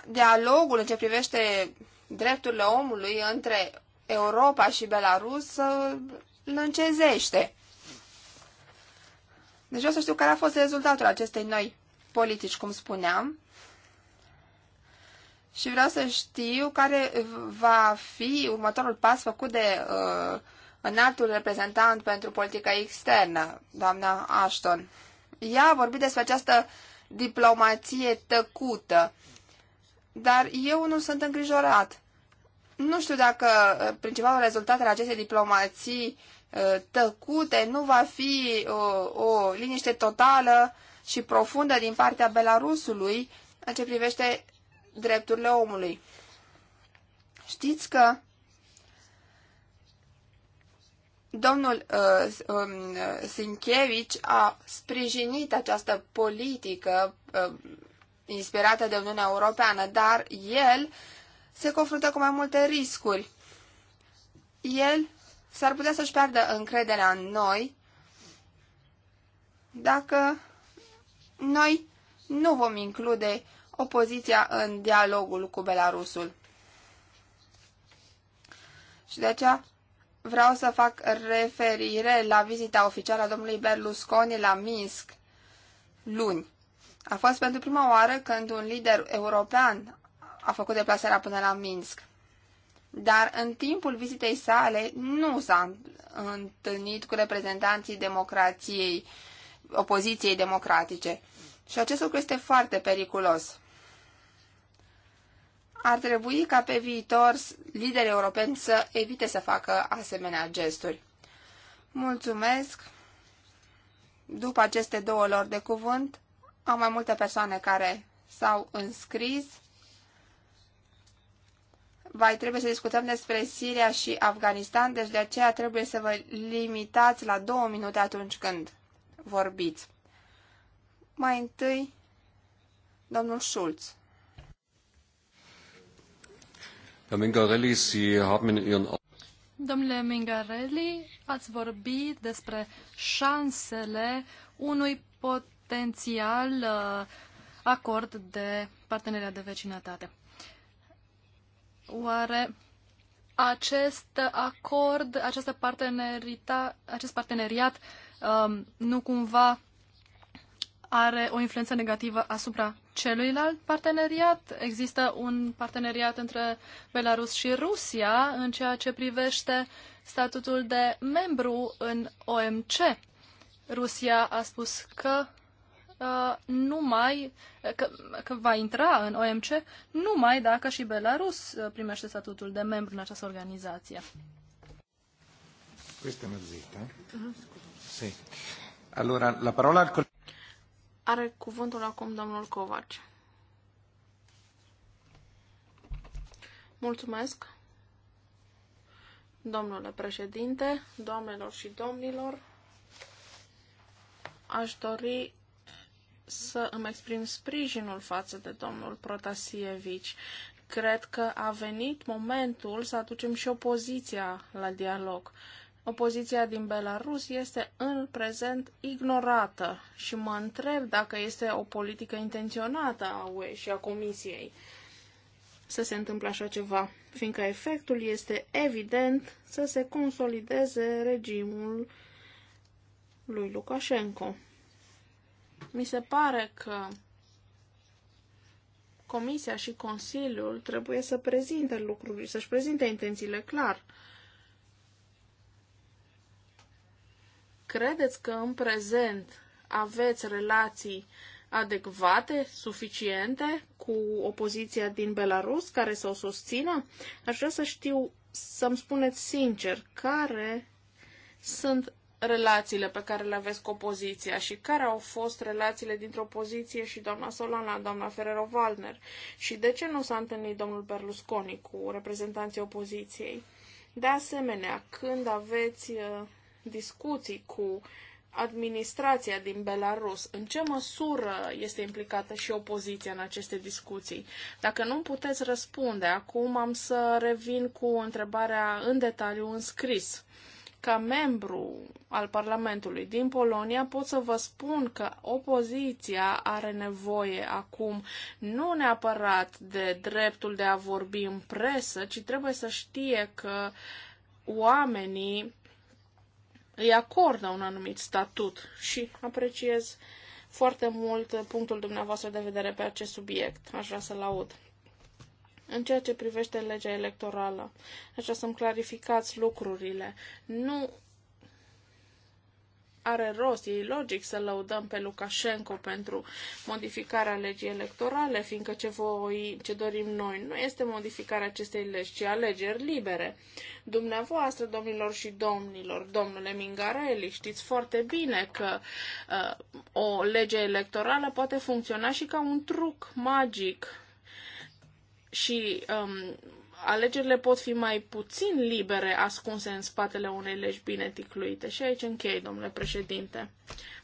dialogul în ce privește drepturile omului între Europa și Belarus îl încezește. Deci vreau să știu care a fost rezultatul acestei noi politici, cum spuneam. Și vreau să știu care va fi următorul pas făcut de uh, înaltul reprezentant pentru politica externă, doamna Ashton. Ea a vorbit despre această diplomație tăcută, dar eu nu sunt îngrijorat. Nu știu dacă uh, principalul rezultat al acestei diplomații uh, tăcute nu va fi o, uh, o liniște totală și profundă din partea Belarusului în ce privește drepturile omului. Știți că Domnul uh, um, uh, a sprijinit această politică uh, inspirată de Uniunea Europeană, dar el se confruntă cu mai multe riscuri. El s-ar putea să-și piardă încrederea în noi dacă noi nu vom include opoziția în dialogul cu Belarusul. Și de aceea vreau să fac referire la vizita oficială a domnului Berlusconi la Minsk luni. A fost pentru prima oară când un lider european a făcut deplasarea până la Minsk. Dar în timpul vizitei sale nu s-a întâlnit cu reprezentanții democrației, opoziției democratice. Și acest lucru este foarte periculos ar trebui ca pe viitor liderii europeni să evite să facă asemenea gesturi. Mulțumesc! După aceste două lor de cuvânt, au mai multe persoane care s-au înscris. Vai, trebuie să discutăm despre Siria și Afganistan, deci de aceea trebuie să vă limitați la două minute atunci când vorbiți. Mai întâi, domnul Schulz. Herr Sie haben in Ihren Domnule Mingarelli, ați vorbit despre șansele unui potențial uh, acord de parteneriat de vecinătate. Oare acest acord, această parteneriat, acest parteneriat um, nu cumva are o influență negativă asupra celuilalt parteneriat. Există un parteneriat între Belarus și Rusia în ceea ce privește statutul de membru în OMC. Rusia a spus că uh, numai că, că va intra în OMC numai dacă și Belarus uh, primește statutul de membru în această organizație. Questa è mezz'etta. Sì. Allora, la parola al are cuvântul acum domnul Covaci. Mulțumesc, domnule președinte, doamnelor și domnilor. Aș dori să îmi exprim sprijinul față de domnul Protasievici. Cred că a venit momentul să aducem și opoziția la dialog. Opoziția din Belarus este în prezent ignorată și mă întreb dacă este o politică intenționată a UE și a Comisiei să se întâmple așa ceva, fiindcă efectul este evident să se consolideze regimul lui Lukashenko. Mi se pare că Comisia și Consiliul trebuie să prezinte lucruri, să-și prezinte intențiile clar. Credeți că în prezent aveți relații adecvate, suficiente cu opoziția din Belarus care să o susțină? Aș vrea să știu, să-mi spuneți sincer, care sunt relațiile pe care le aveți cu opoziția și care au fost relațiile dintre opoziție și doamna Solana, doamna Ferrero-Valner și de ce nu s-a întâlnit domnul Berlusconi cu reprezentanții opoziției. De asemenea, când aveți uh, discuții cu administrația din Belarus, în ce măsură este implicată și opoziția în aceste discuții. Dacă nu puteți răspunde, acum am să revin cu întrebarea în detaliu în scris. Ca membru al Parlamentului din Polonia pot să vă spun că opoziția are nevoie acum nu neapărat de dreptul de a vorbi în presă, ci trebuie să știe că oamenii îi acordă un anumit statut și apreciez foarte mult punctul dumneavoastră de vedere pe acest subiect. Aș vrea să-l aud. În ceea ce privește legea electorală, așa să-mi clarificați lucrurile, nu are rost, e logic să lăudăm pe Lukashenko pentru modificarea legii electorale, fiindcă ce, voi, ce dorim noi nu este modificarea acestei legi, ci alegeri libere. Dumneavoastră, domnilor și domnilor, domnule Mingarelli, știți foarte bine că uh, o lege electorală poate funcționa și ca un truc magic și um, alegerile pot fi mai puțin libere, ascunse în spatele unei legi bine ticluite. Și aici închei, domnule președinte.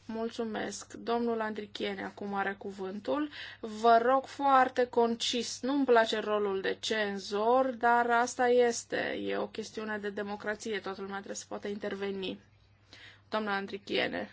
Mulțumesc. Domnul Andrichiene acum are cuvântul. Vă rog foarte concis. Nu-mi place rolul de cenzor, dar asta este. E o chestiune de democrație. Toată lumea trebuie să poată interveni. domnul Andrichiene.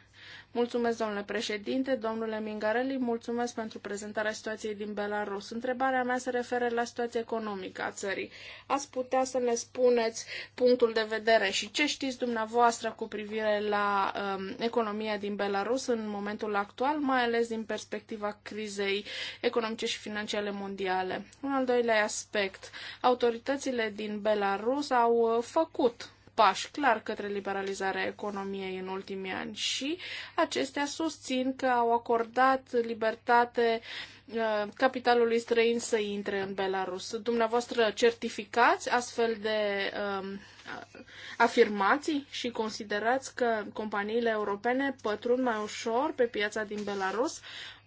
Mulțumesc, domnule președinte, domnule Mingarelli, mulțumesc pentru prezentarea situației din Belarus. Întrebarea mea se referă la situația economică a țării. Ați putea să ne spuneți punctul de vedere și ce știți dumneavoastră cu privire la um, economia din Belarus în momentul actual, mai ales din perspectiva crizei economice și financiare mondiale. Un al doilea aspect. Autoritățile din Belarus au uh, făcut pași clar către liberalizarea economiei în ultimii ani și acestea susțin că au acordat libertate uh, capitalului străin să intre în Belarus. Dumneavoastră certificați astfel de um, afirmații și considerați că companiile europene pătrund mai ușor pe piața din Belarus?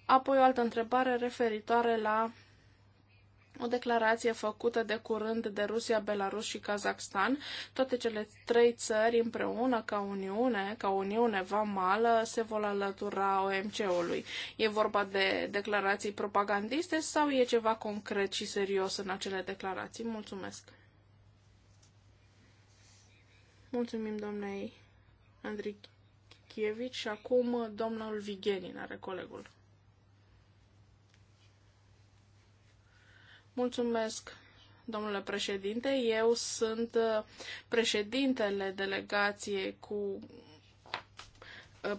Apoi o altă întrebare referitoare la o declarație făcută de curând de Rusia, Belarus și Kazakhstan. Toate cele trei țări împreună ca Uniune, ca Uniune Vamală, se vor alătura OMC-ului. E vorba de declarații propagandiste sau e ceva concret și serios în acele declarații? Mulțumesc! Mulțumim domnei Andrei Chievici și acum domnul Vigenin are colegul. Mulțumesc, domnule președinte. Eu sunt uh, președintele delegației cu, uh,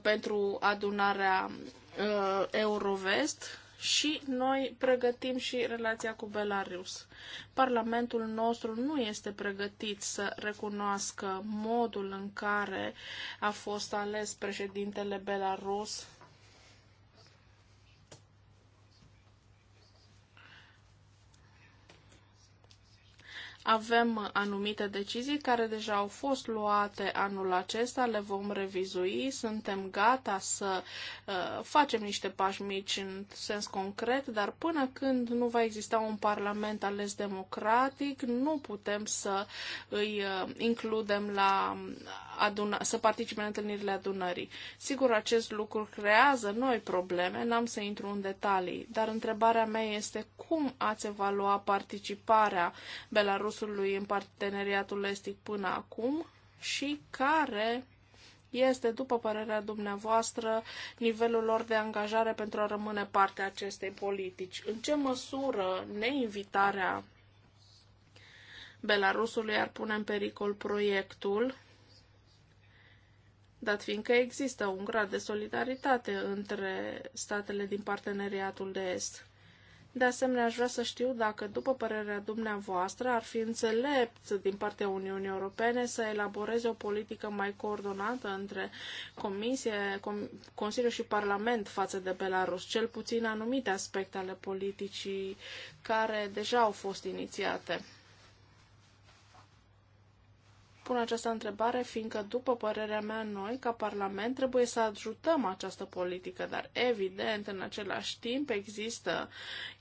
pentru adunarea uh, Eurovest și noi pregătim și relația cu Belarus. Parlamentul nostru nu este pregătit să recunoască modul în care a fost ales președintele Belarus Avem anumite decizii care deja au fost luate anul acesta, le vom revizui, suntem gata să uh, facem niște pași mici în sens concret, dar până când nu va exista un parlament ales democratic, nu putem să îi uh, includem la aduna, să participe în întâlnirile adunării. Sigur, acest lucru creează noi probleme, n-am să intru în detalii, dar întrebarea mea este cum ați evalua participarea Belarus Mercosurului în parteneriatul estic până acum și care este, după părerea dumneavoastră, nivelul lor de angajare pentru a rămâne parte a acestei politici. În ce măsură neinvitarea Belarusului ar pune în pericol proiectul, dat fiindcă există un grad de solidaritate între statele din parteneriatul de est. De asemenea, aș vrea să știu dacă, după părerea dumneavoastră, ar fi înțelept din partea Uniunii Europene să elaboreze o politică mai coordonată între Comisie, Com- Consiliu și Parlament față de Belarus, cel puțin anumite aspecte ale politicii care deja au fost inițiate. Pun această întrebare fiindcă, după părerea mea, noi, ca Parlament, trebuie să ajutăm această politică, dar, evident, în același timp există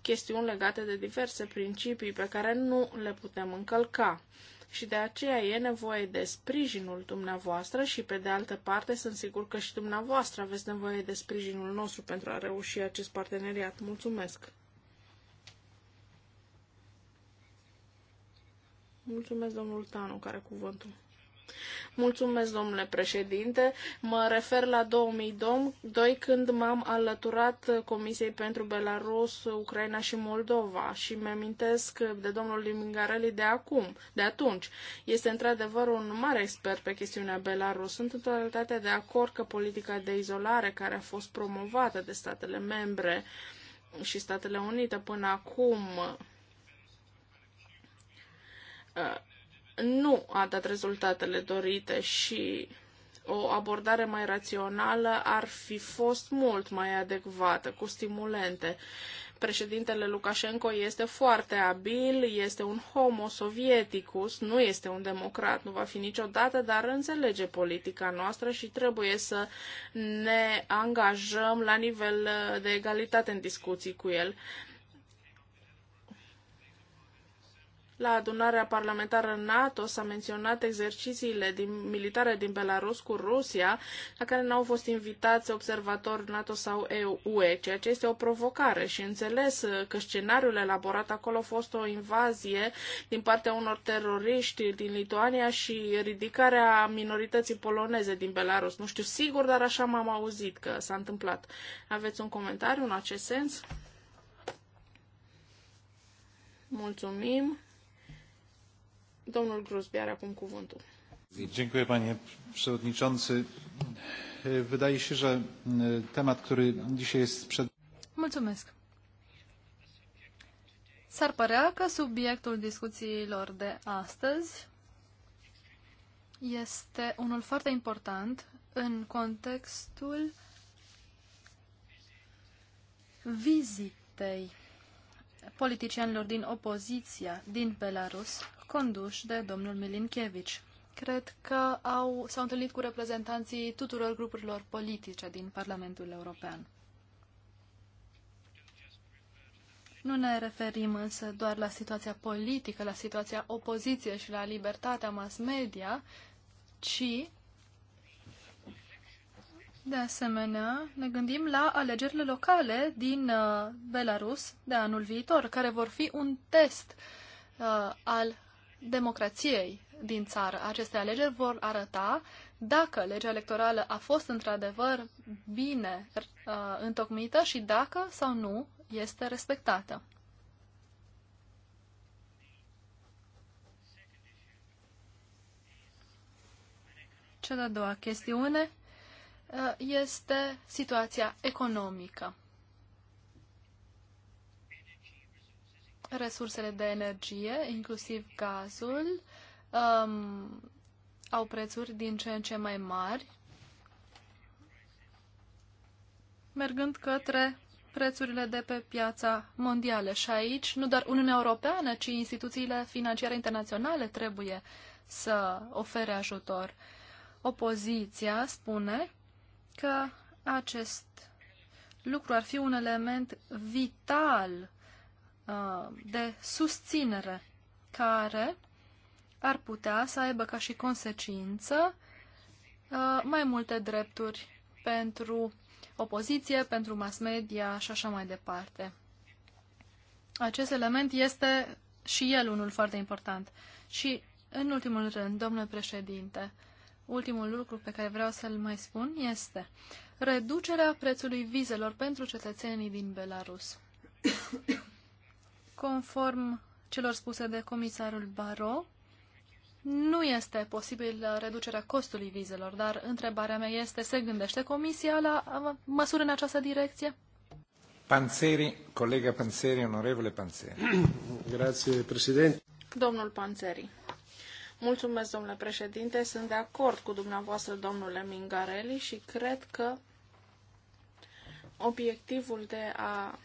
chestiuni legate de diverse principii pe care nu le putem încălca și de aceea e nevoie de sprijinul dumneavoastră și, pe de altă parte, sunt sigur că și dumneavoastră aveți nevoie de sprijinul nostru pentru a reuși acest parteneriat. Mulțumesc! Mulțumesc, domnul Tanu, care cuvântul. Mulțumesc, domnule președinte. Mă refer la 2002, când m-am alăturat Comisiei pentru Belarus, Ucraina și Moldova și mi-amintesc de domnul Limingarelli de acum, de atunci. Este într-adevăr un mare expert pe chestiunea Belarus. Sunt în totalitate de acord că politica de izolare care a fost promovată de statele membre și Statele Unite până acum nu a dat rezultatele dorite și o abordare mai rațională ar fi fost mult mai adecvată, cu stimulente. Președintele Lukashenko este foarte abil, este un homo sovieticus, nu este un democrat, nu va fi niciodată, dar înțelege politica noastră și trebuie să ne angajăm la nivel de egalitate în discuții cu el. La adunarea parlamentară NATO s-a menționat exercițiile din, militare din Belarus cu Rusia, la care n-au fost invitați observatori NATO sau UE, ceea ce este o provocare și înțeles că scenariul elaborat acolo a fost o invazie din partea unor teroriști din Lituania și ridicarea minorității poloneze din Belarus. Nu știu sigur, dar așa m-am auzit că s-a întâmplat. Aveți un comentariu în acest sens? Mulțumim. Domnul Gruzbi are acum cuvântul. Dziękuję panie przewodniczący. Wydaje się, że temat, który dzisiaj jest przed... Mulțumesc. S-ar părea că subiectul discuțiilor de astăzi este unul foarte important în contextul vizitei politicienilor din opoziția din Belarus conduși de domnul Milinkevici. Cred că au, s-au întâlnit cu reprezentanții tuturor grupurilor politice din Parlamentul European. Nu ne referim însă doar la situația politică, la situația opoziției și la libertatea mass media, ci de asemenea, ne gândim la alegerile locale din uh, Belarus de anul viitor, care vor fi un test uh, al democrației din țară. Aceste alegeri vor arăta dacă legea electorală a fost într-adevăr bine uh, întocmită și dacă sau nu este respectată. Cea de-a doua chestiune uh, este situația economică. resursele de energie, inclusiv gazul, um, au prețuri din ce în ce mai mari, mergând către prețurile de pe piața mondială. Și aici nu doar Uniunea Europeană, ci instituțiile financiare internaționale trebuie să ofere ajutor. Opoziția spune că acest lucru ar fi un element vital Uh, de susținere care ar putea să aibă ca și consecință uh, mai multe drepturi pentru opoziție, pentru mass media și așa mai departe. Acest element este și el unul foarte important. Și, în ultimul rând, domnule președinte, ultimul lucru pe care vreau să-l mai spun este reducerea prețului vizelor pentru cetățenii din Belarus. Conform celor spuse de comisarul Baro, nu este posibil reducerea costului vizelor, dar întrebarea mea este, se gândește Comisia la măsuri în această direcție? Panzeri, colega Panzeri, onorevole Panzeri. *clears throat* Grație, președinte. Domnul Panzeri. Mulțumesc, domnule președinte. Sunt de acord cu dumneavoastră, domnule Mingarelli, și cred că obiectivul de a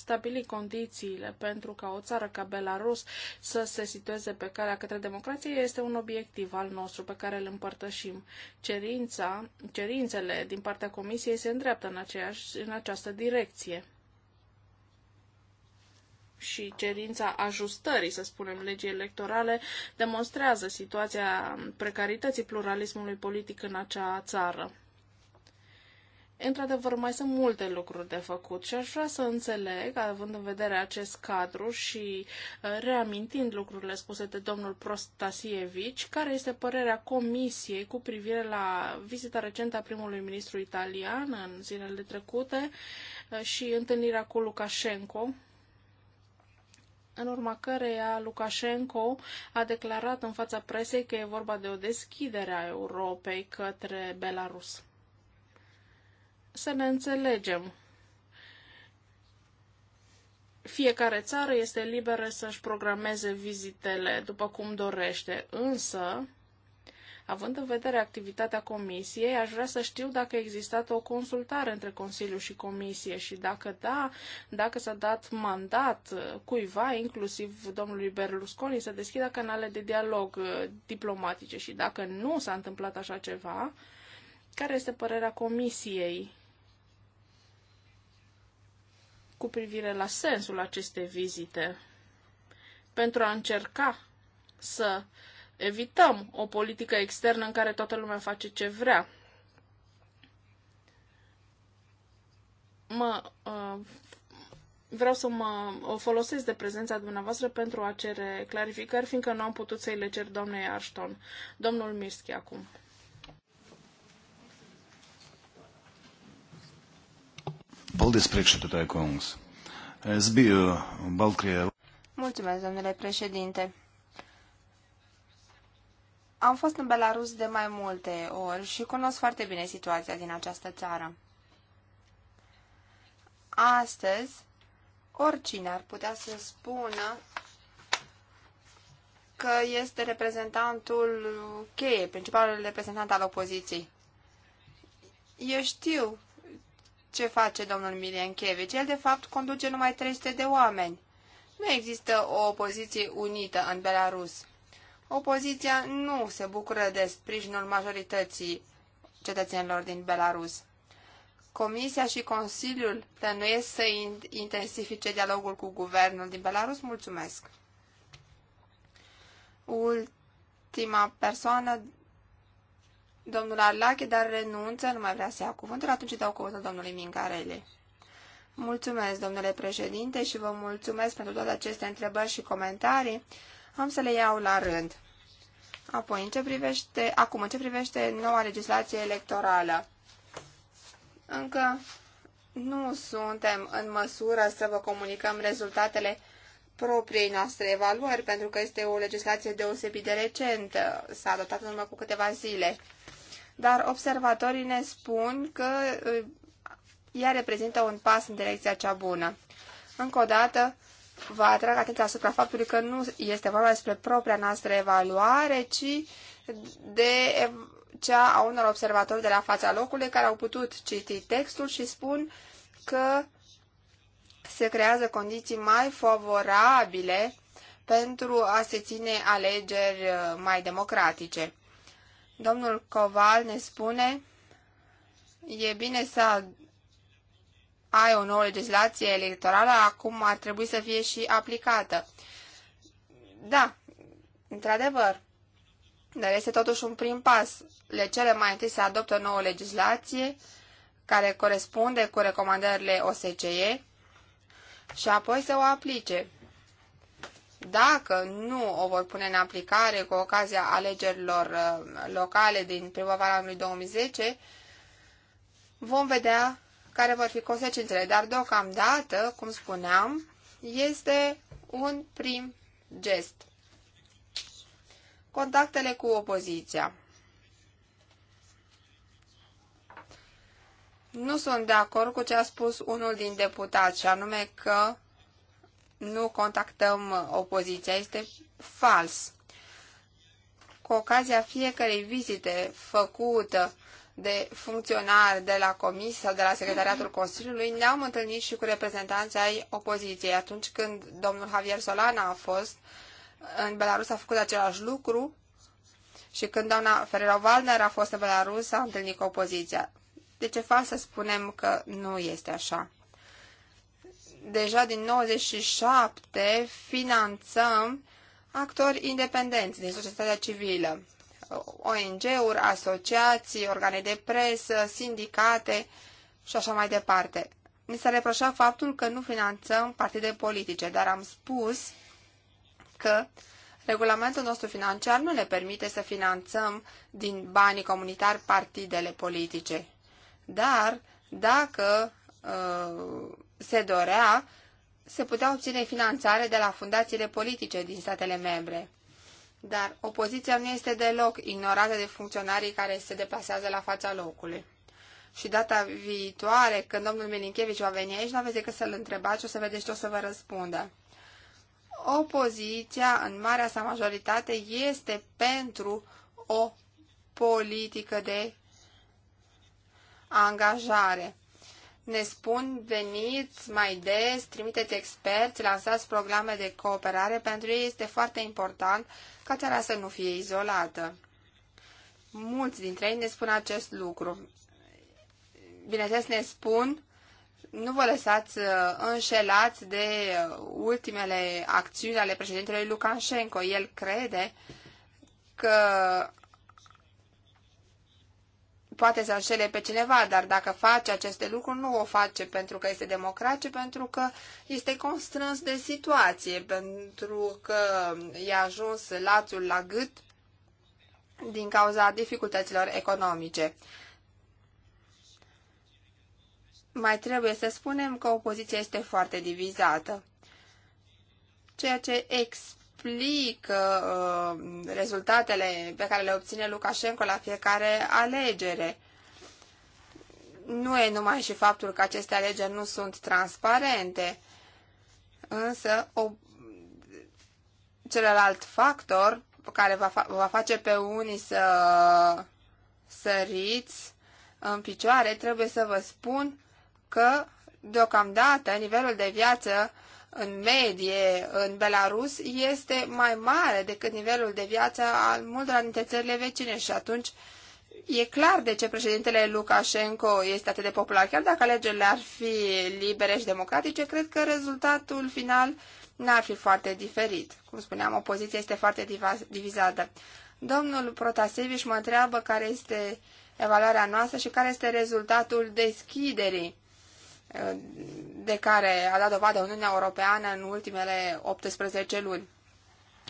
stabili condițiile pentru ca o țară ca Belarus să se situeze pe calea către democrație este un obiectiv al nostru pe care îl împărtășim. Cerința, cerințele din partea Comisiei se îndreaptă în, aceeași, în această direcție și cerința ajustării, să spunem, legii electorale, demonstrează situația precarității pluralismului politic în acea țară. Într-adevăr, mai sunt multe lucruri de făcut și aș vrea să înțeleg, având în vedere acest cadru și uh, reamintind lucrurile spuse de domnul Prostasievici, care este părerea Comisiei cu privire la vizita recentă a primului ministru italian în zilele trecute uh, și întâlnirea cu Lukashenko, în urma căreia Lukashenko a declarat în fața presei că e vorba de o deschidere a Europei către Belarus să ne înțelegem. Fiecare țară este liberă să-și programeze vizitele după cum dorește, însă, având în vedere activitatea comisiei, aș vrea să știu dacă a existat o consultare între Consiliu și Comisie și dacă da, dacă s-a dat mandat cuiva, inclusiv domnului Berlusconi, să deschidă canale de dialog uh, diplomatice și dacă nu s-a întâmplat așa ceva, care este părerea Comisiei cu privire la sensul acestei vizite pentru a încerca să evităm o politică externă în care toată lumea face ce vrea. Mă, uh, vreau să mă folosesc de prezența dumneavoastră pentru a cere clarificări, fiindcă nu am putut să-i le cer doamnei Arston. Domnul Mirski acum. Paldies, priekšsēdētāja kungs. Es biju Baltkrievijā. Mulțumesc, domnule președinte. Am fost în Belarus de mai multe ori și cunosc foarte bine situația din această țară. Astăzi, oricine ar putea să spună că este reprezentantul cheie, principalul reprezentant al opoziției. Eu știu ce face domnul Milienchevici. El, de fapt, conduce numai 300 de oameni. Nu există o opoziție unită în Belarus. Opoziția nu se bucură de sprijinul majorității cetățenilor din Belarus. Comisia și Consiliul plănuiesc să intensifice dialogul cu guvernul din Belarus. Mulțumesc! Ultima persoană domnul Arlache, dar renunță, nu mai vrea să ia cuvântul, atunci dau cuvântul domnului Mingarele. Mulțumesc, domnule președinte, și vă mulțumesc pentru toate aceste întrebări și comentarii. Am să le iau la rând. Apoi, în ce privește, acum, în ce privește noua legislație electorală, încă nu suntem în măsură să vă comunicăm rezultatele propriei noastre evaluări, pentru că este o legislație deosebit de recentă, s-a adoptat în urmă cu câteva zile. Dar observatorii ne spun că uh, ea reprezintă un pas în direcția cea bună. Încă o dată, vă atrag atenția asupra faptului că nu este vorba despre propria noastră evaluare, ci de cea a unor observatori de la fața locului care au putut citi textul și spun că se creează condiții mai favorabile pentru a se ține alegeri uh, mai democratice. Domnul Coval ne spune, e bine să ai o nouă legislație electorală, acum ar trebui să fie și aplicată. Da, într-adevăr, dar este totuși un prim pas. Le cele mai întâi să adopte o nouă legislație care corespunde cu recomandările OSCE și apoi să o aplice. Dacă nu o vor pune în aplicare cu ocazia alegerilor uh, locale din primăvara anului 2010, vom vedea care vor fi consecințele. Dar deocamdată, cum spuneam, este un prim gest. Contactele cu opoziția. Nu sunt de acord cu ce a spus unul din deputați, și anume că nu contactăm opoziția. Este fals. Cu ocazia fiecarei vizite făcută de funcționari de la Comisia sau de la Secretariatul Consiliului, ne-am întâlnit și cu reprezentanții ai opoziției. Atunci când domnul Javier Solana a fost în Belarus, a făcut același lucru și când doamna Ferrero Valner a fost în Belarus, a întâlnit cu opoziția. De ce fac să spunem că nu este așa. Deja din 97 finanțăm actori independenți din societatea civilă. ONG-uri, asociații, organe de presă, sindicate și așa mai departe. Mi s-a reproșat faptul că nu finanțăm partide politice, dar am spus că regulamentul nostru financiar nu ne permite să finanțăm din banii comunitari partidele politice dar dacă uh, se dorea, se putea obține finanțare de la fundațiile politice din statele membre. Dar opoziția nu este deloc ignorată de funcționarii care se deplasează la fața locului. Și data viitoare, când domnul Milinchevici va veni aici, nu aveți decât să-l întrebați, și o să vedeți ce o să vă răspundă. Opoziția, în marea sa majoritate, este pentru o politică de angajare. Ne spun, veniți mai des, trimiteți experți, lansați programe de cooperare. Pentru ei este foarte important ca țara să nu fie izolată. Mulți dintre ei ne spun acest lucru. Bineînțeles, ne spun, nu vă lăsați uh, înșelați de uh, ultimele acțiuni ale președintelui Lukashenko. El crede că poate să înșele pe cineva, dar dacă face aceste lucruri, nu o face pentru că este democrat, ci pentru că este constrâns de situație, pentru că i-a ajuns lațul la gât din cauza dificultăților economice. Mai trebuie să spunem că opoziția este foarte divizată, ceea ce explică aplică uh, rezultatele pe care le obține Lukashenko la fiecare alegere. Nu e numai și faptul că aceste alegeri nu sunt transparente, însă o, celălalt factor care va, fa- va face pe unii să săriți în picioare, trebuie să vă spun că deocamdată nivelul de viață în medie în Belarus este mai mare decât nivelul de viață al multor dintre țările vecine și atunci e clar de ce președintele Lukashenko este atât de popular. Chiar dacă alegerile ar fi libere și democratice, cred că rezultatul final n-ar fi foarte diferit. Cum spuneam, opoziția este foarte divizată. Domnul Protasevici mă întreabă care este evaluarea noastră și care este rezultatul deschiderii de care a dat dovadă Uniunea Europeană în ultimele 18 luni.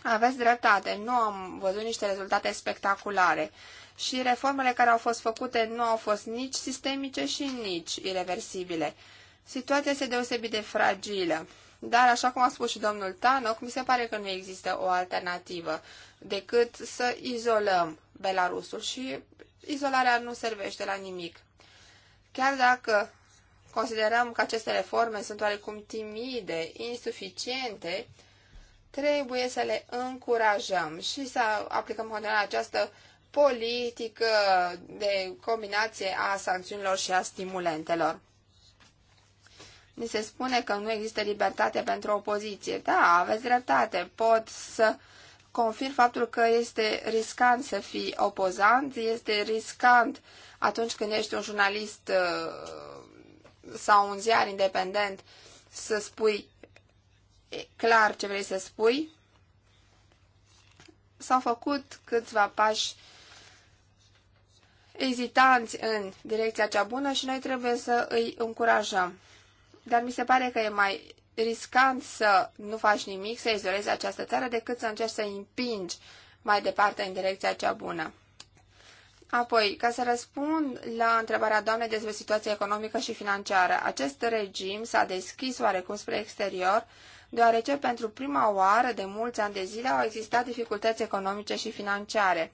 Aveți dreptate, nu am văzut niște rezultate spectaculare și reformele care au fost făcute nu au fost nici sistemice și nici irreversibile. Situația este deosebit de fragilă, dar așa cum a spus și domnul Tanoc, mi se pare că nu există o alternativă decât să izolăm Belarusul și izolarea nu servește la nimic. Chiar dacă considerăm că aceste reforme sunt oarecum timide, insuficiente, trebuie să le încurajăm și să aplicăm continuare această politică de combinație a sancțiunilor și a stimulentelor. Ni se spune că nu există libertate pentru opoziție. Da, aveți dreptate. Pot să confirm faptul că este riscant să fii opozant, este riscant atunci când ești un jurnalist uh, sau un ziar independent să spui clar ce vrei să spui. S-au făcut câțiva pași ezitanți în direcția cea bună și noi trebuie să îi încurajăm. Dar mi se pare că e mai riscant să nu faci nimic, să izolezi această țară, decât să încerci să îi împingi mai departe în direcția cea bună. Apoi, ca să răspund la întrebarea doamnei despre situația economică și financiară, acest regim s-a deschis oarecum spre exterior, deoarece pentru prima oară de mulți ani de zile au existat dificultăți economice și financiare.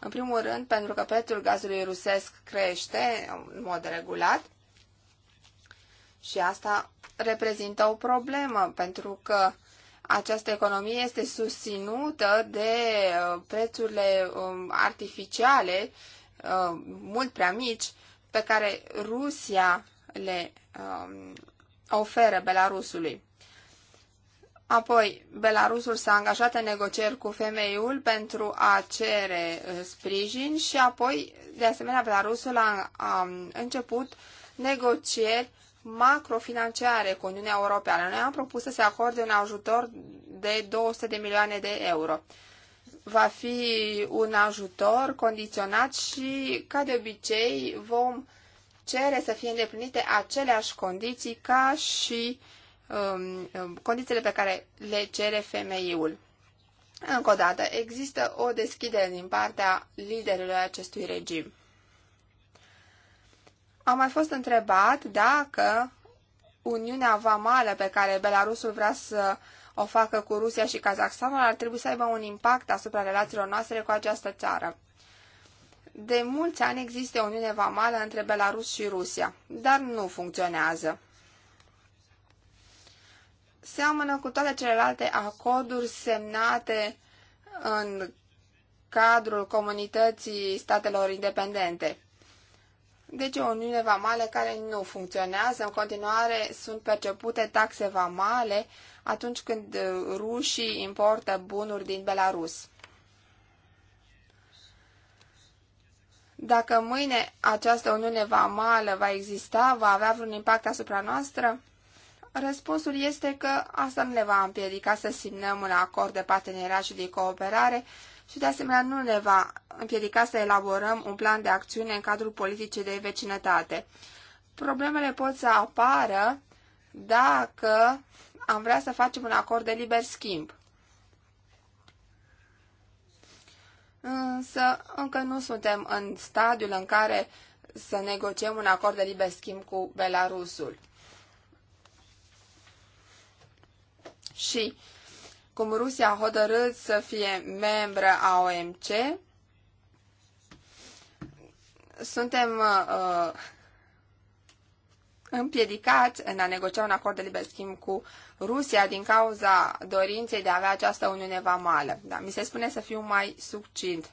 În primul rând, pentru că prețul gazului rusesc crește în mod regulat și asta reprezintă o problemă, pentru că această economie este susținută de uh, prețurile um, artificiale uh, mult prea mici pe care Rusia le um, oferă Belarusului. Apoi, Belarusul s-a angajat în negocieri cu femeiul pentru a cere uh, sprijin și apoi, de asemenea, Belarusul a, a început negocieri macrofinanciare cu Uniunea Europeană. Noi am propus să se acorde un ajutor de 200 de milioane de euro. Va fi un ajutor condiționat și, ca de obicei, vom cere să fie îndeplinite aceleași condiții ca și um, um condițiile pe care le cere femeiul. Încă o dată, există o deschidere din partea liderului acestui regim. Am mai fost întrebat dacă Uniunea Vamală pe care Belarusul vrea să o facă cu Rusia și Kazakhstanul ar trebui să aibă un impact asupra relațiilor noastre cu această țară. De mulți ani există o Uniune Vamală între Belarus și Rusia, dar nu funcționează. Seamănă cu toate celelalte acorduri semnate în cadrul comunității statelor independente. Deci o uniune vamală care nu funcționează, în continuare sunt percepute taxe vamale atunci când rușii importă bunuri din Belarus. Dacă mâine această uniune vamală va exista, va avea vreun impact asupra noastră? Răspunsul este că asta nu ne va împiedica să semnăm un acord de parteneriat și de cooperare și de asemenea nu ne va împiedica să elaborăm un plan de acțiune în cadrul politicii de vecinătate. Problemele pot să apară dacă am vrea să facem un acord de liber schimb. Însă încă nu suntem în stadiul în care să negociem un acord de liber schimb cu Belarusul. Și cum Rusia a hotărât să fie membră a OMC, suntem uh, împiedicați în a negocia un acord de liber schimb cu Rusia din cauza dorinței de a avea această uniune vamală. Da, mi se spune să fiu mai succint.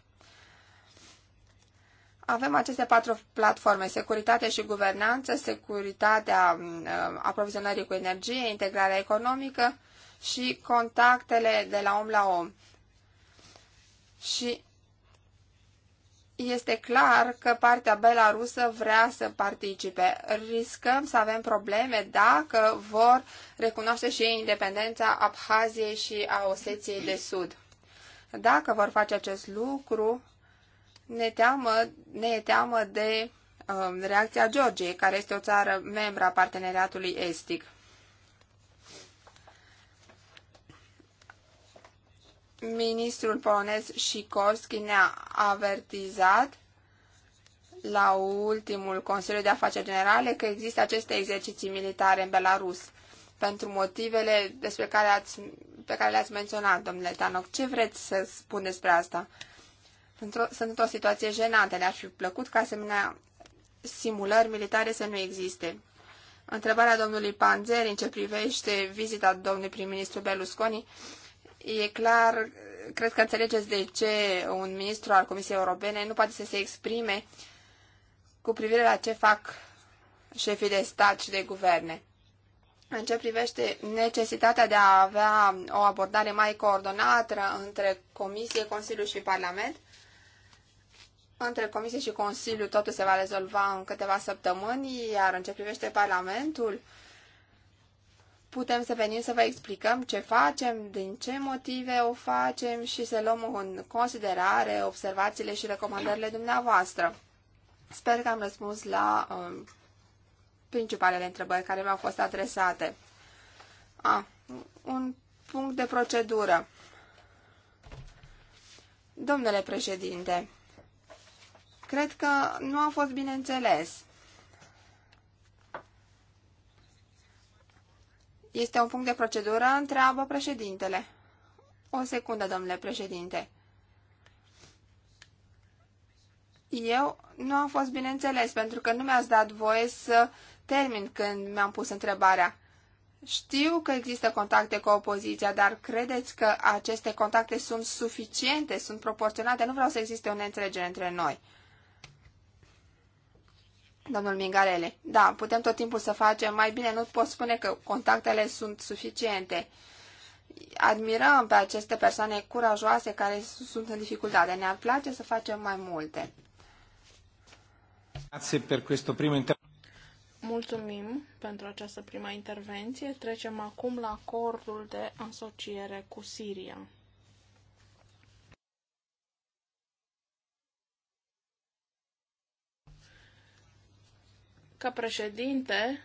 Avem aceste patru platforme, securitate și guvernanță, securitatea uh, aprovizionării cu energie, integrarea economică și contactele de la om la om. Și este clar că partea belarusă vrea să participe. Riscăm să avem probleme dacă vor recunoaște și ei independența Abhaziei și a Oseției de Sud. Dacă vor face acest lucru, ne, teamă, ne e teamă de um, reacția Georgiei, care este o țară membra parteneriatului estic. Ministrul polonez Sikorski ne-a avertizat la ultimul Consiliu de Afaceri Generale că există aceste exerciții militare în Belarus pentru motivele despre care ați, pe care le-ați menționat, domnule Tanoc. Ce vreți să spun despre asta? Într-o, sunt într-o situație jenantă. Le-ar fi plăcut ca asemenea simulări militare să nu existe. Întrebarea domnului Panzeri în ce privește vizita domnului prim-ministru Berlusconi E clar, cred că înțelegeți de ce un ministru al Comisiei Europene nu poate să se exprime cu privire la ce fac șefii de stat și de guverne. În ce privește necesitatea de a avea o abordare mai coordonată între Comisie, Consiliu și Parlament, între Comisie și Consiliu totul se va rezolva în câteva săptămâni, iar în ce privește Parlamentul, putem să venim să vă explicăm ce facem, din ce motive o facem și să luăm în considerare observațiile și recomandările dumneavoastră. Sper că am răspuns la um, principalele întrebări care mi-au fost adresate. A, un punct de procedură. Domnule președinte, cred că nu a fost bine înțeles. Este un punct de procedură? Întreabă președintele. O secundă, domnule președinte. Eu nu am fost bineînțeles, pentru că nu mi-ați dat voie să termin când mi-am pus întrebarea. Știu că există contacte cu opoziția, dar credeți că aceste contacte sunt suficiente, sunt proporționate? Nu vreau să existe o neînțelegere între noi. Domnul Mingarele, da, putem tot timpul să facem, mai bine nu pot spune că contactele sunt suficiente. Admirăm pe aceste persoane curajoase care sunt în dificultate. Ne-ar place să facem mai multe. Mulțumim pentru această prima intervenție. Trecem acum la acordul de asociere cu Siria. Ca președinte,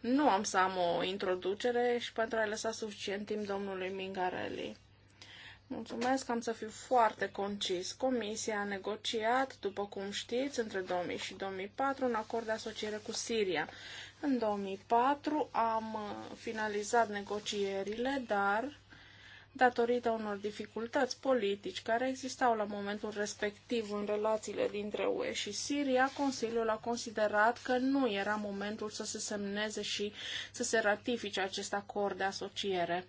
nu am să am o introducere și pentru a lăsa suficient timp domnului Mingarelli. Mulțumesc, am să fiu foarte concis. Comisia a negociat, după cum știți, între 2000 și 2004 un acord de asociere cu Siria. În 2004 am uh, finalizat negocierile, dar datorită unor dificultăți politici care existau la momentul respectiv în relațiile dintre UE și Siria, Consiliul a considerat că nu era momentul să se semneze și să se ratifice acest acord de asociere.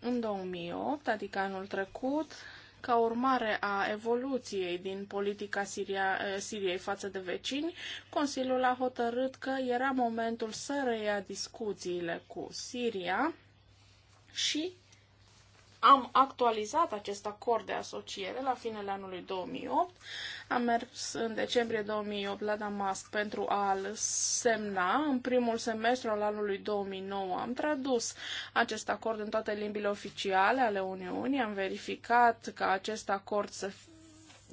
În 2008, adică anul trecut, ca urmare a evoluției din politica Siria, eh, Siriei față de vecini, Consiliul a hotărât că era momentul să reia discuțiile cu Siria și am actualizat acest acord de asociere la finele anului 2008. Am mers în decembrie 2008 la Damasc pentru a-l semna. În primul semestru al anului 2009 am tradus acest acord în toate limbile oficiale ale Uniunii. Am verificat ca acest acord să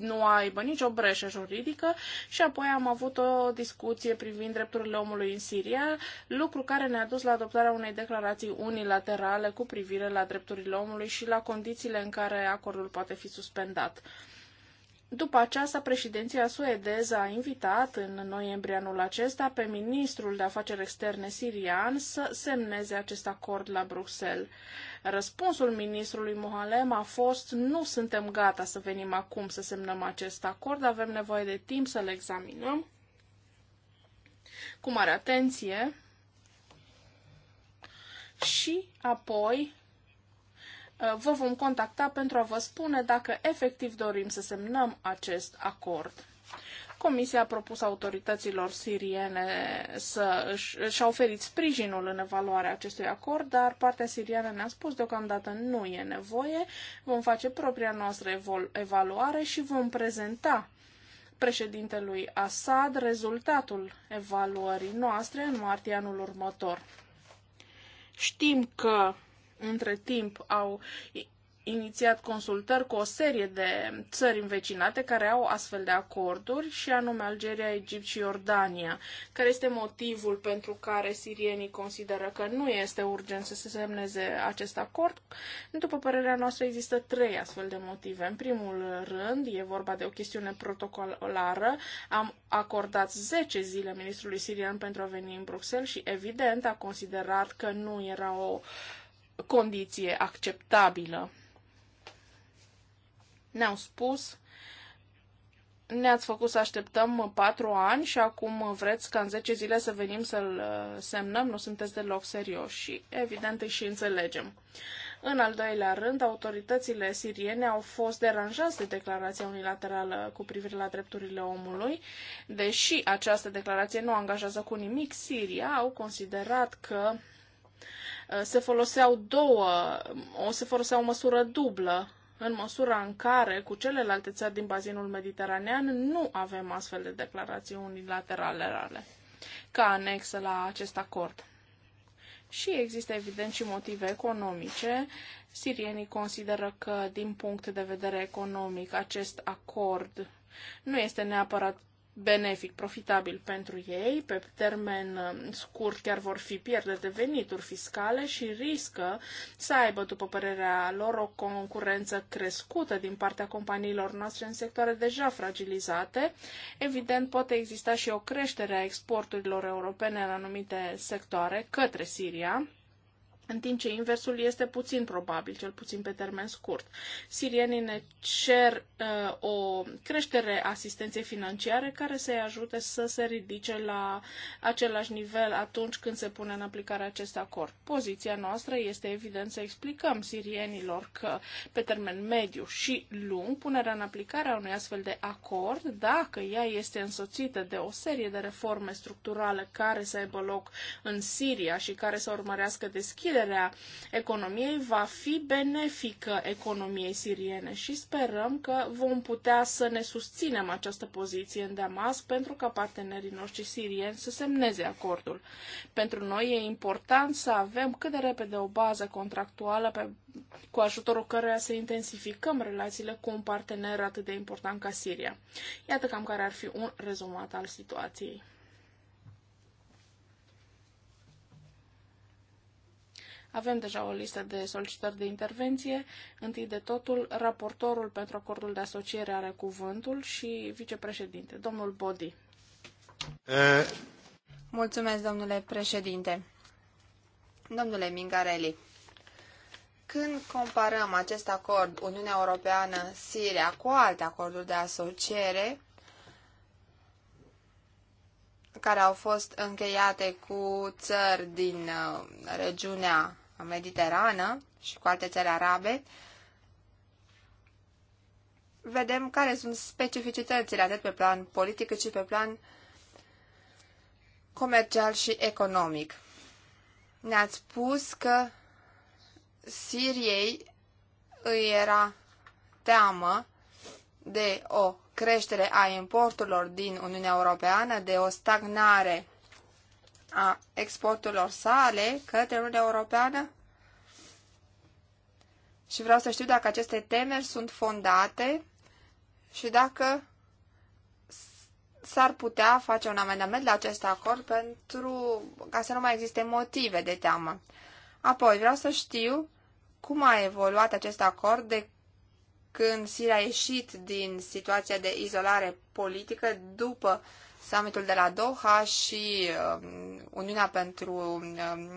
nu aibă nicio breșă juridică și apoi am avut o discuție privind drepturile omului în Siria, lucru care ne-a dus la adoptarea unei declarații unilaterale cu privire la drepturile omului și la condițiile în care acordul poate fi suspendat. După aceasta, președinția suedeză a invitat în noiembrie anul acesta pe ministrul de afaceri externe sirian să semneze acest acord la Bruxelles. Răspunsul ministrului Mohalem a fost nu suntem gata să venim acum să semnăm acest acord, avem nevoie de timp să-l examinăm cu mare atenție și apoi uh, vă vom contacta pentru a vă spune dacă efectiv dorim să semnăm acest acord. Comisia a propus autorităților siriene să își, și oferit sprijinul în evaluarea acestui acord, dar partea siriană ne-a spus deocamdată nu e nevoie, vom face propria noastră evaluare și vom prezenta președintelui Assad rezultatul evaluării noastre în martie anul următor. Știm că între timp au inițiat consultări cu o serie de țări învecinate care au astfel de acorduri, și anume Algeria, Egipt și Iordania. Care este motivul pentru care sirienii consideră că nu este urgent să se semneze acest acord? După părerea noastră, există trei astfel de motive. În primul rând, e vorba de o chestiune protocolară. Am acordat 10 zile ministrului sirian pentru a veni în Bruxelles și, evident, a considerat că nu era o condiție acceptabilă ne-au spus, ne-ați făcut să așteptăm patru ani și acum vreți ca în 10 zile să venim să-l uh, semnăm, nu sunteți deloc serioși și evident îi și înțelegem. În al doilea rând, autoritățile siriene au fost deranjați de declarația unilaterală cu privire la drepturile omului. Deși această declarație nu angajează cu nimic Siria, au considerat că uh, se foloseau două, o se foloseau o măsură dublă în măsura în care cu celelalte țări din bazinul mediteranean nu avem astfel de declarații unilaterale rale, ca anexă la acest acord. Și există evident și motive economice. Sirienii consideră că, din punct de vedere economic, acest acord nu este neapărat benefic, profitabil pentru ei, pe termen um, scurt chiar vor fi pierderi de venituri fiscale și riscă să aibă, după părerea lor, o concurență crescută din partea companiilor noastre în sectoare deja fragilizate. Evident, poate exista și o creștere a exporturilor europene în anumite sectoare către Siria, în timp ce inversul este puțin probabil, cel puțin pe termen scurt. Sirienii ne cer uh, o creștere a asistenței financiare care să-i ajute să se ridice la același nivel atunci când se pune în aplicare acest acord. Poziția noastră este evident să explicăm sirienilor că pe termen mediu și lung punerea în aplicare a unui astfel de acord, dacă ea este însoțită de o serie de reforme structurale care să aibă loc în Siria și care să urmărească deschiderea deschiderea economiei va fi benefică economiei siriene și sperăm că vom putea să ne susținem această poziție în Damasc pentru ca partenerii noștri sirieni să semneze acordul. Pentru noi e important să avem cât de repede o bază contractuală pe, cu ajutorul căreia să intensificăm relațiile cu un partener atât de important ca Siria. Iată cam care ar fi un rezumat al situației. Avem deja o listă de solicitări de intervenție. Întâi de totul, raportorul pentru acordul de asociere are cuvântul și vicepreședinte, domnul Bodi. E... Mulțumesc, domnule președinte. Domnule Mingarelli, când comparăm acest acord Uniunea Europeană-Siria cu alte acorduri de asociere care au fost încheiate cu țări din uh, regiunea mediterană și cu alte țări arabe, vedem care sunt specificitățile atât pe plan politic cât și pe plan comercial și economic. Ne-ați spus că Siriei îi era teamă de o creștere a importurilor din Uniunea Europeană, de o stagnare a exporturilor sale către Uniunea Europeană? Și vreau să știu dacă aceste temeri sunt fondate și dacă s-ar putea face un amendament la acest acord pentru ca să nu mai existe motive de teamă. Apoi, vreau să știu cum a evoluat acest acord de când Siria a ieșit din situația de izolare politică după uh, summitul de la Doha și um, Uniunea pentru um,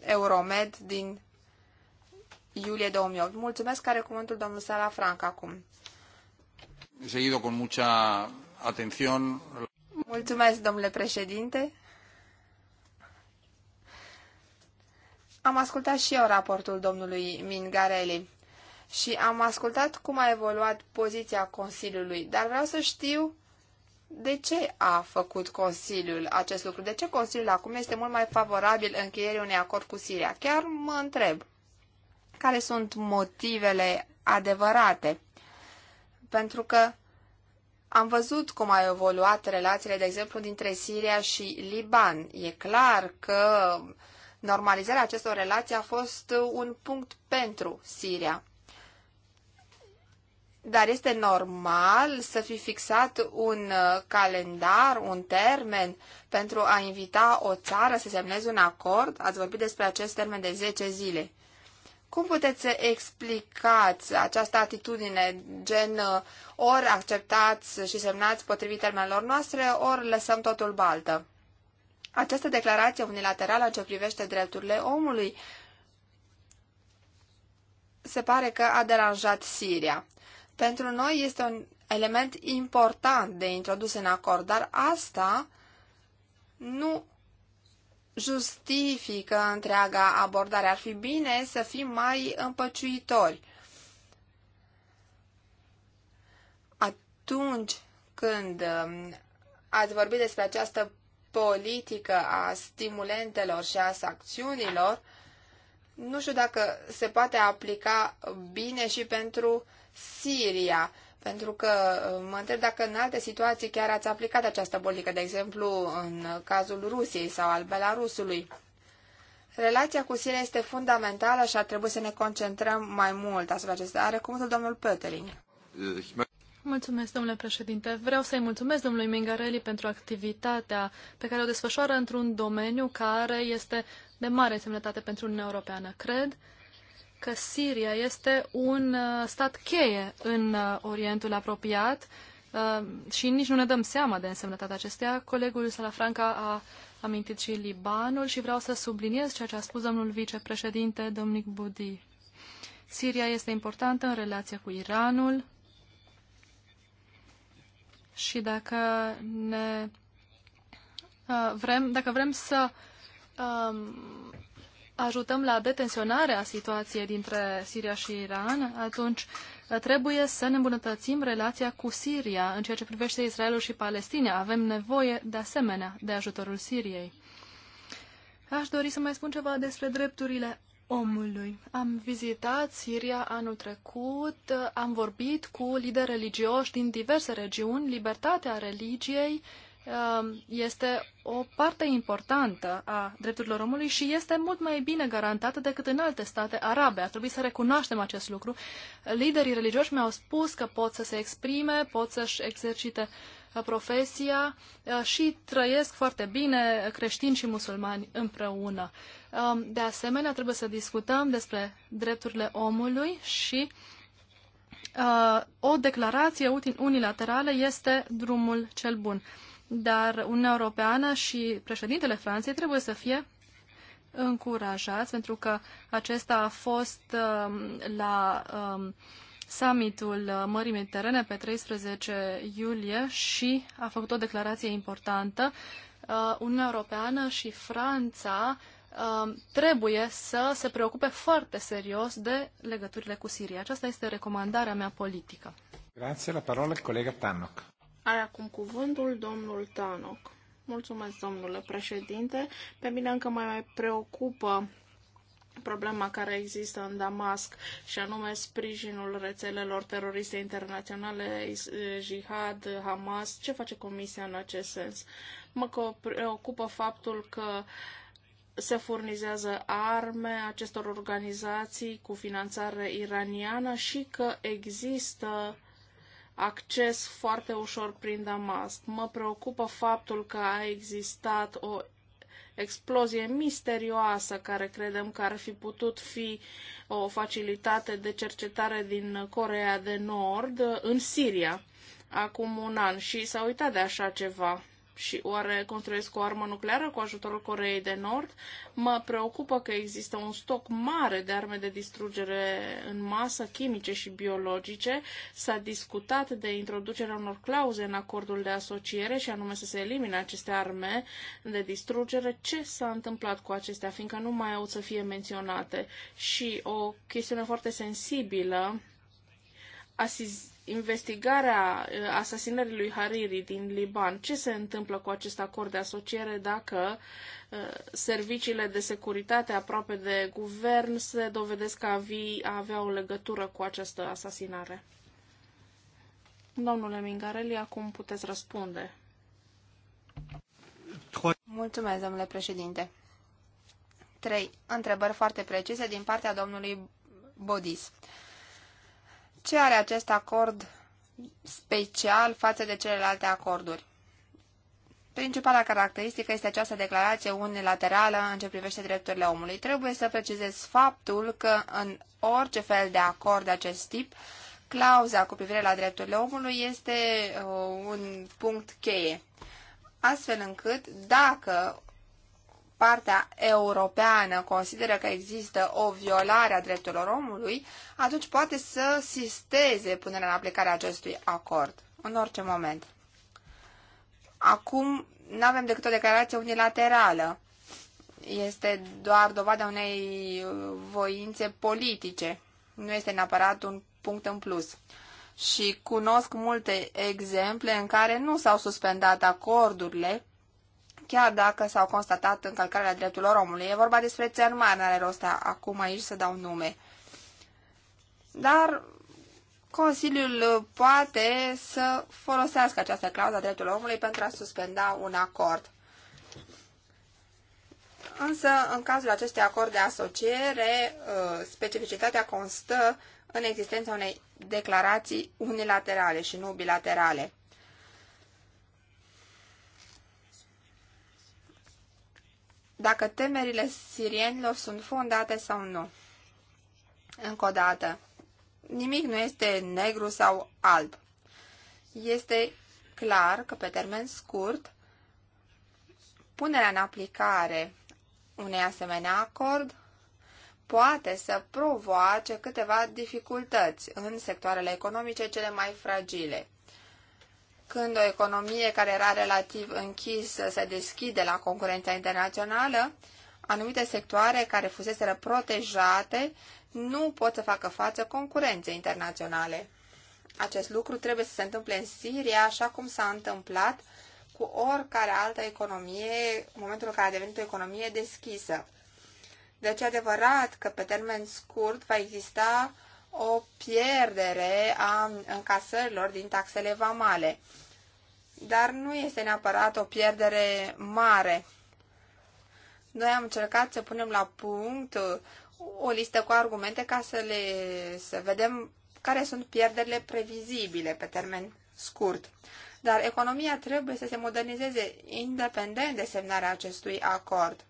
Euromed din iulie 2008. Mulțumesc, care cuvântul domnul Sala Franc acum. Seguido con mucha atención. Mulțumesc, domnule președinte. Am ascultat și eu raportul domnului Mingarelli și am ascultat cum a evoluat poziția Consiliului, dar vreau să știu de ce a făcut Consiliul acest lucru? De ce Consiliul acum este mult mai favorabil încheierii unui acord cu Siria? Chiar mă întreb care sunt motivele adevărate. Pentru că am văzut cum au evoluat relațiile, de exemplu, dintre Siria și Liban. E clar că normalizarea acestor relații a fost un punct pentru Siria. Dar este normal să fi fixat un uh, calendar, un termen pentru a invita o țară să semneze un acord? Ați vorbit despre acest termen de 10 zile. Cum puteți să explicați această atitudine, gen uh, ori acceptați și semnați potrivit termenelor noastre, ori lăsăm totul baltă? Această declarație unilaterală în ce privește drepturile omului se pare că a deranjat Siria pentru noi este un element important de introdus în acord, dar asta nu justifică întreaga abordare. Ar fi bine să fim mai împăciuitori. Atunci când um, ați vorbit despre această politică a stimulentelor și a sancțiunilor, nu știu dacă se poate aplica bine și pentru uh, Siria, pentru că uh, mă întreb dacă în alte situații chiar ați aplicat această politică, de exemplu în cazul Rusiei sau al Belarusului. Relația cu Siria este fundamentală și ar trebui să ne concentrăm mai mult asupra acestea. Are cuvântul domnul Pötering. Mulțumesc, domnule președinte. Vreau să-i mulțumesc domnului Mingarelli pentru activitatea pe care o desfășoară într-un domeniu care este de mare semnătate pentru Uniunea Europeană. Cred că Siria este un uh, stat cheie în uh, Orientul apropiat uh, și nici nu ne dăm seama de însemnătatea acesteia. Colegul Salafranca a amintit și Libanul și vreau să subliniez ceea ce a spus domnul vicepreședinte Dominic Budi. Siria este importantă în relația cu Iranul și dacă ne vrem, dacă vrem să um, ajutăm la detensionarea situației dintre Siria și Iran, atunci uh, trebuie să ne îmbunătățim relația cu Siria în ceea ce privește Israelul și Palestina. Avem nevoie de asemenea de ajutorul Siriei. Aș dori să mai spun ceva despre drepturile omului. Am vizitat Siria anul trecut, uh, am vorbit cu lideri religioși din diverse regiuni, libertatea religiei Um, este o parte importantă a drepturilor omului și este mult mai bine garantată decât în alte state arabe. Ar trebui să recunoaștem acest lucru. Liderii religioși mi-au spus că pot să se exprime, pot să-și exercite uh, profesia uh, și trăiesc foarte bine creștini și musulmani împreună. Um, de asemenea, trebuie să discutăm despre drepturile omului și uh, o declarație unilaterală este drumul cel bun. Dar Uniunea Europeană și președintele Franței trebuie să fie încurajați, pentru că acesta a fost um, la um, summitul Mării Mediterane pe 13 iulie și a făcut o declarație importantă. Uh, Uniunea Europeană și Franța um, trebuie să se preocupe foarte serios de legăturile cu Siria. Aceasta este recomandarea mea politică. Grazie, la parola colega Tannock. Are acum cuvântul domnul Tanoc. Mulțumesc, domnule președinte. Pe mine încă mai, mai preocupă problema care există în Damasc și anume sprijinul rețelelor teroriste internaționale, jihad, Hamas. Ce face Comisia în acest sens? Mă preocupă faptul că se furnizează arme acestor organizații cu finanțare iraniană și că există uh, acces foarte ușor prin Damasc. Mă preocupă faptul că a existat o explozie misterioasă care credem că ar fi putut fi o facilitate de cercetare din Corea de Nord în Siria acum un an și s-a uitat de așa ceva și oare construiesc o armă nucleară cu ajutorul Coreei de Nord? Mă preocupă că există un stoc mare de arme de distrugere în masă, chimice și biologice. S-a discutat de introducerea unor clauze în acordul de asociere și anume să se elimine aceste arme de distrugere. Ce s-a întâmplat cu acestea, fiindcă nu mai au să fie menționate? Și o chestiune foarte sensibilă, asiz investigarea uh, asasinării lui Hariri din Liban, ce se întâmplă cu acest acord de asociere dacă uh, serviciile de securitate aproape de guvern se dovedesc că avea o legătură cu această asasinare? Domnule Mingarelli, acum puteți răspunde. Mulțumesc, domnule președinte. Trei întrebări foarte precise din partea domnului Bodis. Ce are acest acord special față de celelalte acorduri? Principala caracteristică este această declarație unilaterală în ce privește drepturile omului. Trebuie să precizez faptul că în orice fel de acord de acest tip, clauza cu privire la drepturile omului este uh, un punct cheie. Astfel încât, dacă partea europeană consideră că există o violare a drepturilor omului, atunci poate să sisteze punerea în aplicare a acestui acord, în orice moment. Acum nu avem decât o declarație unilaterală. Este doar dovada unei voințe politice. Nu este neapărat un punct în plus și cunosc multe exemple în care nu s-au suspendat acordurile chiar dacă s-au constatat încălcarea drepturilor omului. E vorba despre țări mari, n-are rost acum aici să dau nume. Dar Consiliul uh, poate să folosească această clauză a drepturilor omului pentru a suspenda un acord. Însă, în cazul acestui acord de asociere, uh, specificitatea constă în existența unei declarații unilaterale și nu bilaterale. dacă temerile sirienilor sunt fondate sau nu. Încă o dată, nimic nu este negru sau alb. Este clar că pe termen scurt, punerea în aplicare unei asemenea acord poate să provoace câteva dificultăți în sectoarele economice cele mai fragile când o economie care era relativ închisă se deschide la concurența internațională, anumite sectoare care fuseseră protejate nu pot să facă față concurenței internaționale. Acest lucru trebuie să se întâmple în Siria, așa cum s-a întâmplat cu oricare altă economie, în momentul în care a devenit o economie deschisă. Deci e adevărat că pe termen scurt va exista o pierdere a încasărilor din taxele vamale dar nu este neapărat o pierdere mare. Noi am încercat să punem la punct o listă cu argumente ca să, le, să vedem care sunt pierderile previzibile pe termen scurt. Dar economia trebuie să se modernizeze independent de semnarea acestui acord.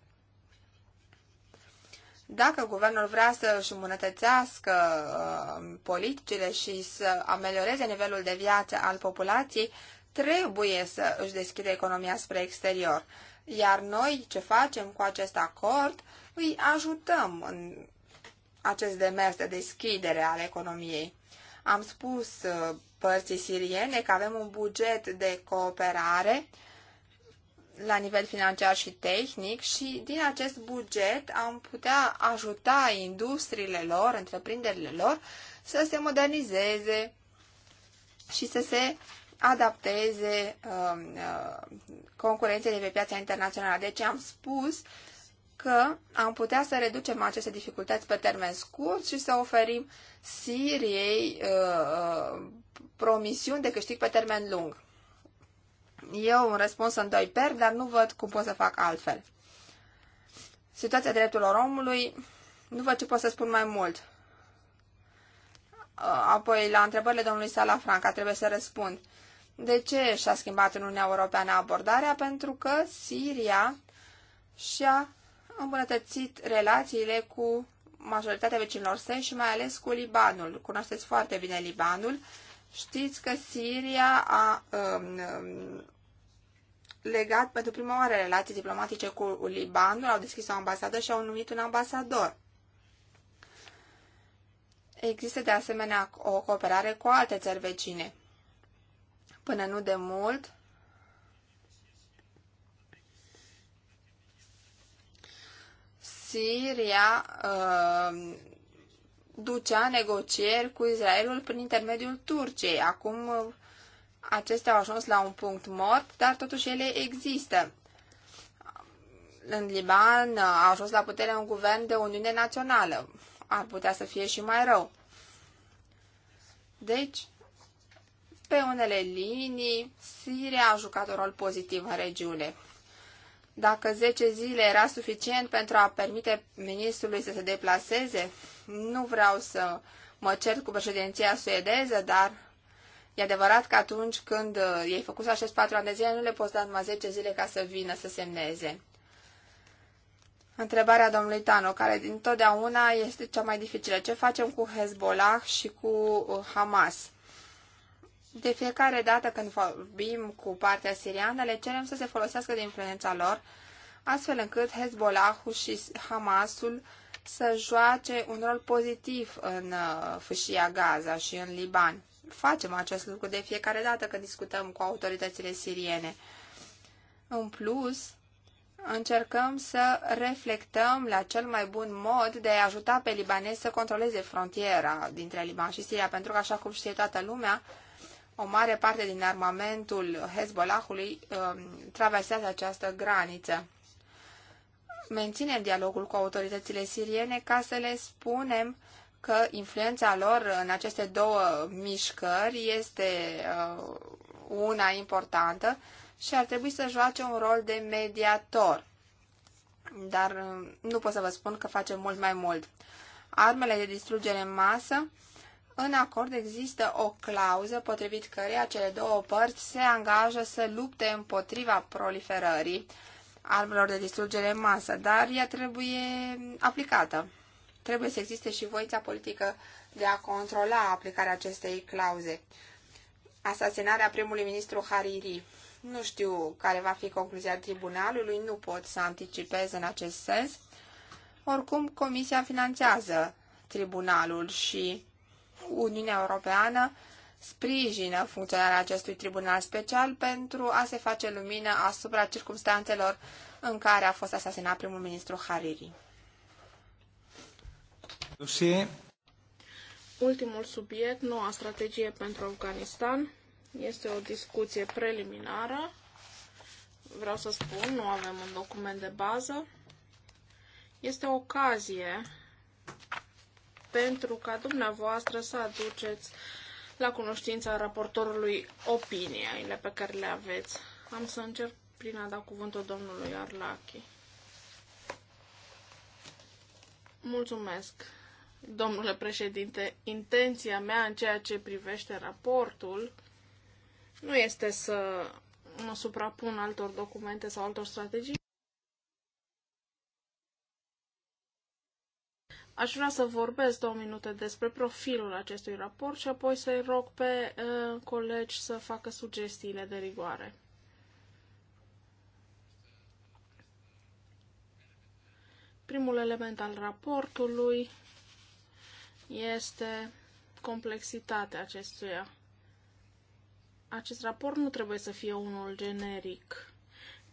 Dacă guvernul vrea să își îmbunătățească uh, politicile și să amelioreze nivelul de viață al populației, trebuie să își deschidă economia spre exterior. Iar noi ce facem cu acest acord? Îi ajutăm în acest demers de deschidere al economiei. Am spus uh, părții siriene că avem un buget de cooperare la nivel financiar și tehnic și din acest buget am putea ajuta industriile lor, întreprinderile lor să se modernizeze și să se adapteze um, uh, concurenței de pe piața internațională. Deci am spus că am putea să reducem aceste dificultăți pe termen scurt și să oferim Siriei uh, uh promisiuni de câștig pe termen lung. Eu un răspuns în doi per, dar nu văd cum pot să fac altfel. Situația drepturilor omului, nu văd ce pot să spun mai mult. Uh, apoi, la întrebările domnului Sala Franca, trebuie să răspund. De ce și-a schimbat în Uniunea Europeană abordarea? Pentru că Siria și-a îmbunătățit relațiile cu majoritatea vecinilor săi și mai ales cu Libanul. Cunoașteți foarte bine Libanul. Știți că Siria a um, um, legat pentru prima oară relații diplomatice cu Libanul, au deschis o ambasadă și au numit un ambasador. Există de asemenea o cooperare cu alte țări vecine. Până nu de mult, Siria uh, ducea negocieri cu Israelul prin intermediul Turciei. Acum uh, acestea au ajuns la un punct mort, dar totuși ele există. În Liban uh, a ajuns la putere un guvern de Uniune Națională. Ar putea să fie și mai rău. Deci, pe unele linii, Siria a jucat un rol pozitiv în regiune. Dacă 10 zile era suficient pentru a permite ministrului să se deplaseze, nu vreau să mă cert cu președinția suedeză, dar e adevărat că atunci când uh, ei făcut acest patru ani de zile, nu le poți da numai 10 zile ca să vină să semneze. Întrebarea domnului Tano, care dintotdeauna este cea mai dificilă. Ce facem cu Hezbollah și cu uh, Hamas? De fiecare dată când vorbim cu partea siriană, le cerem să se folosească de influența lor, astfel încât Hezbollah și Hamasul să joace un rol pozitiv în uh, fâșia Gaza și în Liban. Facem acest lucru de fiecare dată când discutăm cu autoritățile siriene. În plus, încercăm să reflectăm la cel mai bun mod de a ajuta pe libanezi să controleze frontiera dintre Liban și Siria, pentru că, așa cum știe toată lumea, o mare parte din armamentul Hezbollahului um, traversează această graniță. Menținem dialogul cu autoritățile siriene ca să le spunem că influența lor în aceste două mișcări este uh, una importantă și ar trebui să joace un rol de mediator. Dar uh, nu pot să vă spun că facem mult mai mult. Armele de distrugere în masă în acord există o clauză potrivit căreia cele două părți se angajă să lupte împotriva proliferării armelor de distrugere în masă, dar ea trebuie aplicată. Trebuie să existe și voința politică de a controla aplicarea acestei clauze. Asasinarea primului ministru Hariri. Nu știu care va fi concluzia tribunalului, nu pot să anticipez în acest sens. Oricum, comisia finanțează tribunalul și Uniunea Europeană sprijină funcționarea acestui tribunal special pentru a se face lumină asupra circumstanțelor în care a fost asasinat primul ministru Hariri. Dosie. Ultimul subiect, noua strategie pentru Afganistan, este o discuție preliminară. Vreau să spun, nu avem un document de bază. Este o ocazie pentru ca dumneavoastră să aduceți la cunoștința raportorului opiniile pe care le aveți. Am să încerc prin a da cuvântul domnului Arlachi. Mulțumesc, domnule președinte. Intenția mea în ceea ce privește raportul nu este să mă suprapun altor documente sau altor strategii. Aș vrea să vorbesc două minute despre profilul acestui raport și apoi să-i rog pe uh, colegi să facă sugestiile de rigoare. Primul element al raportului este complexitatea acestuia. Acest raport nu trebuie să fie unul generic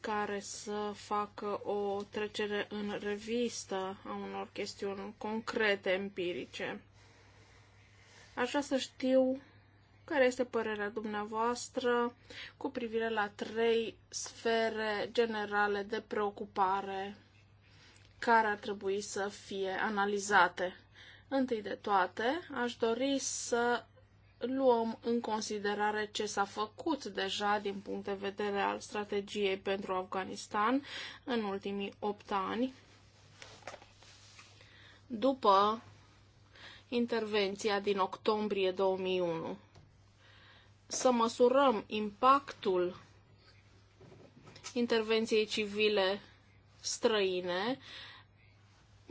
care să facă o trecere în revistă a unor chestiuni concrete, empirice. Aș vrea să știu care este părerea dumneavoastră cu privire la trei sfere generale de preocupare care ar trebui să fie analizate. Întâi de toate, aș dori să luăm în considerare ce s-a făcut deja din punct de vedere al strategiei pentru Afganistan în ultimii 8 ani, după intervenția din octombrie 2001. Să măsurăm impactul intervenției civile străine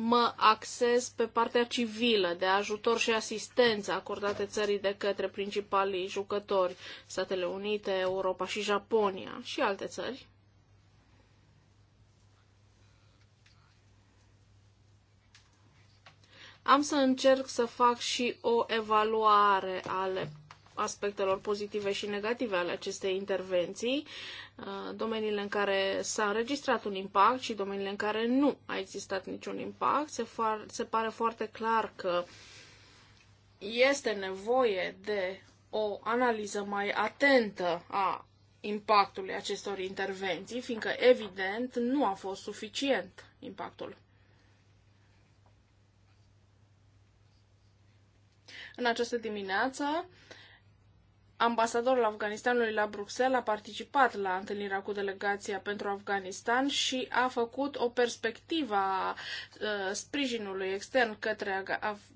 mă axez pe partea civilă de ajutor și asistență acordate țării de către principalii jucători, Statele Unite, Europa și Japonia și alte țări. Am să încerc să fac și o evaluare ale aspectelor pozitive și negative ale acestei intervenții, uh, domeniile în care s-a înregistrat un impact și domeniile în care nu a existat niciun impact. Se, far, se pare foarte clar că este nevoie de o analiză mai atentă a impactului acestor intervenții, fiindcă, evident, nu a fost suficient impactul. În această dimineață ambasadorul Afganistanului la Bruxelles a participat la întâlnirea cu delegația pentru Afganistan și a făcut o perspectivă a uh, sprijinului extern către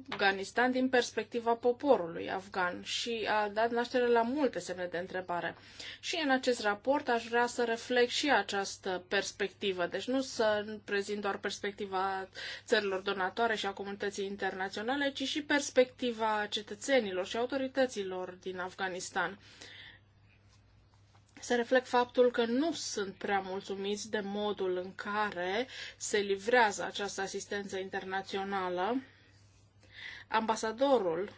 Afganistan din perspectiva poporului afgan și a dat naștere la multe semne de întrebare. Și în acest raport aș vrea să reflec și această perspectivă, deci nu să prezint doar perspectiva țărilor donatoare și a comunității internaționale, ci și perspectiva cetățenilor și autorităților din Afganistan Uzbekistan. Se reflect faptul că nu sunt prea mulțumiți de modul în care se livrează această asistență internațională. Ambasadorul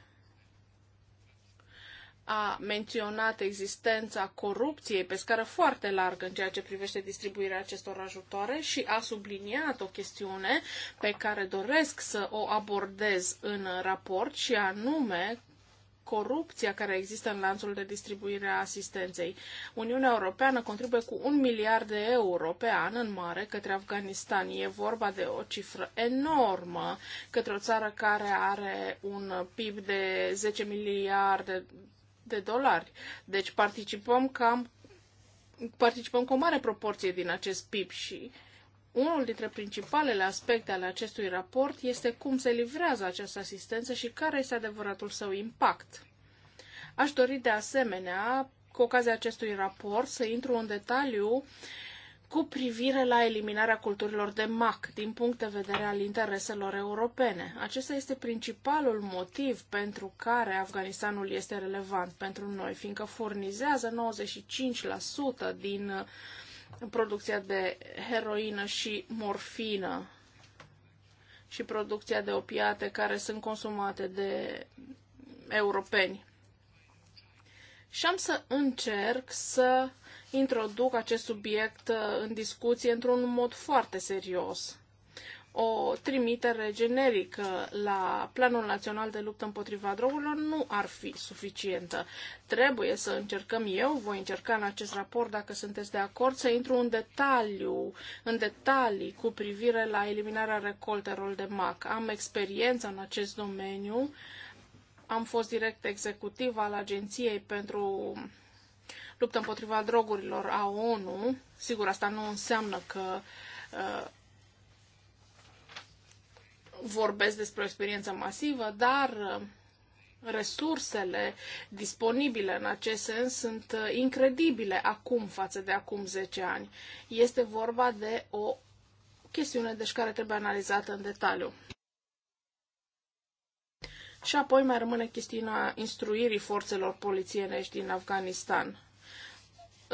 a menționat existența corupției pe scară foarte largă în ceea ce privește distribuirea acestor ajutoare și a subliniat o chestiune pe care doresc să o abordez în raport și anume corupția care există în lanțul de distribuire a asistenței. Uniunea Europeană contribuie cu un miliard de euro pe an în mare către Afganistan. E vorba de o cifră enormă către o țară care are un PIB de 10 miliarde de dolari. Deci participăm cam participăm cu o mare proporție din acest PIB și unul dintre principalele aspecte ale acestui raport este cum se livrează această asistență și care este adevăratul său impact. Aș dori de asemenea, cu ocazia acestui raport, să intru în detaliu cu privire la eliminarea culturilor de mac din punct de vedere al intereselor europene. Acesta este principalul motiv pentru care Afganistanul este relevant pentru noi, fiindcă furnizează 95% din producția de heroină și morfină și producția de opiate care sunt consumate de europeni. Și am să încerc să introduc acest subiect uh, în discuție într-un mod foarte serios o trimitere generică la Planul Național de Luptă împotriva drogurilor nu ar fi suficientă. Trebuie să încercăm eu, voi încerca în acest raport, dacă sunteți de acord, să intru în detaliu, în detalii cu privire la eliminarea recoltelor de mac. Am experiență în acest domeniu, am fost direct executiv al Agenției pentru luptă împotriva drogurilor a ONU. Sigur, asta nu înseamnă că uh, vorbesc despre o experiență masivă, dar uh, resursele disponibile în acest sens sunt uh, incredibile acum față de acum 10 ani. Este vorba de o chestiune deci care trebuie analizată în detaliu. Și apoi mai rămâne chestiunea instruirii forțelor polițienești din Afganistan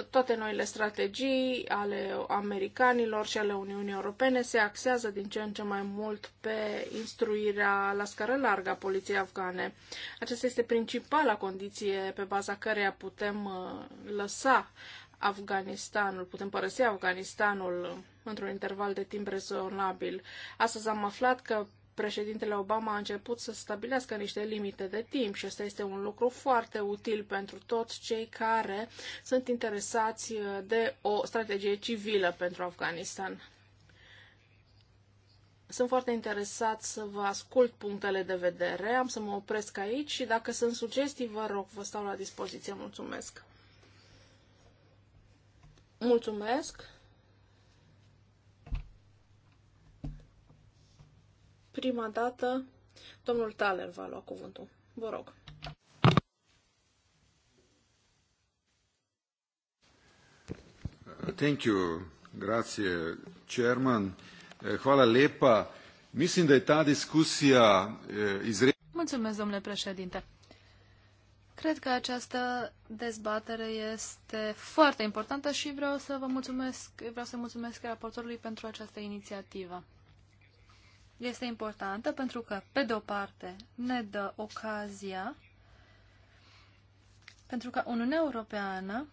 toate noile strategii ale americanilor și ale Uniunii Europene se axează din ce în ce mai mult pe instruirea la scară largă a poliției afgane. Aceasta este principala condiție pe baza căreia putem uh, lăsa Afganistanul, putem părăsi Afganistanul într-un interval de timp rezonabil. Astăzi am aflat că președintele Obama a început să stabilească niște limite de timp și asta este un lucru foarte util pentru toți cei care sunt interesați de o strategie civilă pentru Afganistan. Sunt foarte interesat să vă ascult punctele de vedere. Am să mă opresc aici și dacă sunt sugestii, vă rog, vă stau la dispoziție. Mulțumesc! Mulțumesc! Prima dată, domnul Taler va lua cuvântul. Vă rog. Thank you. Grazie, chairman. Eh, hvala lepa. Mislim da je ta diskusija eh, izre... Mulțumesc, domnule președinte. Cred că această dezbatere este foarte importantă și vreau să vă mulțumesc, vreau să mulțumesc raportorului pentru această inițiativă este importantă pentru că, pe de o parte, ne dă ocazia pentru ca Uniunea Europeană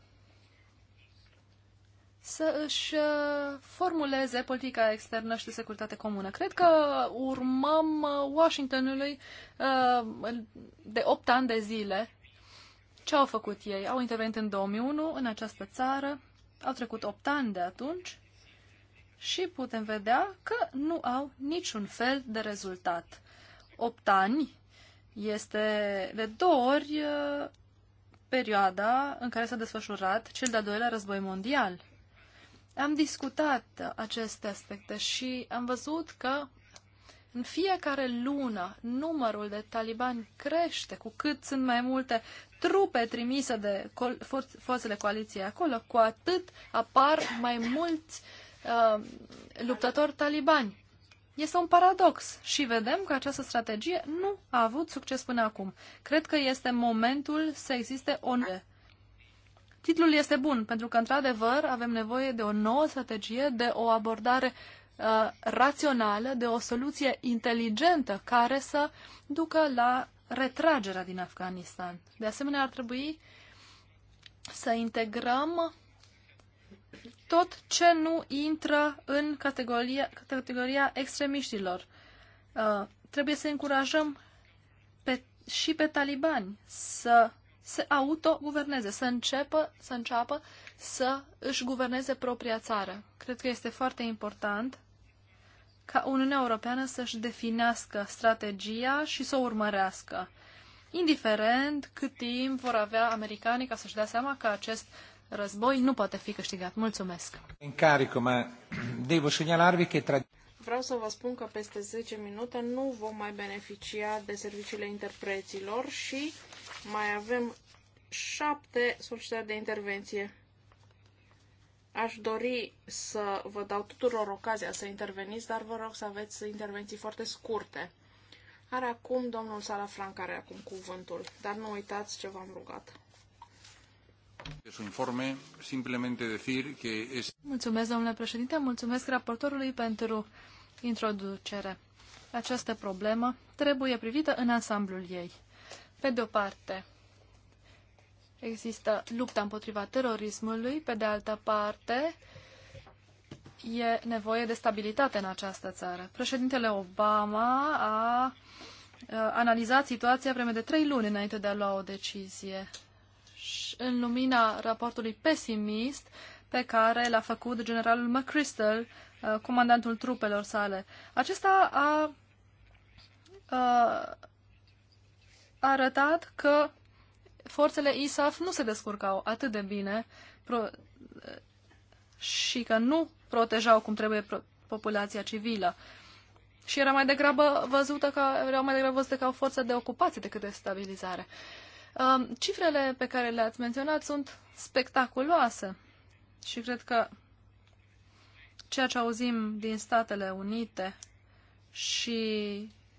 să își uh, formuleze politica externă și de securitate comună. Cred că urmăm uh, Washingtonului uh, de 8 ani de zile. Ce au făcut ei? Au intervenit în 2001 în această țară, au trecut 8 ani de atunci și putem vedea că nu au niciun fel de rezultat. 8 ani este de două ori uh, perioada în care s-a desfășurat cel de-al doilea război mondial. Am discutat aceste aspecte și am văzut că în fiecare lună numărul de talibani crește cu cât sunt mai multe trupe trimise de forțele coaliției acolo, cu atât apar mai mulți uh, Uh, luptători talibani. Este un paradox și vedem că această strategie nu a avut succes până acum. Cred că este momentul să existe o Titlul este bun, pentru că, într-adevăr, avem nevoie de o nouă strategie, de o abordare uh, rațională, de o soluție inteligentă care să ducă la retragerea din Afganistan. De asemenea, ar trebui să integrăm tot ce nu intră în categoria, categoria extremiștilor. Uh, trebuie să încurajăm pe, și pe talibani să se autoguverneze, să înceapă, să înceapă să își guverneze propria țară. Cred că este foarte important ca Uniunea Europeană să-și definească strategia și să o urmărească indiferent cât timp vor avea americanii ca să-și dea seama că acest război nu poate fi câștigat. Mulțumesc! Încarico, ma devo segnalarvi che tra... Vreau să vă spun că peste 10 minute nu vom mai beneficia de serviciile interpreților și mai avem șapte solicitări de intervenție. Aș dori să vă dau tuturor ocazia să interveniți, dar vă rog să aveți intervenții foarte scurte. Are acum domnul Sala care are acum cuvântul, dar nu uitați ce v-am rugat. Mulțumesc, domnule președinte, mulțumesc raportorului pentru introducere. Această problemă trebuie privită în ansamblul ei. Pe de o parte, există lupta împotriva terorismului, pe de altă parte, e nevoie de stabilitate în această țară. Președintele Obama a analizat situația vreme de trei luni înainte de a lua o decizie în lumina raportului pesimist pe care l-a făcut generalul McChrystal, uh, comandantul trupelor sale. Acesta a, uh, a arătat că forțele ISAF nu se descurcau atât de bine pro- uh, și că nu protejau cum trebuie pro- populația civilă. Și era mai degrabă văzută ca, erau mai degrabă văzute ca o forță de ocupație decât de stabilizare. Uh, Cifrele pe care le-ați menționat sunt spectaculoase și cred că ceea ce auzim din Statele Unite și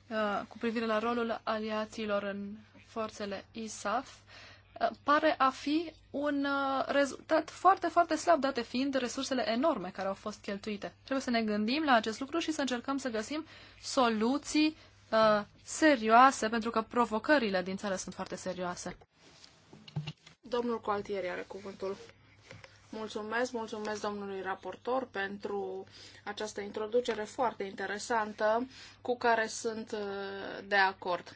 uh, cu privire la rolul aliaților în forțele ISAF uh, pare a fi un uh, rezultat foarte, foarte slab, date fiind resursele enorme care au fost cheltuite. Trebuie să ne gândim la acest lucru și să încercăm să găsim soluții Uh, serioase, pentru că provocările din țară sunt foarte serioase. Domnul Coaltieri are cuvântul. Mulțumesc, mulțumesc domnului raportor pentru această introducere foarte interesantă cu care sunt uh, de acord.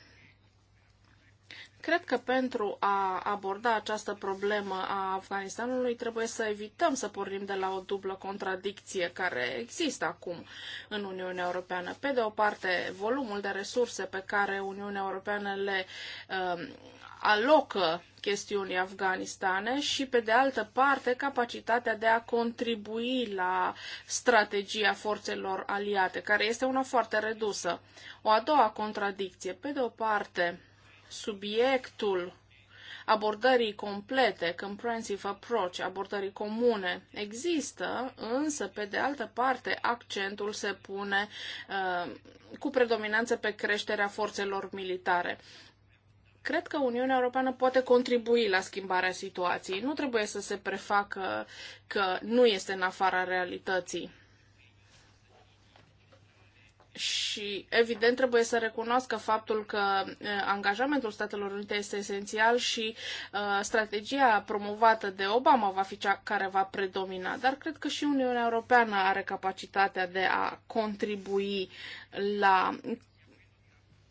Cred că pentru a aborda această problemă a Afganistanului trebuie să evităm să pornim de la o dublă contradicție care există acum în Uniunea Europeană. Pe de o parte, volumul de resurse pe care Uniunea Europeană le uh, alocă chestiunii afganistane și, pe de altă parte, capacitatea de a contribui la strategia forțelor aliate, care este una foarte redusă. O a doua contradicție, pe de o parte, subiectul abordării complete, comprehensive approach, abordării comune există, însă, pe de altă parte, accentul se pune uh, cu predominanță pe creșterea forțelor militare. Cred că Uniunea Europeană poate contribui la schimbarea situației. Nu trebuie să se prefacă că nu este în afara realității și, evident, trebuie să recunoască faptul că angajamentul Statelor Unite este esențial și uh, strategia promovată de Obama va fi cea care va predomina. Dar cred că și Uniunea Europeană are capacitatea de a contribui la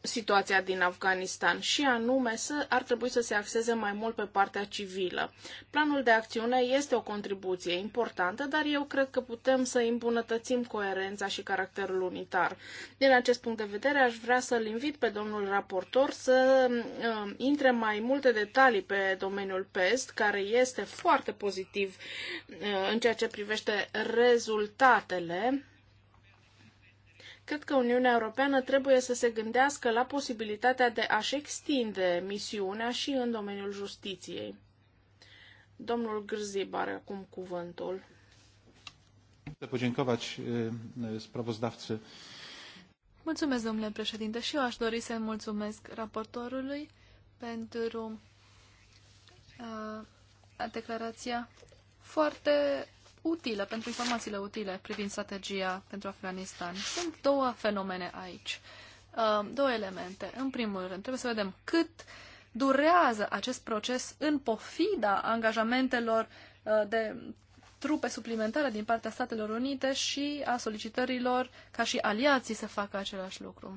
situația din Afganistan și anume să, ar trebui să se axeze mai mult pe partea civilă. Planul de acțiune este o contribuție importantă, dar eu cred că putem să îmbunătățim coerența și caracterul unitar. Din acest punct de vedere, aș vrea să-l invit pe domnul raportor să uh, intre mai multe detalii pe domeniul PEST, care este foarte pozitiv uh, în ceea ce privește rezultatele Cred că Uniunea Europeană trebuie să se gândească la posibilitatea de a-și extinde misiunea și în domeniul justiției. Domnul Grzib are acum cuvântul. Podziękować sprawozdawcy. Mulțumesc, domnule președinte, și eu aș dori să-i mulțumesc raportorului pentru uh, declarația foarte utile, pentru informațiile utile privind strategia pentru Afganistan. Sunt două fenomene aici, um, două elemente. În primul rând, trebuie să vedem cât durează acest proces în pofida angajamentelor uh, de trupe suplimentare din partea Statelor Unite și a solicitărilor ca și aliații să facă același lucru.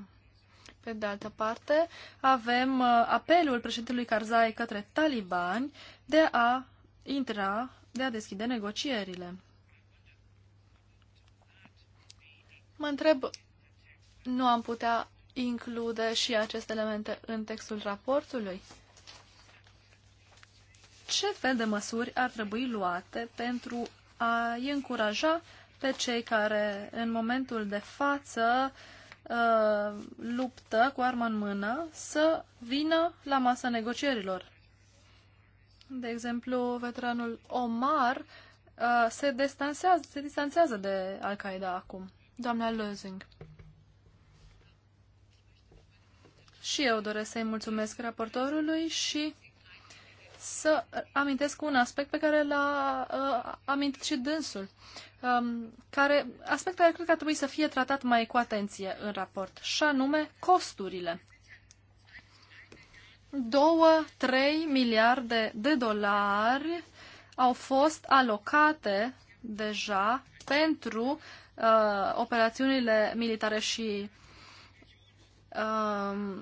Pe de altă parte, avem uh, apelul președintelui Karzai către talibani de a intra de a deschide negocierile. Mă întreb, nu am putea include și aceste elemente în textul raportului? Ce fel de măsuri ar trebui luate pentru a încuraja pe cei care în momentul de față uh, luptă cu arma în mână să vină la masa negocierilor? De exemplu, veteranul Omar uh, se, distanțează, se distanțează de Al-Qaeda acum. Doamna Lozing. Și eu doresc să-i mulțumesc raportorului și să amintesc un aspect pe care l-a uh, amintit și dânsul, um, care, aspect care cred că ar trebui să fie tratat mai cu atenție în raport, și anume costurile. 2-3 miliarde de dolari au fost alocate deja pentru uh, operațiunile militare și uh,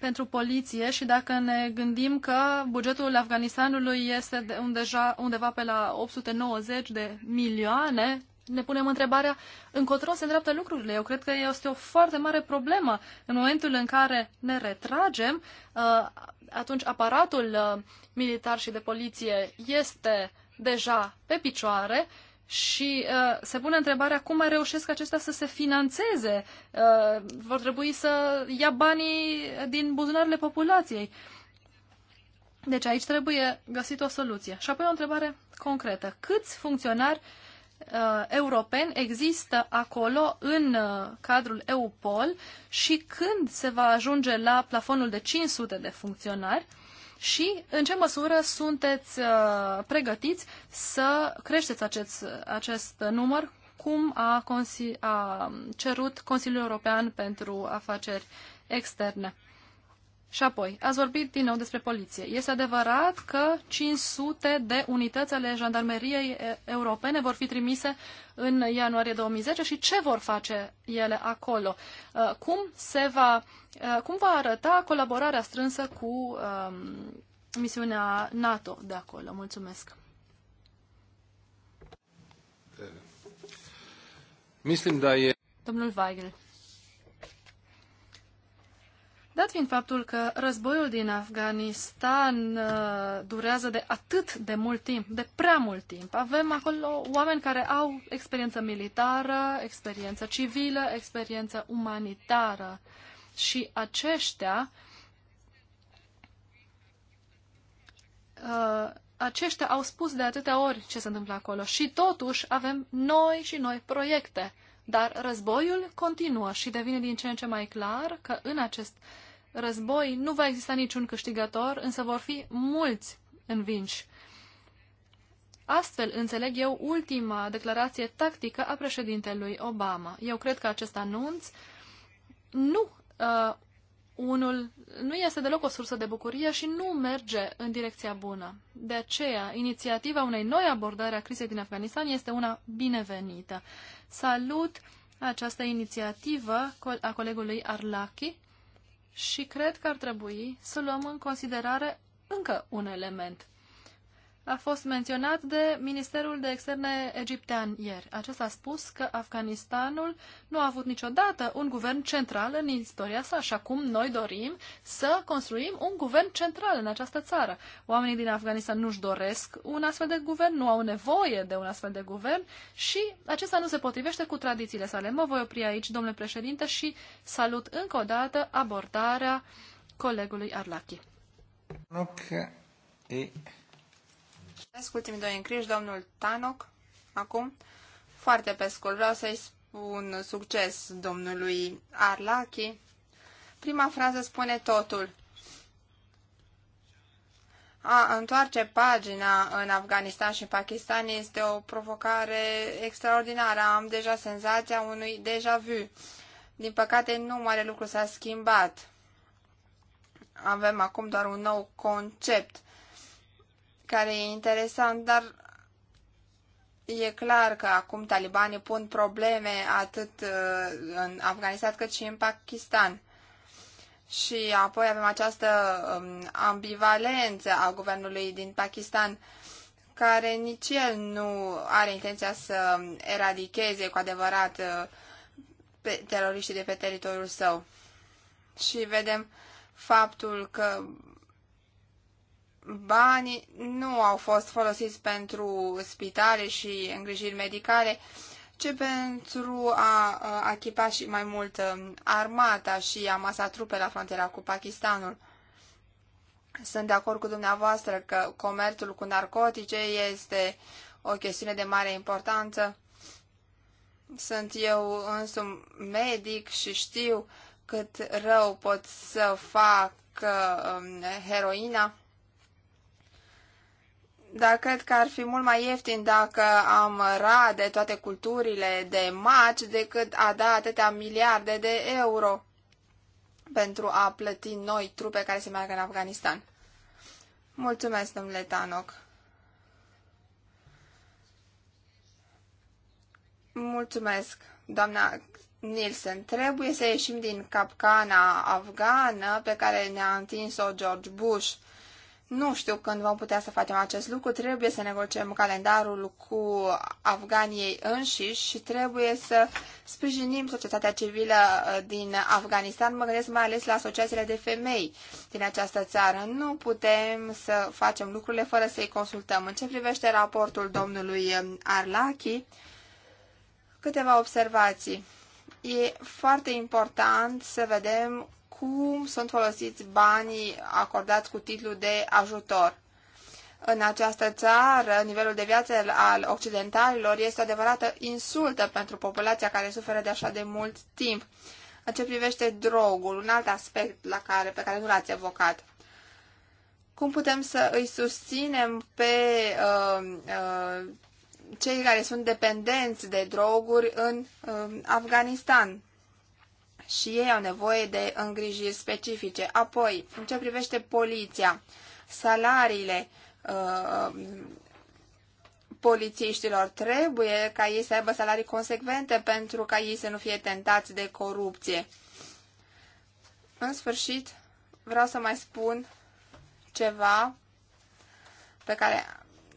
pentru poliție și dacă ne gândim că bugetul Afganistanului este de undeja, undeva pe la 890 de milioane ne punem întrebarea încotro se îndreaptă lucrurile. Eu cred că este o foarte mare problemă. În momentul în care ne retragem, uh, atunci aparatul uh, militar și de poliție este deja pe picioare și uh, se pune întrebarea cum mai reușesc acestea să se financeze. Uh, vor trebui să ia banii din buzunarele populației. Deci aici trebuie găsit o soluție. Și apoi o întrebare concretă. Câți funcționari uh, uh, europeni există acolo în uh, cadrul EUPOL și când se va ajunge la plafonul de 500 de funcționari și în ce măsură sunteți uh, pregătiți să creșteți acest, acest număr cum a, a cerut Consiliul European pentru Afaceri Externe. Și apoi, ați vorbit din nou despre poliție. Este adevărat că 500 de unități ale jandarmeriei europene vor fi trimise în ianuarie 2010 și ce vor face ele acolo? Uh, cum, se va, uh, cum va arăta colaborarea strânsă cu um, misiunea NATO de acolo? Mulțumesc! Mislim da je... Domnul Weigel. Dat fiind faptul că războiul din Afganistan uh, durează de atât de mult timp, de prea mult timp, avem acolo oameni care au experiență militară, experiență civilă, experiență umanitară și aceștia uh, aceștia au spus de atâtea ori ce se întâmplă acolo și totuși avem noi și noi proiecte. Dar războiul continuă și devine din ce în ce mai clar că în acest uh, război nu va exista niciun câștigător, însă vor fi mulți învinși. Astfel înțeleg eu ultima declarație tactică a președintelui Obama. Eu cred că acest anunț nu uh, unul nu este deloc o sursă de bucurie și nu merge în direcția bună. De aceea, inițiativa unei noi abordări a crizei din Afganistan este una binevenită. Salut această inițiativă a colegului Arlachi și cred că ar trebui să luăm în considerare încă un element a fost menționat de Ministerul de Externe egiptean ieri. Acesta a spus că Afganistanul nu a avut niciodată un guvern central în istoria sa și acum noi dorim să construim un guvern central în această țară. Oamenii din Afganistan nu-și doresc un astfel de guvern, nu au nevoie de un astfel de guvern și acesta nu se potrivește cu tradițiile sale. Mă voi opri aici, domnule președinte, și salut încă o dată abordarea colegului Arlachi. Okay. E... Ultimii doi încriși, domnul Tanoc, acum, foarte pe scurt, vreau să-i spun succes domnului Arlachi. Prima frază spune totul. A întoarce pagina în Afganistan și Pakistan este o provocare extraordinară. Am deja senzația unui deja vu. Din păcate, nu mare lucru s-a schimbat. Avem acum doar un nou concept care e interesant, dar e clar că acum talibanii pun probleme atât uh, în Afganistan cât și în Pakistan. Și apoi avem această um, ambivalență a guvernului din Pakistan, care nici el nu are intenția să eradicheze cu adevărat uh, pe teroriștii de pe teritoriul său. Și vedem faptul că banii nu au fost folosiți pentru spitale și îngrijiri medicale, ci pentru a achipa și mai mult um, armata și masa trupe la frontiera cu Pakistanul. Sunt de acord cu dumneavoastră că comerțul cu narcotice este o chestiune de mare importanță. Sunt eu însumi medic și știu cât rău pot să fac um, heroina. Dar cred că ar fi mult mai ieftin dacă am rade toate culturile de maci decât a da atâtea miliarde de euro pentru a plăti noi trupe care se meargă în Afganistan. Mulțumesc, domnule Tanoc. Mulțumesc, doamna Nielsen. Trebuie să ieșim din capcana afgană pe care ne-a întins-o George Bush – nu știu când vom putea să facem acest lucru, trebuie să negociem calendarul cu Afganiei înșiși și trebuie să sprijinim societatea civilă uh, din Afganistan, mă gândesc mai ales la asociațiile de femei din această țară. Nu putem să facem lucrurile fără să-i consultăm. În ce privește raportul domnului uh, Arlachi, câteva observații. E foarte important să vedem cum sunt folosiți banii acordați cu titlul de ajutor. În această țară, nivelul de viață al occidentalilor este o adevărată insultă pentru populația care suferă de așa de mult timp. În ce privește drogul, un alt aspect la care, pe care nu l-ați evocat. Cum putem să îi susținem pe uh, uh, cei care sunt dependenți de droguri în uh, Afganistan? și ei au nevoie de îngrijiri specifice. Apoi, în ce privește poliția, salariile uh, polițiștilor trebuie ca ei să aibă salarii consecvente pentru ca ei să nu fie tentați de corupție. În sfârșit, vreau să mai spun ceva pe care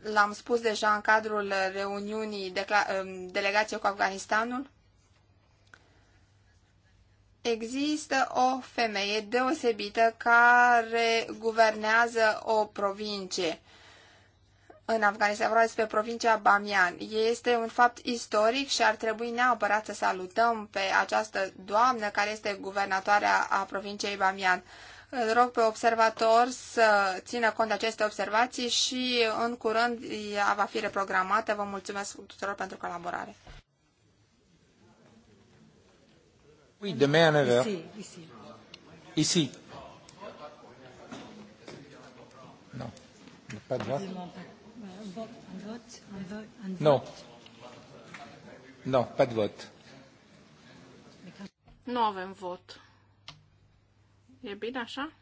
l-am spus deja în cadrul reuniunii um, delegației cu Afganistanul. Există o femeie deosebită care guvernează o provincie. În Afganistan vreau despre provincia Bamian. Este un fapt istoric și ar trebui neapărat să salutăm pe această doamnă care este guvernatoarea a provinciei Bamian. Îl rog pe observator să țină cont de aceste observații și în curând ea va fi reprogramată. Vă mulțumesc tuturor pentru colaborare. Oui, demain à 9h. Ici, ici. Ici. Non. Pas de euh, vote. Non. Non, pas de vot. Nu avem vot. E bine așa?